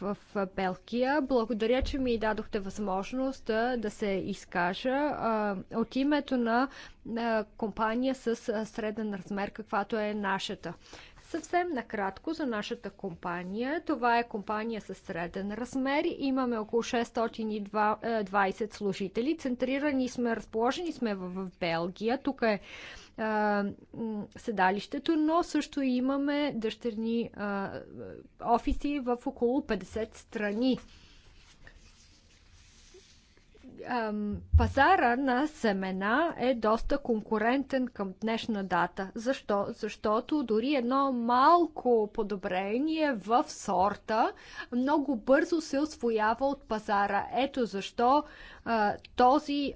в Белгия. Благодаря, че ми дадохте възможност да се изкажа от името на компания с среден размер, каквато е нашата. Съвсем накратко за нашата компания. Това е компания със среден размер. Имаме около 620 е, служители. Центрирани сме, разположени сме в Белгия. Тук е, е седалището, но също имаме дъщерни е, офиси в около 50 страни пазара на семена е доста конкурентен към днешна дата. Защо? Защото дори едно малко подобрение в сорта много бързо се освоява от пазара. Ето защо този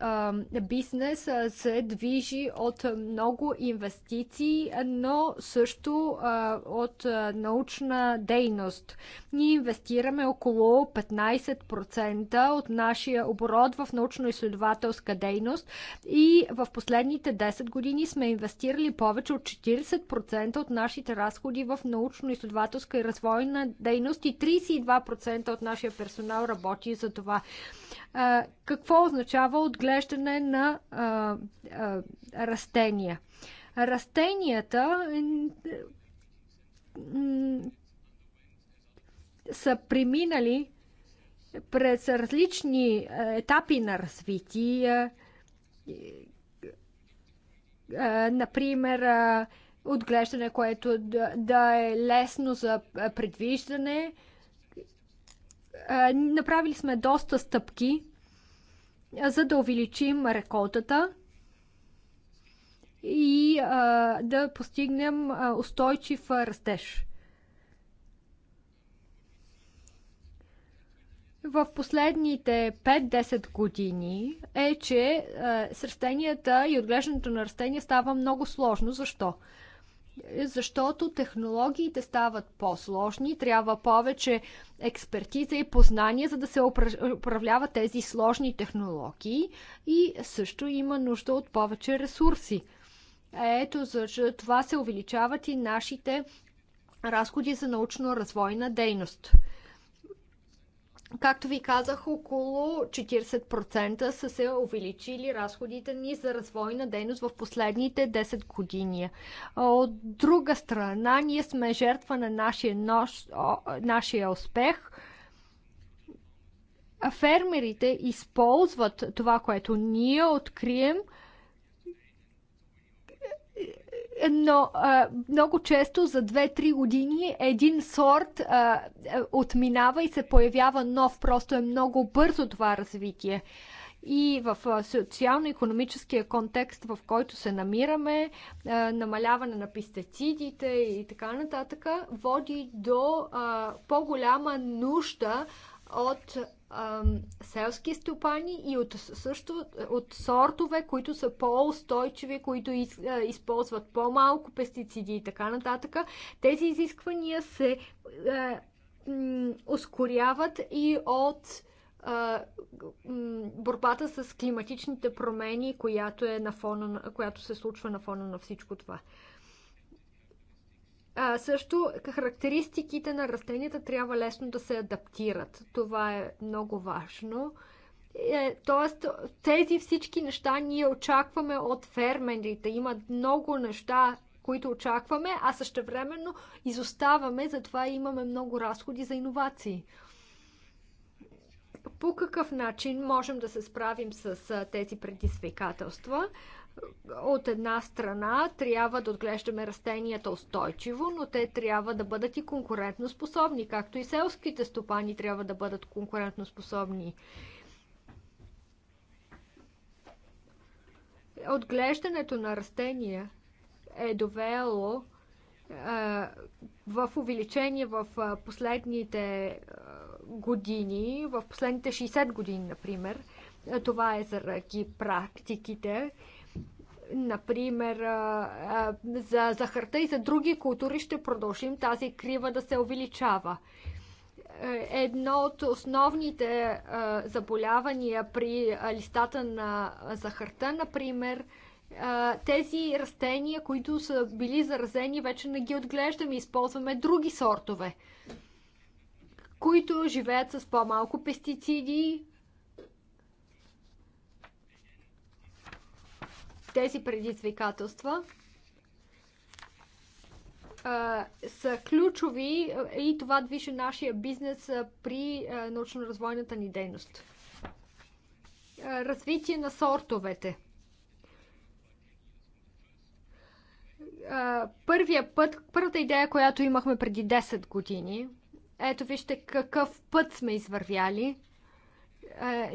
бизнес се движи от много инвестиции, но също от научна дейност. Ние инвестираме около 15% от нашия оборот в научно-изследователска дейност и в последните 10 години сме инвестирали повече от 40% от нашите разходи в научно-изследователска и развойна дейност и 32% от нашия персонал работи за това какво означава отглеждане на растения. Растенията са преминали през различни етапи на развитие. Например, отглеждане, което да е лесно за предвиждане, направили сме доста стъпки, за да увеличим реколтата и да постигнем устойчив растеж. в последните 5-10 години е, че е, с растенията и отглеждането на растения става много сложно. Защо? защото технологиите стават по-сложни, трябва повече експертиза и познание, за да се управляват тези сложни технологии и също има нужда от повече ресурси. Ето за това се увеличават и нашите разходи за научно-развойна дейност. Както ви казах, около 40% са се увеличили разходите ни за развойна дейност в последните 10 години. От друга страна, ние сме жертва на нашия, о, нашия успех. Фермерите използват това, което ние открием – но а, много често за 2-3 години един сорт а, е, отминава и се появява нов. Просто е много бързо това развитие. И в социално-економическия контекст, в който се намираме, а, намаляване на пестицидите и така нататък, води до а, по-голяма нужда от селски стопани и от, също от сортове, които са по-устойчиви, които из, а, използват по-малко пестициди и така нататък. Тези изисквания се а, м, ускоряват и от а, м, борбата с климатичните промени, която, е на фона, която се случва на фона на всичко това. А, също характеристиките на растенията трябва лесно да се адаптират. Това е много важно. Е, тоест, тези всички неща ние очакваме от фермерите. Има много неща, които очакваме, а същевременно изоставаме, затова имаме много разходи за иновации. По какъв начин можем да се справим с тези предизвикателства? от една страна трябва да отглеждаме растенията устойчиво, но те трябва да бъдат и конкурентно способни, както и селските стопани трябва да бъдат конкурентно способни. Отглеждането на растения е довело е, в увеличение в последните години, в последните 60 години, например. Това е заради практиките, например, за захарта и за други култури ще продължим тази крива да се увеличава. Е, едно от основните заболявания при листата на захарта, например, тези растения, които са били заразени, вече не ги отглеждаме, използваме други сортове, които живеят с по-малко пестициди, Тези предизвикателства са ключови и това движи нашия бизнес при научно-развойната ни дейност. Развитие на сортовете. Първия път, първата идея, която имахме преди 10 години, ето вижте какъв път сме извървяли –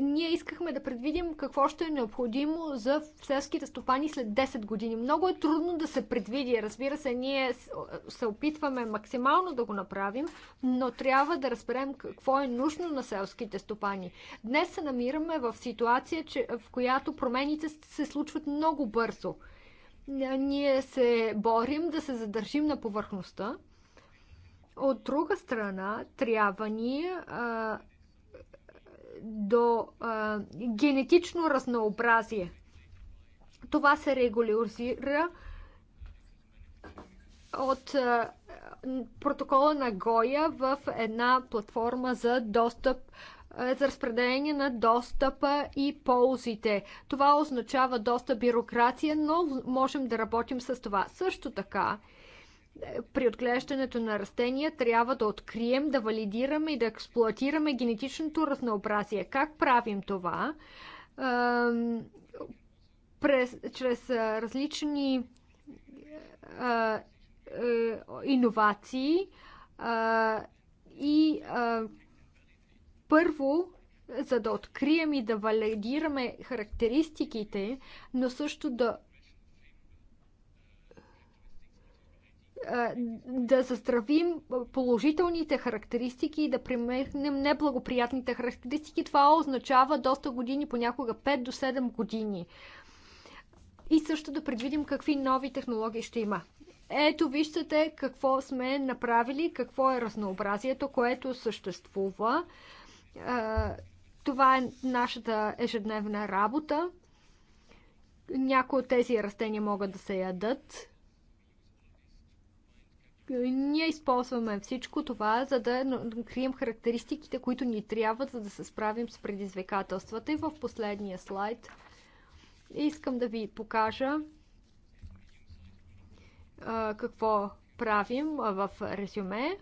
ние искахме да предвидим какво ще е необходимо за селските стопани след 10 години. Много е трудно да се предвиди. Разбира се, ние се опитваме максимално да го направим, но трябва да разберем какво е нужно на селските стопани. Днес се намираме в ситуация, че, в която промените се случват много бързо. Ние се борим да се задържим на повърхността. От друга страна, трябва ни до а, генетично разнообразие. Това се регулира от а, протокола на Гоя в една платформа за достъп за разпределение на достъпа и ползите. Това означава доста бюрокрация, но можем да работим с това. Също така, при отглеждането на растения трябва да открием, да валидираме и да експлуатираме генетичното разнообразие. Как правим това? През, чрез различни иновации и първо за да открием и да валидираме характеристиките, но също да да заздравим положителните характеристики и да преминем неблагоприятните характеристики. Това означава доста години, понякога 5 до 7 години. И също да предвидим какви нови технологии ще има. Ето виждате какво сме направили, какво е разнообразието, което съществува. Това е нашата ежедневна работа. Някои от тези растения могат да се ядат, ние използваме всичко това, за да крием характеристиките, които ни трябват, за да се справим с предизвикателствата. И в последния слайд искам да ви покажа какво правим в резюме.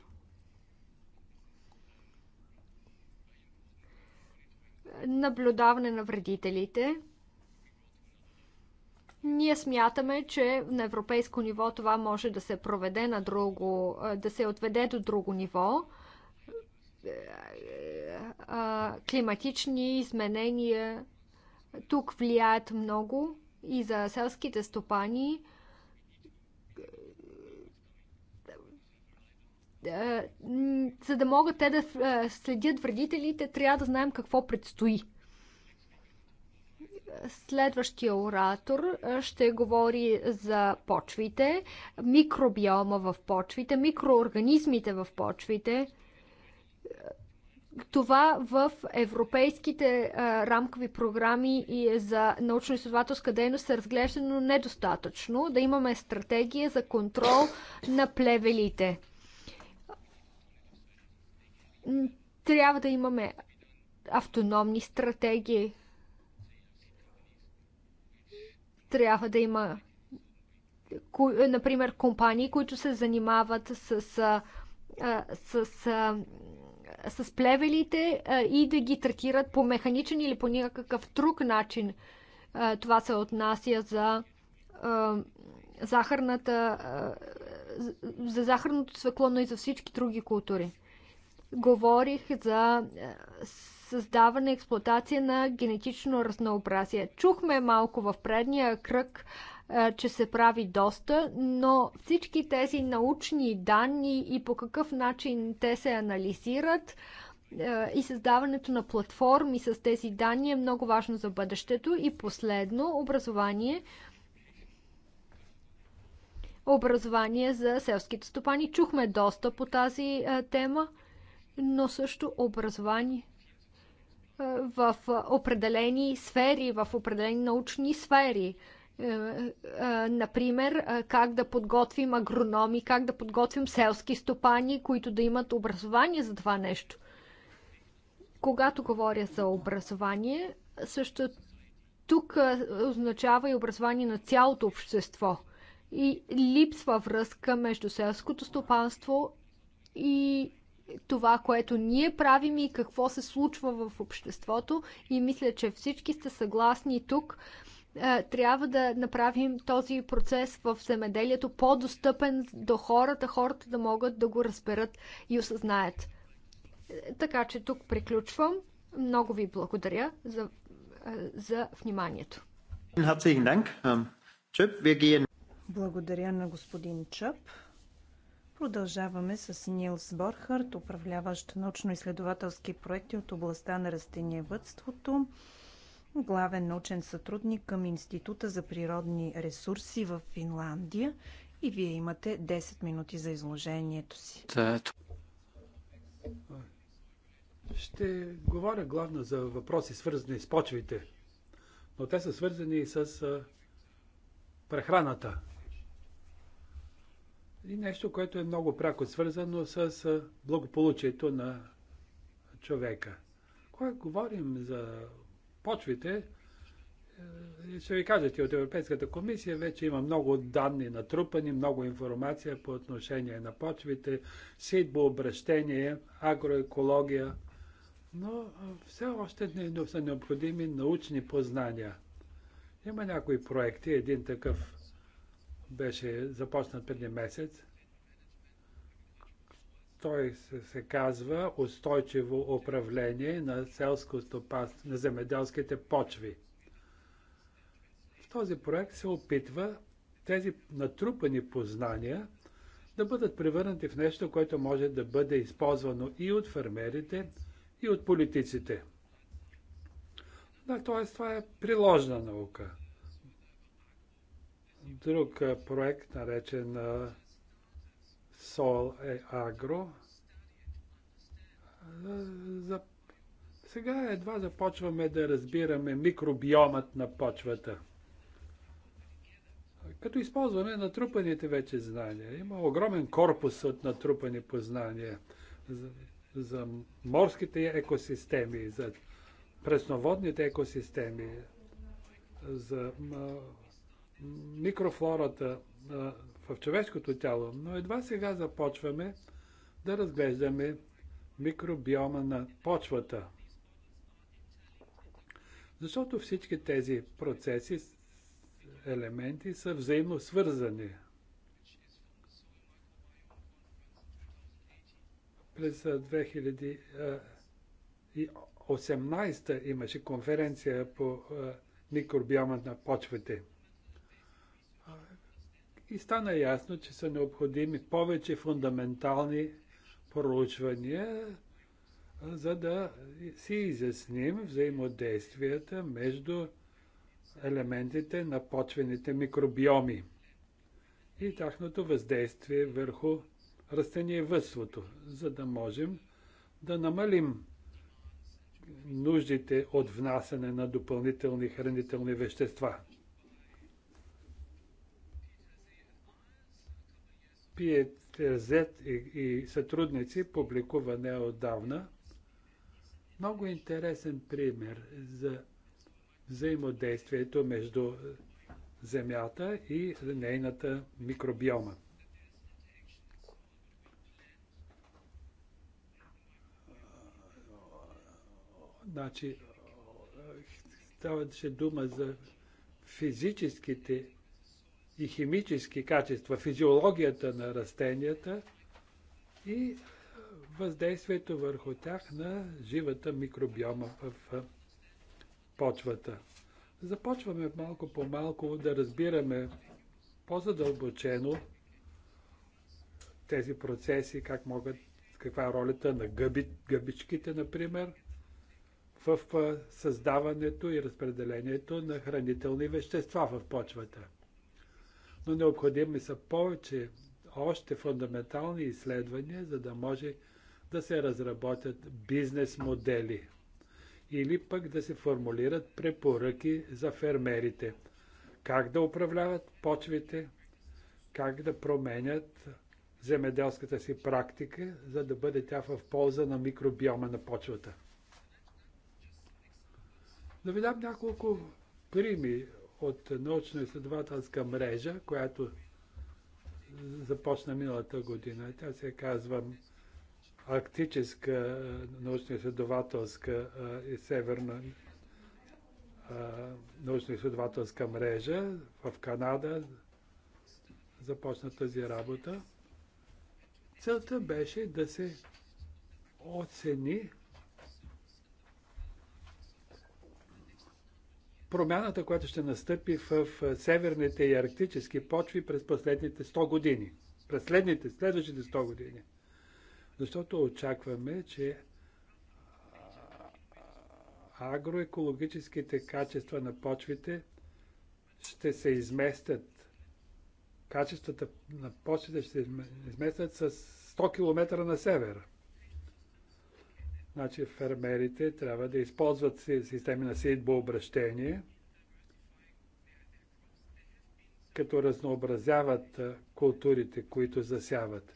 Наблюдаване на вредителите – ние смятаме, че на европейско ниво това може да се проведе на друго, да се отведе до друго ниво. Климатични изменения тук влияят много и за селските стопани. За да могат те да следят вредителите, трябва да знаем какво предстои. Следващия оратор ще говори за почвите, микробиома в почвите, микроорганизмите в почвите. Това в европейските рамкови програми и за научно-изследователска дейност е разглеждано недостатъчно. Да имаме стратегия за контрол на плевелите. Трябва да имаме автономни стратегии, трябва да има, например, компании, които се занимават с, с, с, с плевелите и да ги третират по механичен или по някакъв друг начин. Това се отнася за захарната, за захарното свекло, но и за всички други култури. Говорих за създаване, и експлуатация на генетично разнообразие. Чухме малко в предния кръг, че се прави доста, но всички тези научни данни и по какъв начин те се анализират и създаването на платформи с тези данни е много важно за бъдещето. И последно, образование. Образование за селските стопани. Чухме доста по тази тема, но също образование е, в определени сфери, в определени научни сфери. Е, е, например, как да подготвим агрономи, как да подготвим селски стопани, които да имат образование за това нещо. Когато говоря за образование, също тук означава и образование на цялото общество. И липсва връзка между селското стопанство и това, което ние правим и какво се случва в обществото. И мисля, че всички сте съгласни тук. Е, трябва да направим този процес в земеделието по-достъпен до хората, хората да могат да го разберат и осъзнаят. Е, така че тук приключвам. Много ви благодаря за, е, за вниманието. Ähm, благодаря на господин Чъп. Продължаваме с Нилс Борхарт, управляващ научно-изследователски проекти от областта на растениевътството, главен научен сътрудник към Института за природни ресурси в Финландия. И вие имате 10 минути за изложението си. Ще говоря главно за въпроси, свързани с почвите, но те са свързани и с прехраната и нещо, което е много пряко свързано с благополучието на човека. Когато говорим за почвите, е, ще ви кажа, че от Европейската комисия вече има много данни натрупани, много информация по отношение на почвите, сидбообращение, агроекология, но все още не са необходими научни познания. Има някои проекти, един такъв беше започнат преди месец. Той се казва Устойчиво управление на селско стопанство, на земеделските почви. В този проект се опитва тези натрупани познания да бъдат превърнати в нещо, което може да бъде използвано и от фермерите, и от политиците. Да, т.е. това е приложна наука – друг е, проект, наречен Сол е, е, е Агро. Сега едва започваме да разбираме микробиомът на почвата. Като използваме натрупаните вече знания. Има огромен корпус от натрупани познания за, за морските екосистеми, за пресноводните екосистеми, за микрофлората в човешкото тяло, но едва сега започваме да разглеждаме микробиома на почвата. Защото всички тези процеси, елементи са взаимно свързани. През 2018 имаше конференция по микробиома на почвите – и стана ясно, че са необходими повече фундаментални проучвания, за да си изясним взаимодействията между елементите на почвените микробиоми и тяхното въздействие върху растениевътството, за да можем да намалим нуждите от внасяне на допълнителни хранителни вещества. пиетезет и, и сътрудници, публикува отдавна. много интересен пример за взаимодействието между Земята и нейната микробиома. Значи, ставаше дума за физическите и химически качества, физиологията на растенията и въздействието върху тях на живата микробиома в почвата. Започваме малко по малко да разбираме по-задълбочено тези процеси, как могат, каква е ролята на гъби, гъбичките, например, в създаването и разпределението на хранителни вещества в почвата но необходими са повече, още фундаментални изследвания, за да може да се разработят бизнес модели или пък да се формулират препоръки за фермерите. Как да управляват почвите, как да променят земеделската си практика, за да бъде тя в полза на микробиома на почвата. Да ви дам няколко прими, от научно-изследователска мрежа, която започна миналата година. Тя се казва Арктическа научно-изследователска и Северна научно-изследователска мрежа в Канада. Започна тази работа. Целта беше да се оцени промяната, която ще настъпи в северните и арктически почви през последните 100 години. През следните, следващите 100 години. Защото очакваме, че агроекологическите качества на почвите ще се изместят. Качествата на почвите ще се изместят с 100 км на север. Значи фермерите трябва да използват системи на обращение. като разнообразяват културите, които засяват.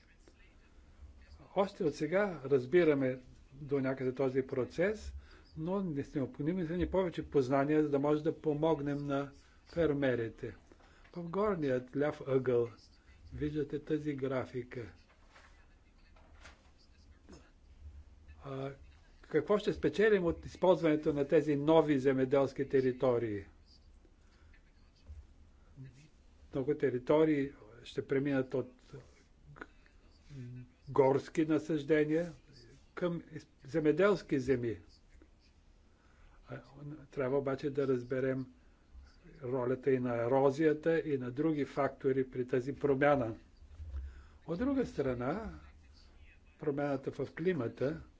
Още от сега разбираме до някъде този процес, но не сме необходими за ни повече познания, за да може да помогнем на фермерите. В горният ляв ъгъл виждате тази графика какво ще спечелим от използването на тези нови земеделски територии? Много територии ще преминат от горски насъждения към земеделски земи. Трябва обаче да разберем ролята и на ерозията, и на други фактори при тази промяна. От друга страна, промяната в климата –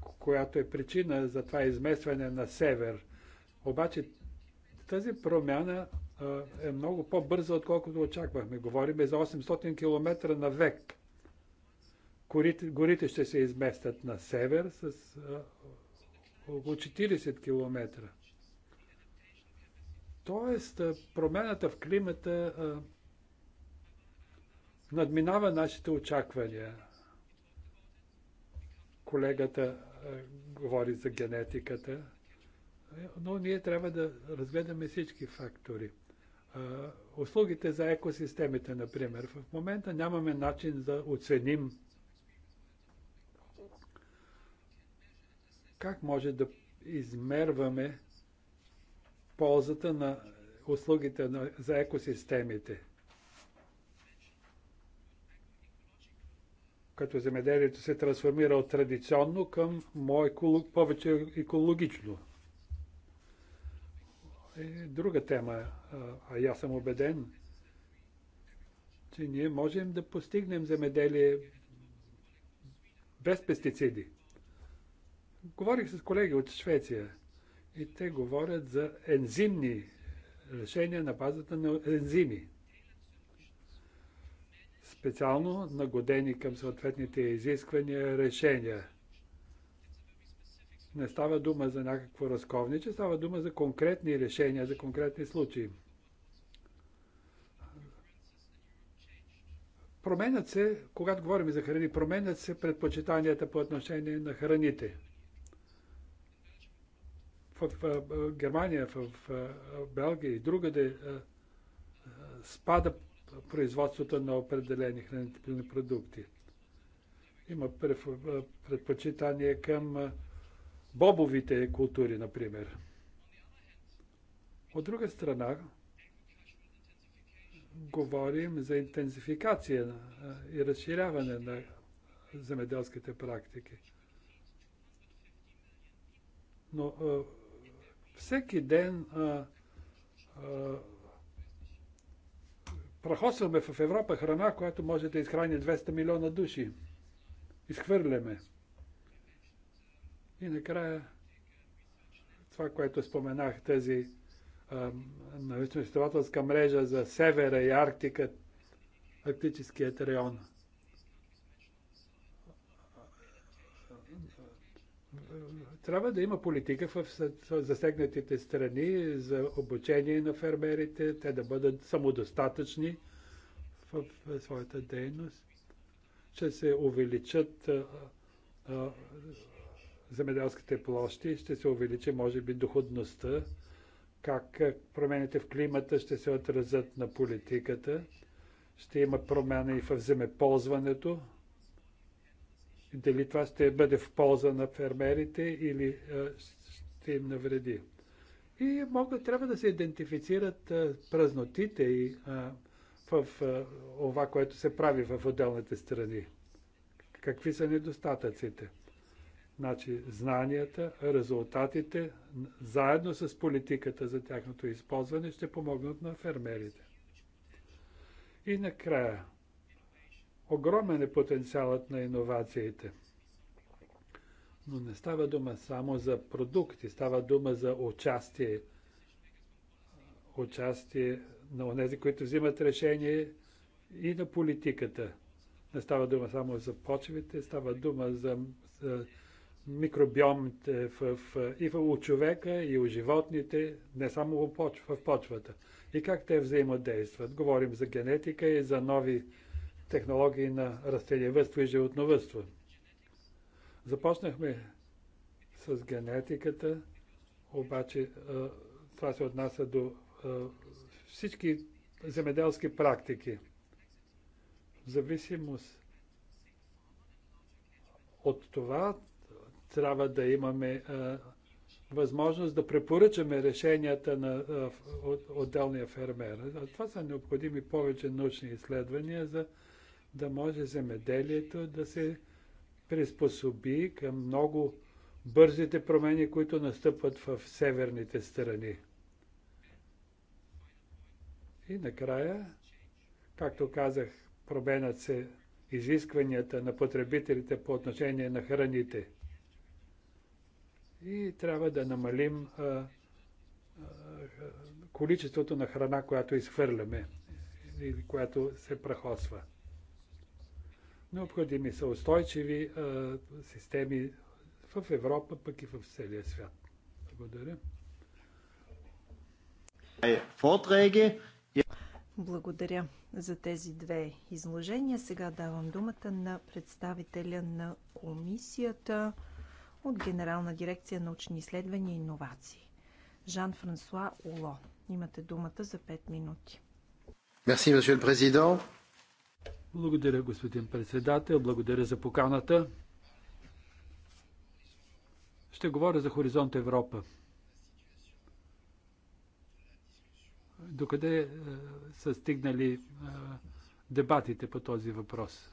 която е причина за това изместване на север. Обаче тази промяна е много по-бърза, отколкото очаквахме. Говориме за 800 км на век. Горите, горите ще се изместят на север с а, около 40 км. Тоест, промената в климата а, надминава нашите очаквания. Колегата говори за генетиката, но ние трябва да разгледаме всички фактори. Услугите за екосистемите, например. В момента нямаме начин да оценим как може да измерваме ползата на услугите за екосистемите. като земеделието се трансформира от традиционно към мое повече екологично. И е, друга тема, а аз съм убеден, че ние можем да постигнем земеделие без пестициди. Говорих с колеги от Швеция и те говорят за ензимни решения на базата на ензими специално нагодени към съответните изисквания решения. Не става дума за някакво разковниче, става дума за конкретни решения, за конкретни случаи. Променят се, когато говорим за храни, променят се предпочитанията по отношение на храните. В, в, в Германия, в, в Белгия и другаде спада производството на определени хранителни продукти. Има предпочитание към бобовите култури, например. От друга страна, говорим за интензификация и разширяване на земеделските практики. Но всеки ден прахосваме в Европа храна, която може да изхрани 200 милиона души. Изхвърляме. И накрая това, което споменах, тези научно-изследователска мрежа за Севера и Арктика, Арктическият район – Трябва да има политика в засегнатите страни за обучение на фермерите, те да бъдат самодостатъчни в своята дейност, ще се увеличат земеделските площи, ще се увеличи, може би, доходността, как промените в климата ще се отразят на политиката, ще има промяна и в земеползването, дали това ще бъде в полза на фермерите или е, ще им навреди. И могат, трябва да се идентифицират е, празнотите и е, в това, което се прави в отделните страни. Какви са недостатъците? Значи, знанията, резултатите, заедно с политиката за тяхното използване, ще помогнат на фермерите. И накрая, Огромен е потенциалът на иновациите. Но не става дума само за продукти, става дума за участие. Участие на онези, които взимат решение и на политиката. Не става дума само за почвите, става дума за, за микробиомите в, в, и в, у човека, и у животните, не само в, почв, в почвата. И как те взаимодействат. Говорим за генетика и за нови технологии на растениевътство и животновътство. Започнахме с генетиката, обаче това се отнася до всички земеделски практики. В зависимост от това трябва да имаме възможност да препоръчаме решенията на отделния фермер. Това са необходими повече научни изследвания за да може земеделието да се приспособи към много бързите промени, които настъпват в северните страни. И накрая, както казах, променят се изискванията на потребителите по отношение на храните. И трябва да намалим а, а, количеството на храна, която изхвърляме или която се прахосва. Необходими са устойчиви а, системи в Европа, пък и в целия свят. Благодаря. Е, Благодаря за тези две изложения. Сега давам думата на представителя на комисията от Генерална дирекция научни изследвания и иновации. Жан-Франсуа Оло. Имате думата за 5 минути. Мерси, господин президент. Благодаря, господин председател. Благодаря за поканата. Ще говоря за Хоризонт Европа. Докъде е, са стигнали е, дебатите по този въпрос?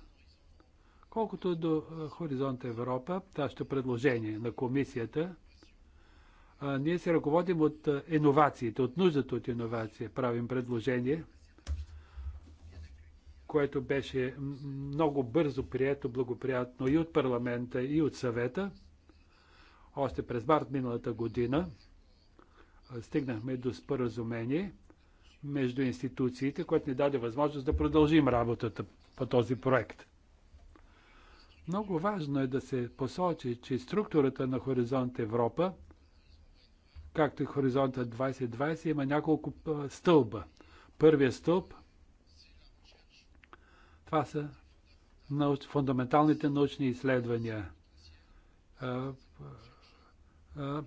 Колкото до е, Хоризонт Европа, нашето предложение на комисията, ние се ръководим от иновациите, от нуждата от иновация. Правим предложение – което беше много бързо прието, благоприятно и от парламента, и от съвета. Още през март миналата година стигнахме до споразумение между институциите, което ни даде възможност да продължим работата по този проект. Много важно е да се посочи, че структурата на Хоризонт Европа, както и Хоризонта 2020, има няколко стълба. Първият стълб – това са науч, фундаменталните научни изследвания. А, а,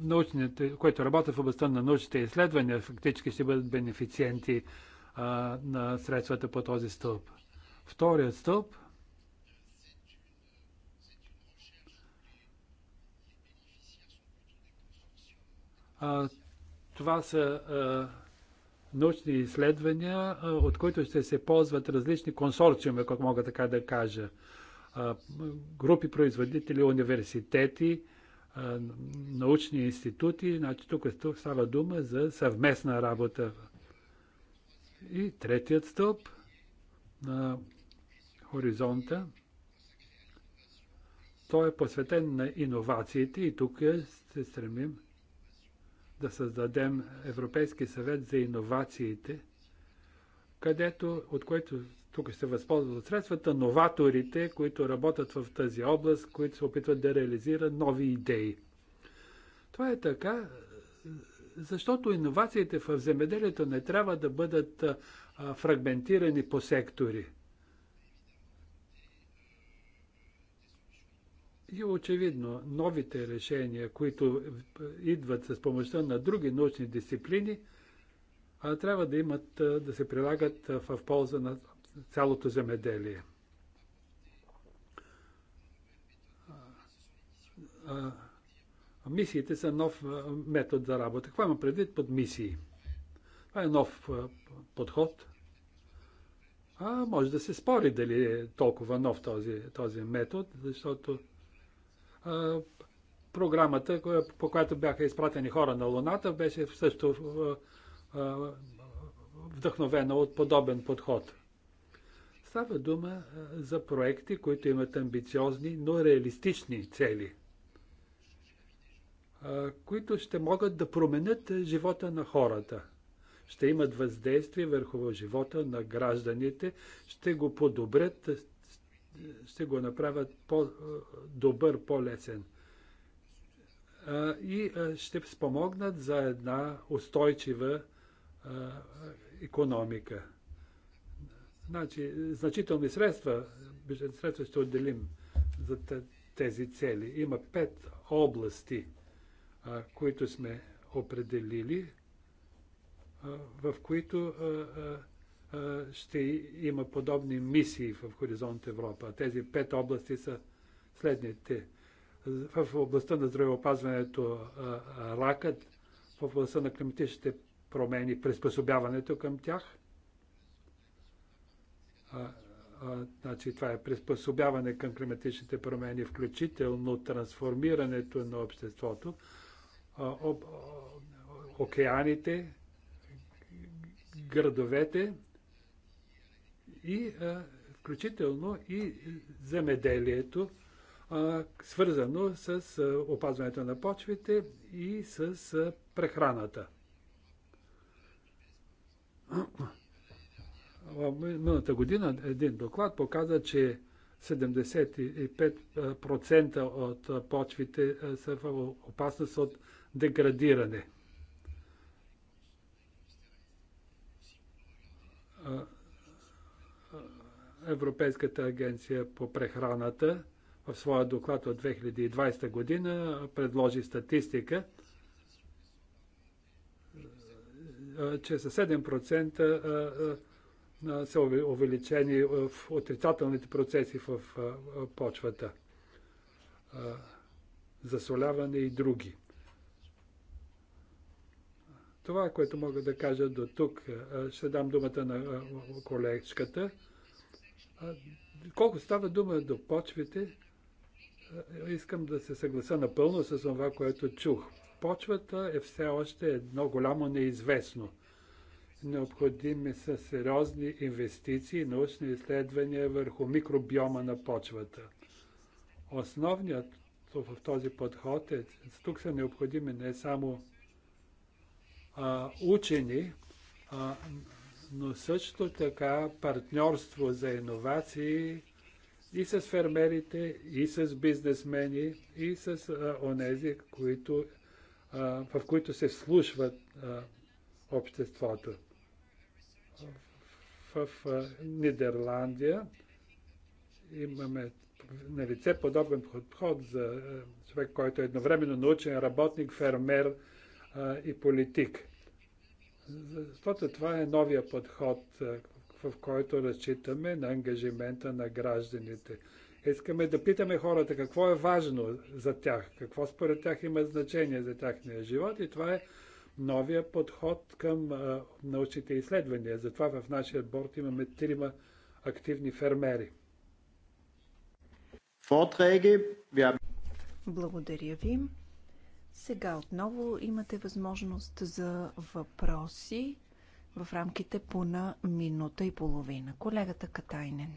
научните, които работят в областта на научните изследвания, фактически ще бъдат бенефициенти а, на средствата по този стълб. Вторият стълб а, това са а, научни изследвания, от които ще се ползват различни консорциуми, ако мога така да кажа. Групи производители, университети, научни институти. Значи тук, тук става дума за съвместна работа. И третият стълб на хоризонта. Той е посветен на иновациите и тук се стремим да създадем Европейски съвет за иновациите, където, от което тук се възползват от средствата, новаторите, които работят в тази област, които се опитват да реализират нови идеи. Това е така, защото иновациите в земеделието не трябва да бъдат фрагментирани по сектори. И очевидно, новите решения, които идват с помощта на други научни дисциплини, трябва да имат, да се прилагат в полза на цялото земеделие. мисиите са нов метод за работа. Какво има предвид под мисии? Това е нов подход. А може да се спори дали е толкова нов този, този метод, защото програмата, по която бяха изпратени хора на Луната, беше също вдъхновена от подобен подход. Става дума за проекти, които имат амбициозни, но реалистични цели, които ще могат да променят живота на хората. Ще имат въздействие върху живота на гражданите, ще го подобрят, ще го направят по-добър, по-лесен. И ще спомогнат за една устойчива економика. Значи, значителни средства, средства ще отделим за тези цели. Има пет области, които сме определили, в които ще има подобни мисии в Хоризонт Европа. Тези пет области са следните. В областта на здравеопазването ракът, в областта на климатичните промени, приспособяването към тях. А, а, значи, това е приспособяване към климатичните промени, включително трансформирането на обществото, а, об, океаните, градовете, и а, включително и земеделието, а, свързано с а, опазването на почвите и с а, прехраната. Миналата година един доклад показа, че 75% от почвите са в опасност от деградиране. Европейската агенция по прехраната в своя доклад от 2020 година предложи статистика, че със 7% са увеличени в отрицателните процеси в почвата, засоляване и други. Това, което мога да кажа до тук, ще дам думата на колежката. Колко става дума до почвите, искам да се съгласа напълно с това, което чух. Почвата е все още едно голямо неизвестно. Необходими са сериозни инвестиции, научни изследвания върху микробиома на почвата. Основният в този подход е, тук са необходими не само а, учени, а, но също така партньорство за иновации и с фермерите, и с бизнесмени, и с а, онези, които, а, в които се слушват а, обществото. В, в а, Нидерландия имаме на лице подобен подход за а, човек, който е едновременно научен работник, фермер а, и политик защото това е новия подход, е, в който разчитаме на ангажимента на гражданите. Искаме да питаме хората какво е важно за тях, какво според тях има значение за тяхния живот и това е новия подход към а, е, научните изследвания. Затова в нашия борт имаме трима активни фермери. Благодаря ви. Сега отново имате възможност за въпроси в рамките по на минута и половина. Колегата Катайнен.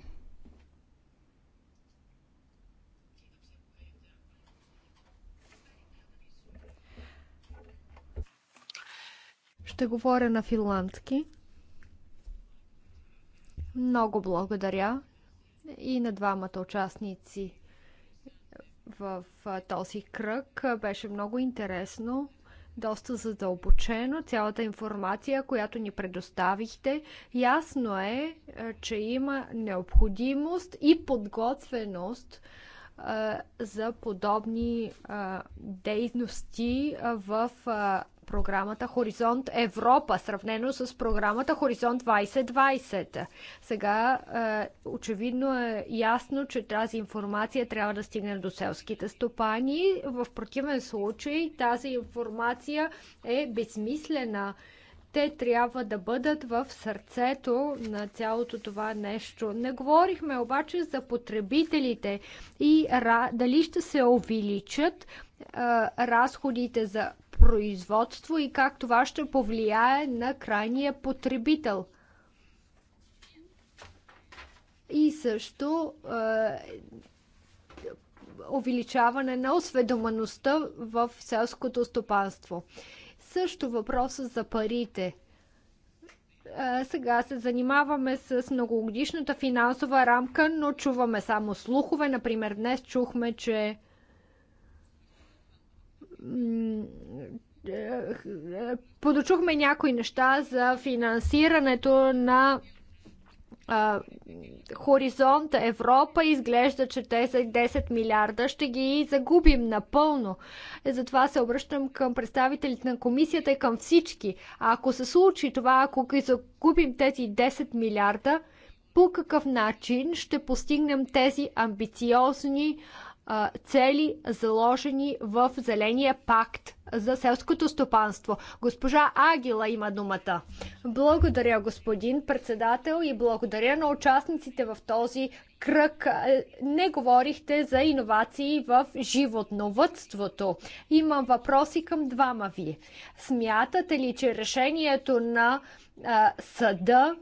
Ще говоря на финландски. Много благодаря и на двамата участници в този кръг. Беше много интересно, доста задълбочено. Цялата информация, която ни предоставихте, ясно е, че има необходимост и подготвеност за подобни дейности в програмата Хоризонт Европа, сравнено с програмата Хоризонт 2020. Сега е, очевидно е ясно, че тази информация трябва да стигне до селските стопани. В противен случай тази информация е безмислена. те трябва да бъдат в сърцето на цялото това нещо. Не говорихме обаче за потребителите и дали ще се увеличат е, разходите за производство и как това ще повлияе на крайния потребител. И също е, увеличаване на осведомеността в селското стопанство. Също въпроса за парите сега се занимаваме с многогодишната финансова рамка, но чуваме само слухове. Например, днес чухме, че подочухме някои неща за финансирането на а, Хоризонт Европа. Изглежда, че тези 10 милиарда ще ги загубим напълно. Е, затова се обръщам към представителите на комисията и към всички. А ако се случи това, ако ги загубим тези 10 милиарда, по какъв начин ще постигнем тези амбициозни а, цели, заложени в Зеления пакт за селското стопанство. Госпожа Агила има думата. Благодаря, господин председател, и благодаря на участниците в този кръг. Не говорихте за иновации в животновътството. Имам въпроси към двама ви. Смятате ли, че решението на а, съда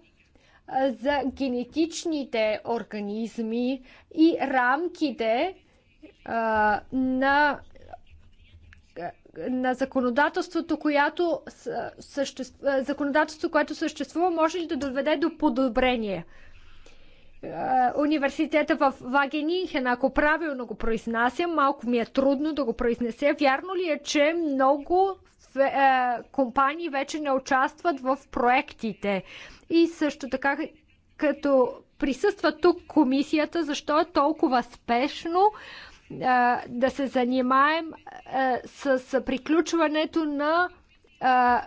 за генетичните организми и рамките на на законодателството, която, съществ... законодателството, което съществува, може ли да доведе до подобрение? Университета в Вагенинхен, ако правилно го произнасям, малко ми е трудно да го произнесе. Вярно ли е, че много компании вече не участват в проектите? И също така, като присъства тук комисията, защо е толкова спешно? да се занимаем с приключването на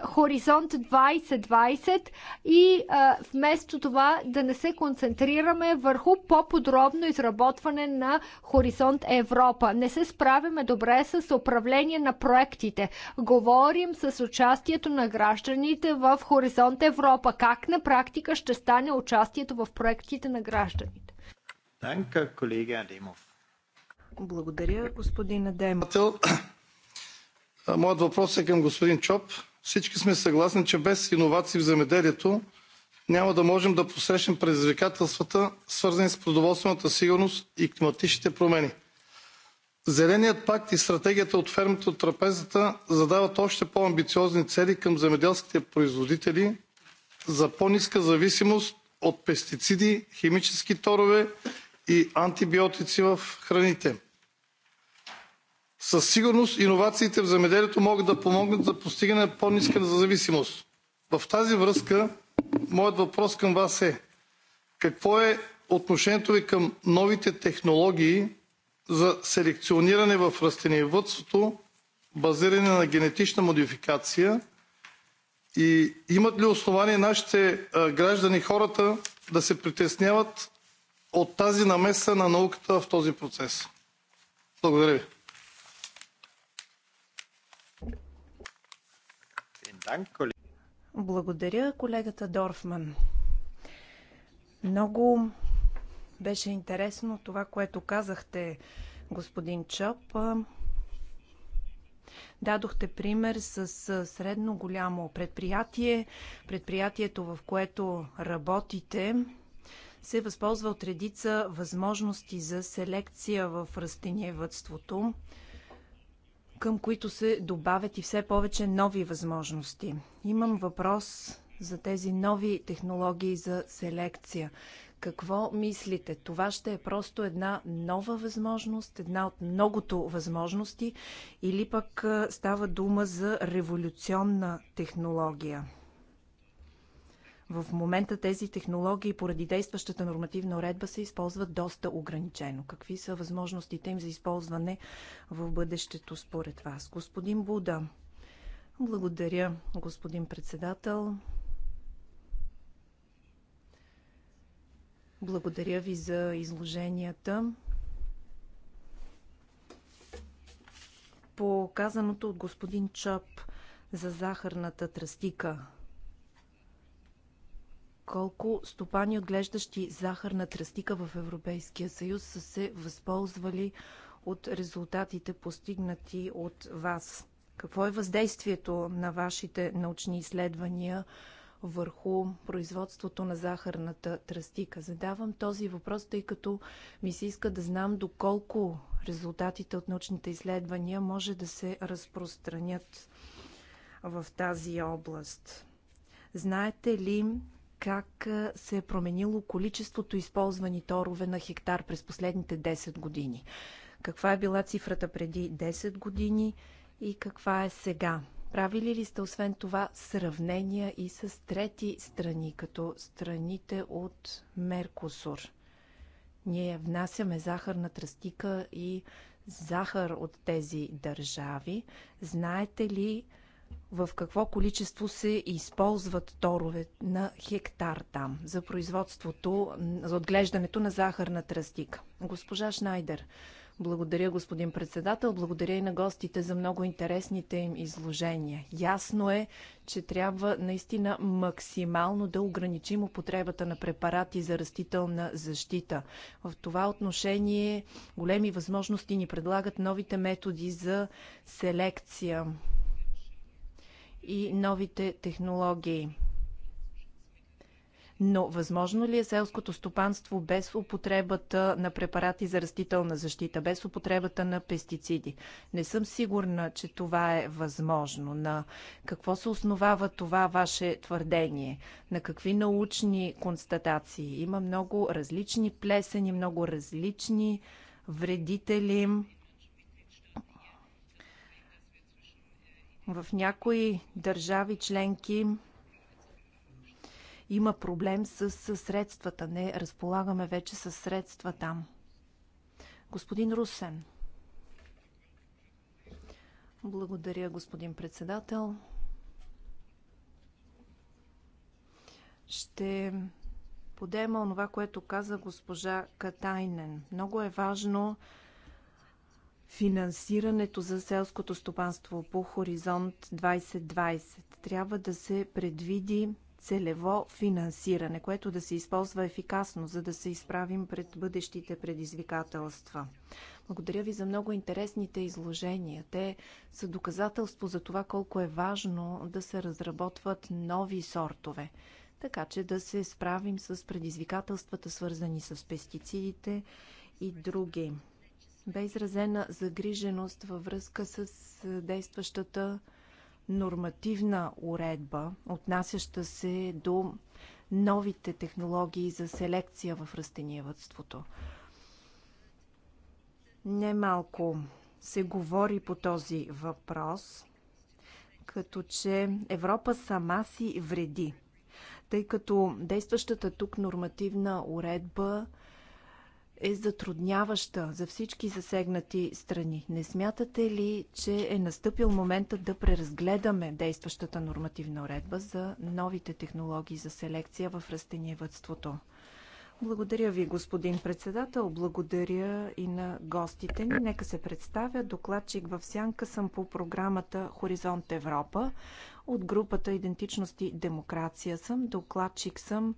Хоризонт 2020 и вместо това да не се концентрираме върху по-подробно изработване на Хоризонт Европа. Не се справяме добре с управление на проектите. Говорим с участието на гражданите в Хоризонт Европа. Как на практика ще стане участието в проектите на гражданите? Данка, колега Адемов. Благодаря, господин Адемов. Моят въпрос е към господин Чоп. Всички сме съгласни, че без иновации в земеделието няма да можем да посрещнем предизвикателствата, свързани с продоволствената сигурност и климатичните промени. Зеленият пакт и стратегията от фермата от трапезата задават още по-амбициозни цели към земеделските производители за по-ниска зависимост от пестициди, химически торове и антибиотици в храните. Със сигурност иновациите в земеделието могат да помогнат за постигане на по-ниска зависимост. В тази връзка моят въпрос към вас е какво е отношението ви към новите технологии за селекциониране в растениевътството, базиране на генетична модификация и имат ли основание нашите граждани, хората да се притесняват от тази намеса на науката в този процес? Благодаря ви. Благодаря, колегата Дорфман. Много беше интересно това, което казахте, господин Чоп. Дадохте пример с средно голямо предприятие. Предприятието, в което работите, се възползва от редица възможности за селекция в растениевътството към които се добавят и все повече нови възможности. Имам въпрос за тези нови технологии за селекция. Какво мислите? Това ще е просто една нова възможност, една от многото възможности или пък става дума за революционна технология? В момента тези технологии поради действащата нормативна уредба се използват доста ограничено. Какви са възможностите им за използване в бъдещето според вас? Господин Буда. Благодаря, господин председател. Благодаря ви за изложенията. По казаното от господин Чоп за захарната тръстика колко стопани, отглеждащи захарна тръстика в Европейския съюз, са се възползвали от резултатите, постигнати от вас. Какво е въздействието на вашите научни изследвания върху производството на захарната тръстика? Задавам този въпрос, тъй като ми се иска да знам доколко резултатите от научните изследвания може да се разпространят в тази област. Знаете ли как се е променило количеството използвани торове на хектар през последните 10 години. Каква е била цифрата преди 10 години и каква е сега? Правили ли сте освен това сравнения и с трети страни, като страните от Меркосур? Ние внасяме захарна тръстика и захар от тези държави. Знаете ли в какво количество се използват торове на хектар там за производството, за отглеждането на захарна тръстика. Госпожа Шнайдер, благодаря господин председател, благодаря и на гостите за много интересните им изложения. Ясно е, че трябва наистина максимално да ограничим употребата на препарати за растителна защита. В това отношение големи възможности ни предлагат новите методи за селекция и новите технологии. Но възможно ли е селското стопанство без употребата на препарати за растителна защита, без употребата на пестициди? Не съм сигурна, че това е възможно. На какво се основава това ваше твърдение? На какви научни констатации? Има много различни плесени, много различни вредители. В някои държави членки има проблем с средствата. Не разполагаме вече с средства там. Господин Русен. Благодаря, господин председател. Ще подема онова, което каза госпожа Катайнен. Много е важно финансирането за селското стопанство по Хоризонт 2020. Трябва да се предвиди целево финансиране, което да се използва ефикасно, за да се изправим пред бъдещите предизвикателства. Благодаря ви за много интересните изложения. Те са доказателство за това колко е важно да се разработват нови сортове, така че да се справим с предизвикателствата, свързани с пестицидите и други бе изразена загриженост във връзка с действащата нормативна уредба, отнасяща се до новите технологии за селекция в растениевътството. Немалко се говори по този въпрос, като че Европа сама си вреди, тъй като действащата тук нормативна уредба – е затрудняваща за всички засегнати страни. Не смятате ли, че е настъпил моментът да преразгледаме действащата нормативна уредба за новите технологии за селекция в растениевътството? Благодаря ви, господин председател. Благодаря и на гостите ни. Нека се представя. Докладчик в Сянка съм по програмата Хоризонт Европа. От групата Идентичност и демокрация съм. Докладчик съм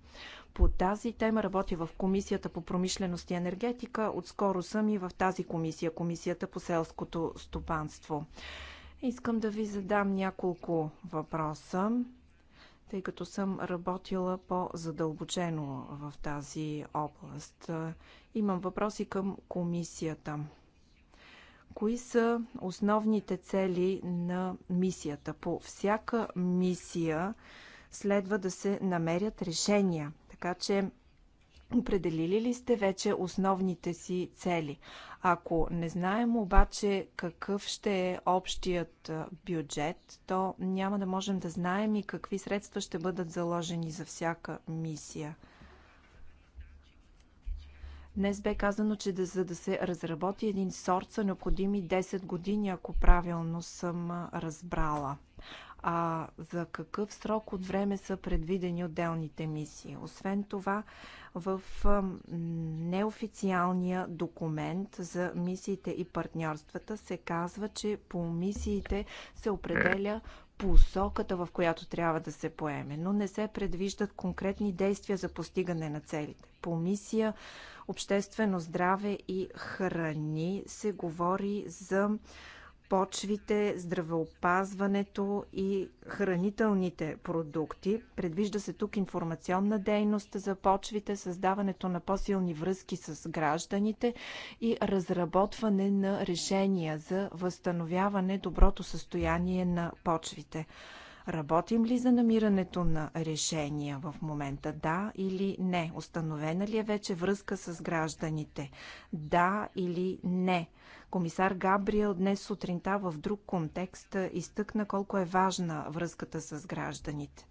по тази тема. Работя в Комисията по промишленост и енергетика. Отскоро съм и в тази комисия, Комисията по селското стопанство. Искам да ви задам няколко въпроса тъй като съм работила по-задълбочено в тази област. Имам въпроси към комисията. Кои са основните цели на мисията? По всяка мисия следва да се намерят решения, така че Определили ли сте вече основните си цели? Ако не знаем обаче какъв ще е общият бюджет, то няма да можем да знаем и какви средства ще бъдат заложени за всяка мисия. Днес бе казано, че да, за да се разработи един сорт са необходими 10 години, ако правилно съм разбрала а за какъв срок от време са предвидени отделните мисии. Освен това, в неофициалния документ за мисиите и партньорствата се казва, че по мисиите се определя посоката, в която трябва да се поеме, но не се предвиждат конкретни действия за постигане на целите. По мисия обществено здраве и храни се говори за почвите, здравеопазването и хранителните продукти. Предвижда се тук информационна дейност за почвите, създаването на по-силни връзки с гражданите и разработване на решения за възстановяване доброто състояние на почвите. Работим ли за намирането на решения в момента? Да или не? Установена ли е вече връзка с гражданите? Да или не? Комисар Габриел днес сутринта в друг контекст изтъкна колко е важна връзката с гражданите.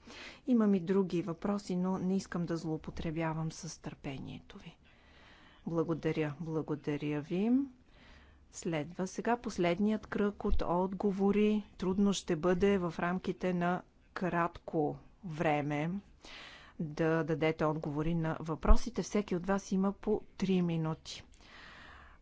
Имам и други въпроси, но не искам да злоупотребявам с търпението ви. Благодаря, благодаря ви. Следва сега последният кръг от отговори. Трудно ще бъде в рамките на кратко време да дадете отговори на въпросите. Всеки от вас има по 3 минути.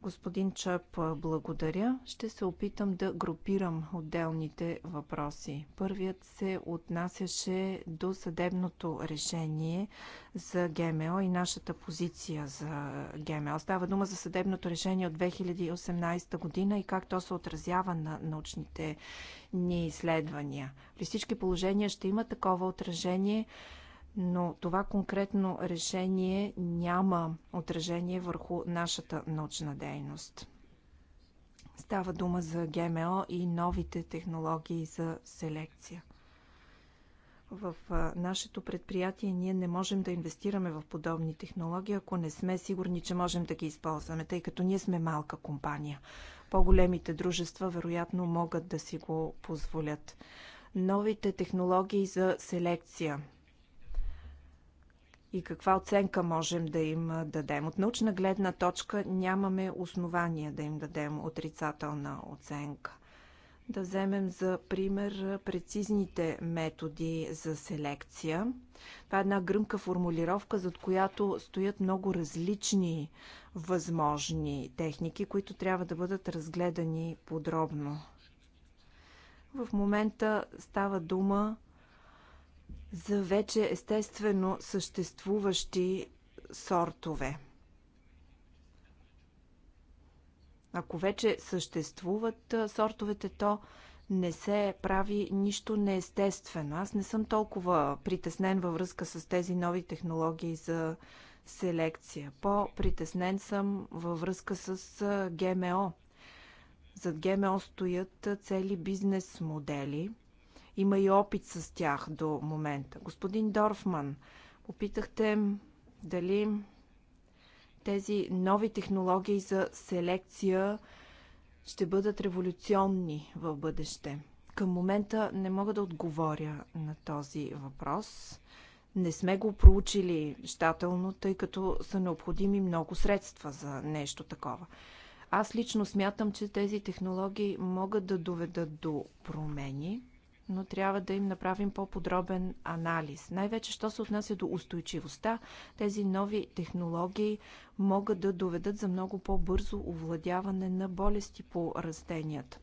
Господин Чъп, благодаря. Ще се опитам да групирам отделните въпроси. Първият се отнасяше до съдебното решение за ГМО и нашата позиция за ГМО. Става дума за съдебното решение от 2018 година и как то се отразява на научните ни изследвания. При всички положения ще има такова отражение но това конкретно решение няма отражение върху нашата научна дейност. Става дума за ГМО и новите технологии за селекция. В нашето предприятие ние не можем да инвестираме в подобни технологии, ако не сме сигурни, че можем да ги използваме, тъй като ние сме малка компания. По-големите дружества вероятно могат да си го позволят новите технологии за селекция и каква оценка можем да им дадем. От научна гледна точка нямаме основания да им дадем отрицателна оценка. Да вземем за пример прецизните методи за селекция. Това е една гръмка формулировка, зад която стоят много различни възможни техники, които трябва да бъдат разгледани подробно. В момента става дума за вече естествено съществуващи сортове. Ако вече съществуват сортовете, то не се прави нищо неестествено. Аз не съм толкова притеснен във връзка с тези нови технологии за селекция. По-притеснен съм във връзка с ГМО. Зад ГМО стоят цели бизнес модели – има и опит с тях до момента. Господин Дорфман, опитахте дали тези нови технологии за селекция ще бъдат революционни в бъдеще. Към момента не мога да отговоря на този въпрос. Не сме го проучили щателно, тъй като са необходими много средства за нещо такова. Аз лично смятам, че тези технологии могат да доведат до промени но трябва да им направим по-подробен анализ. Най-вече, що се отнася до устойчивостта, тези нови технологии могат да доведат за много по-бързо овладяване на болести по растенията.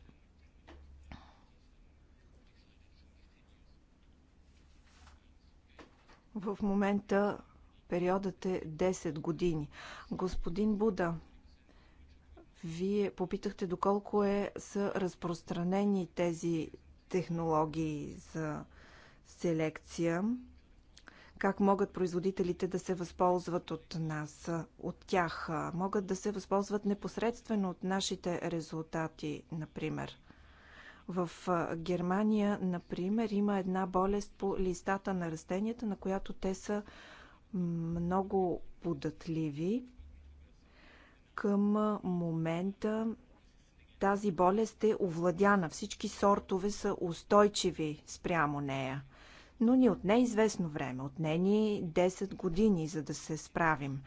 В момента периодът е 10 години. Господин Буда, вие попитахте доколко е, са разпространени тези технологии за селекция, как могат производителите да се възползват от нас, от тях. Могат да се възползват непосредствено от нашите резултати, например. В Германия, например, има една болест по листата на растенията, на която те са много податливи. Към момента тази болест е овладяна. Всички сортове са устойчиви спрямо нея. Но ни отне е известно време. Отне ни 10 е години, за да се справим.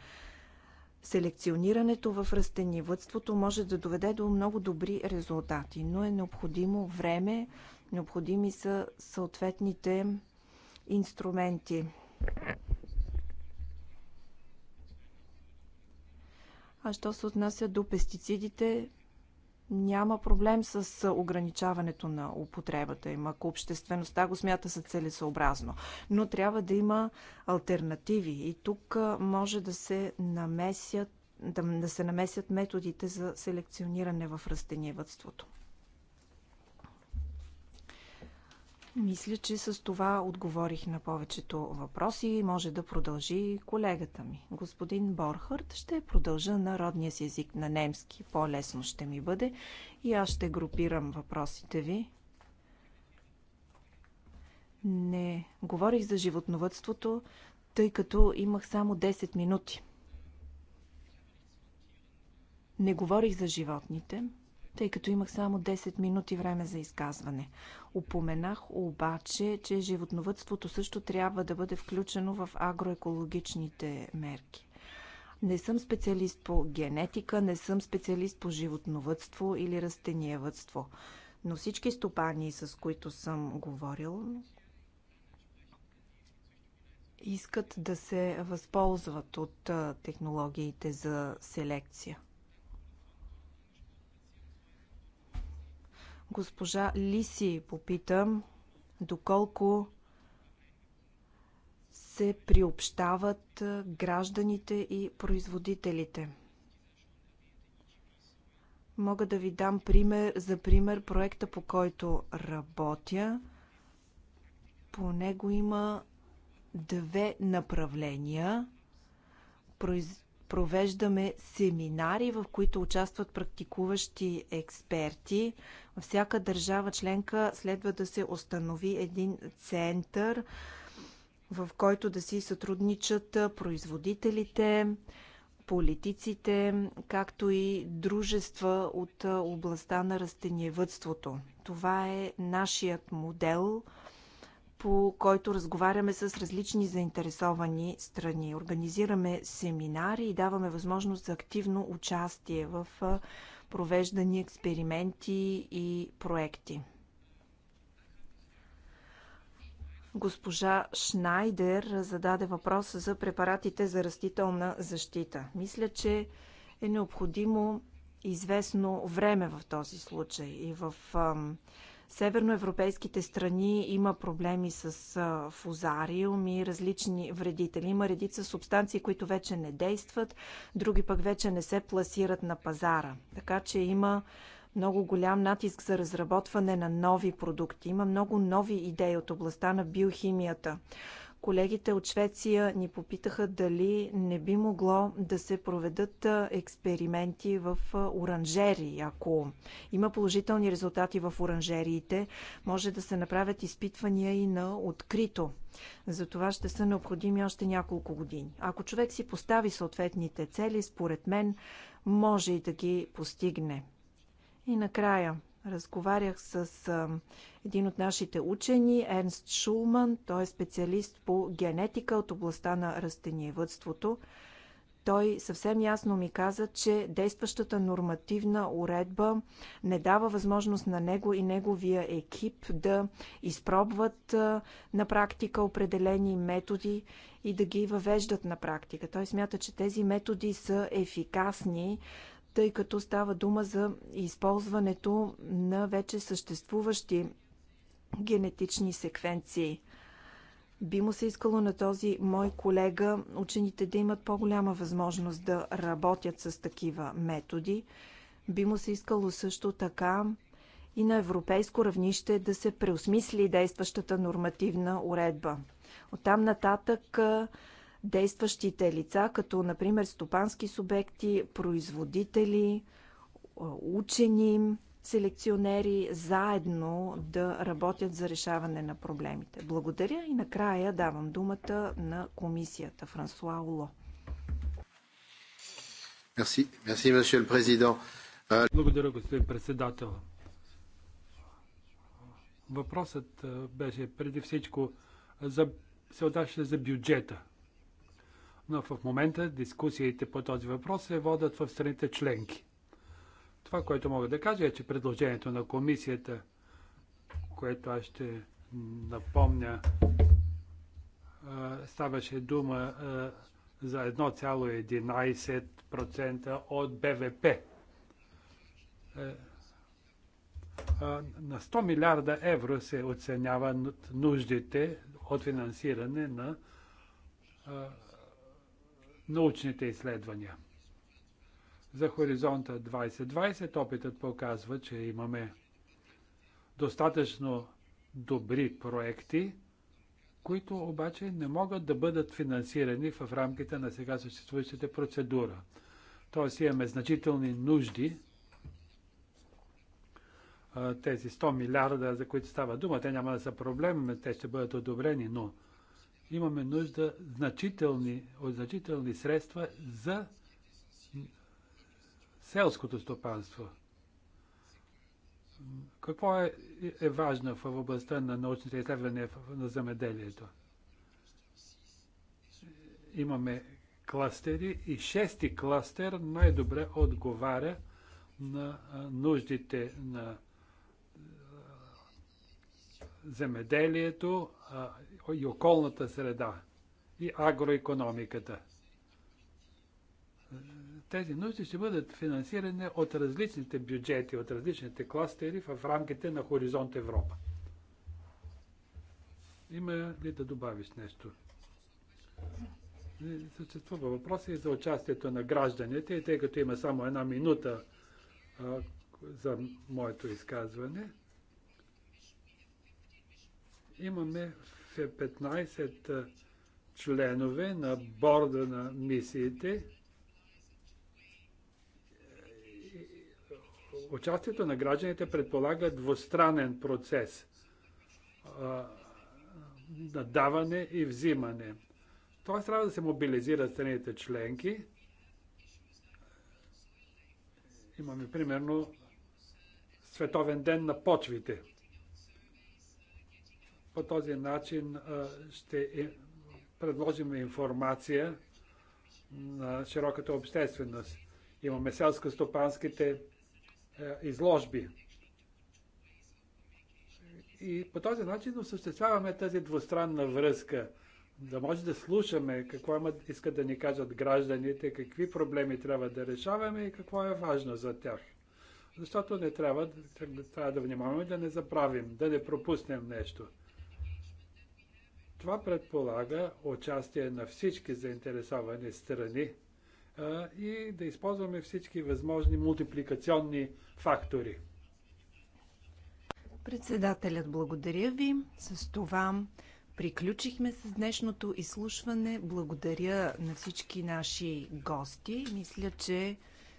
Селекционирането в растениевътството може да доведе до много добри резултати, но е необходимо време, необходими са съответните инструменти. А що се отнася до пестицидите, няма проблем с ограничаването на употребата им, ако обществеността го смята за целесообразно. Но трябва да има альтернативи и тук може да се намесят да, да се намесят методите за селекциониране в растениевътството. Мисля, че с това отговорих на повечето въпроси. Може да продължи колегата ми. Господин Борхард ще продължа на родния си език на немски. По-лесно ще ми бъде и аз ще групирам въпросите ви. Не говорих за животновътството, тъй като имах само 10 минути. Не говорих за животните тъй като имах само 10 минути време за изказване. Упоменах обаче, че животновътството също трябва да бъде включено в агроекологичните мерки. Не съм специалист по генетика, не съм специалист по животновътство или растениевътство, но всички стопани, с които съм говорил, искат да се възползват от технологиите за селекция. Госпожа Лиси попита доколко се приобщават гражданите и производителите. Мога да ви дам пример за пример проекта, по който работя. По него има две направления. Произ провеждаме семинари, в които участват практикуващи експерти. Във всяка държава членка следва да се установи един център, в който да си сътрудничат производителите, политиците, както и дружества от областта на растениевътството. Това е нашият модел – по който разговаряме с различни заинтересовани страни. Организираме семинари и даваме възможност за активно участие в провеждани експерименти и проекти. Госпожа Шнайдер зададе въпрос за препаратите за растителна защита. Мисля, че е необходимо известно време в този случай и в северноевропейските страни има проблеми с фузариум и различни вредители. Има редица субстанции, които вече не действат, други пък вече не се пласират на пазара. Така че има много голям натиск за разработване на нови продукти. Има много нови идеи от областта на биохимията, Колегите от Швеция ни попитаха дали не би могло да се проведат експерименти в оранжери. Ако има положителни резултати в оранжериите, може да се направят изпитвания и на открито. За това ще са необходими още няколко години. Ако човек си постави съответните цели, според мен, може и да ги постигне. И накрая, Разговарях с един от нашите учени, Ернст Шулман. Той е специалист по генетика от областта на растениевътството. Той съвсем ясно ми каза, че действащата нормативна уредба не дава възможност на него и неговия екип да изпробват на практика определени методи и да ги въвеждат на практика. Той смята, че тези методи са ефикасни, тъй като става дума за използването на вече съществуващи генетични секвенции. Би му се искало на този мой колега учените да имат по-голяма възможност да работят с такива методи. Би му се искало също така и на европейско равнище да се преосмисли действащата нормативна уредба. Оттам нататък действащите лица, като например стопански субекти, производители, учени, селекционери заедно да работят за решаване на проблемите. Благодаря и накрая давам думата на комисията Франсуа Оло. Euh, Благодаря, господин председател. Въпросът беше преди всичко за, се отнася е за бюджета но в момента дискусиите по този въпрос се водят в страните членки. Това, което мога да кажа е, че предложението на комисията, което аз ще напомня, ставаше дума за 1,11% от БВП. На 100 милиарда евро се оценяват нуждите от финансиране на научните изследвания. За хоризонта 2020 опитът показва, че имаме достатъчно добри проекти, които обаче не могат да бъдат финансирани в рамките на сега съществуващите процедура. Тоест имаме значителни нужди. Тези 100 милиарда, за които става дума, те няма да са проблем, те ще бъдат одобрени, но имаме нужда значителни, от значителни средства за селското стопанство. Какво е, е важно в областта на научните изследвания на земеделието? Имаме кластери и шести кластер най-добре отговаря на нуждите на земеделието, и околната среда и агроекономиката. Тези нужди ще бъдат финансирани от различните бюджети, от различните кластери в рамките на Хоризонт Европа. Има ли да добавиш нещо? Съществува въпрос и за участието на гражданите, тъй като има само една минута а, за моето изказване, имаме се 15 членове на борда на мисиите. Участието на гражданите предполага двустранен процес на даване и взимане. Това трябва да се мобилизира страните членки. Имаме примерно Световен ден на почвите – по този начин ще предложим информация на широката общественост. Имаме селско-стопанските изложби. И по този начин осъществяваме тази двустранна връзка. Да може да слушаме какво искат да ни кажат гражданите, какви проблеми трябва да решаваме и какво е важно за тях. Защото не трябва, трябва да внимаваме да не забравим, да не пропуснем нещо. Това предполага участие на всички заинтересовани страни а, и да използваме всички възможни мултипликационни фактори. Председателят, благодаря ви. С това приключихме с днешното изслушване. Благодаря на всички наши гости. Мисля, че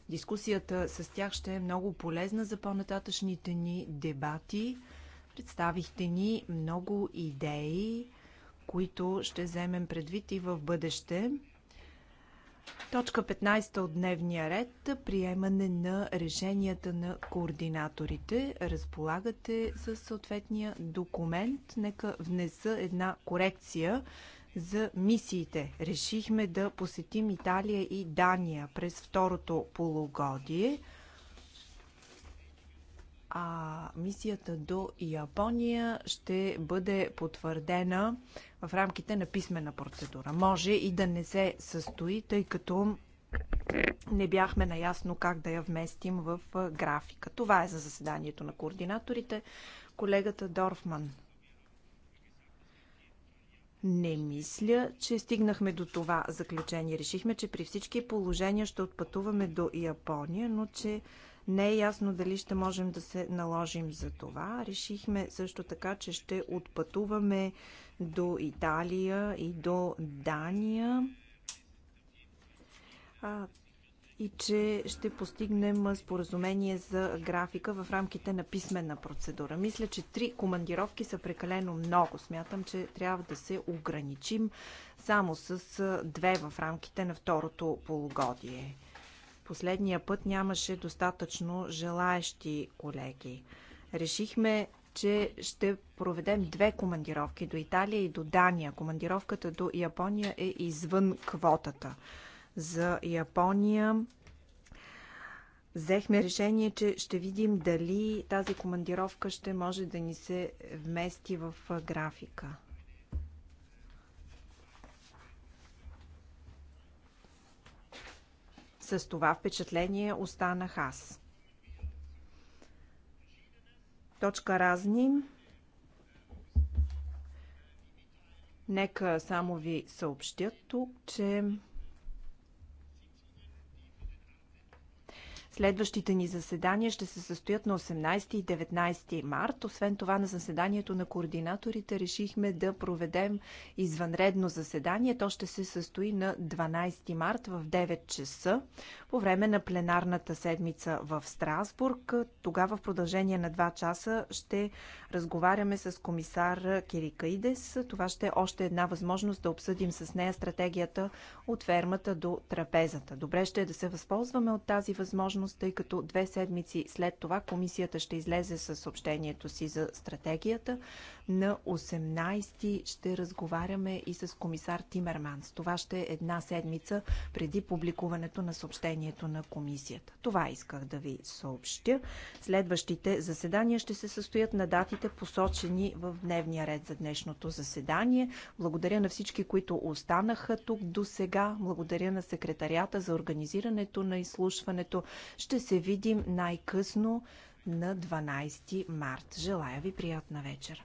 дискусията с тях ще е много полезна за по-нататъчните ни дебати. Представихте ни много идеи които ще вземем предвид и в бъдеще. Точка 15 от дневния ред приемане на решенията на координаторите. Разполагате с съответния документ. Нека внеса една корекция за мисиите. Решихме да посетим Италия и Дания през второто полугодие а мисията до Япония ще бъде потвърдена в рамките на писмена процедура. Може и да не се състои, тъй като не бяхме наясно как да я вместим в графика. Това е за заседанието на координаторите. Колегата Дорфман. Не мисля, че стигнахме до това заключение. Решихме, че при всички положения ще отпътуваме до Япония, но че не е ясно дали ще можем да се наложим за това. Решихме също така, че ще отпътуваме до Италия и до Дания. А, и че ще постигнем споразумение за графика в рамките на писмена процедура. Мисля, че три командировки са прекалено много. Смятам, че трябва да се ограничим само с две в рамките на второто полугодие. Последния път нямаше достатъчно желаещи колеги. Решихме, че ще проведем две командировки до Италия и до Дания. Командировката до Япония е извън квотата. За Япония взехме решение, че ще видим дали тази командировка ще може да ни се вмести в графика. С това впечатление останах аз. Точка разни. Нека само ви съобщя тук, че Следващите ни заседания ще се състоят на 18 и 19 март. Освен това, на заседанието на координаторите решихме да проведем извънредно заседание. То ще се състои на 12 март в 9 часа по време на пленарната седмица в Страсбург. Тогава в продължение на 2 часа ще разговаряме с комисар Кирикаидес. Това ще е още една възможност да обсъдим с нея стратегията от фермата до трапезата. Добре ще е да се възползваме от тази възможност всъщност, тъй като две седмици след това комисията ще излезе с съобщението си за стратегията. На 18 ще разговаряме и с комисар Тимерманс. Това ще е една седмица преди публикуването на съобщението на комисията. Това исках да ви съобщя. Следващите заседания ще се състоят на датите посочени в дневния ред за днешното заседание. Благодаря на всички, които останаха тук до сега. Благодаря на секретарията за организирането на изслушването. Ще се видим най-късно на 12 март. Желая ви приятна вечер!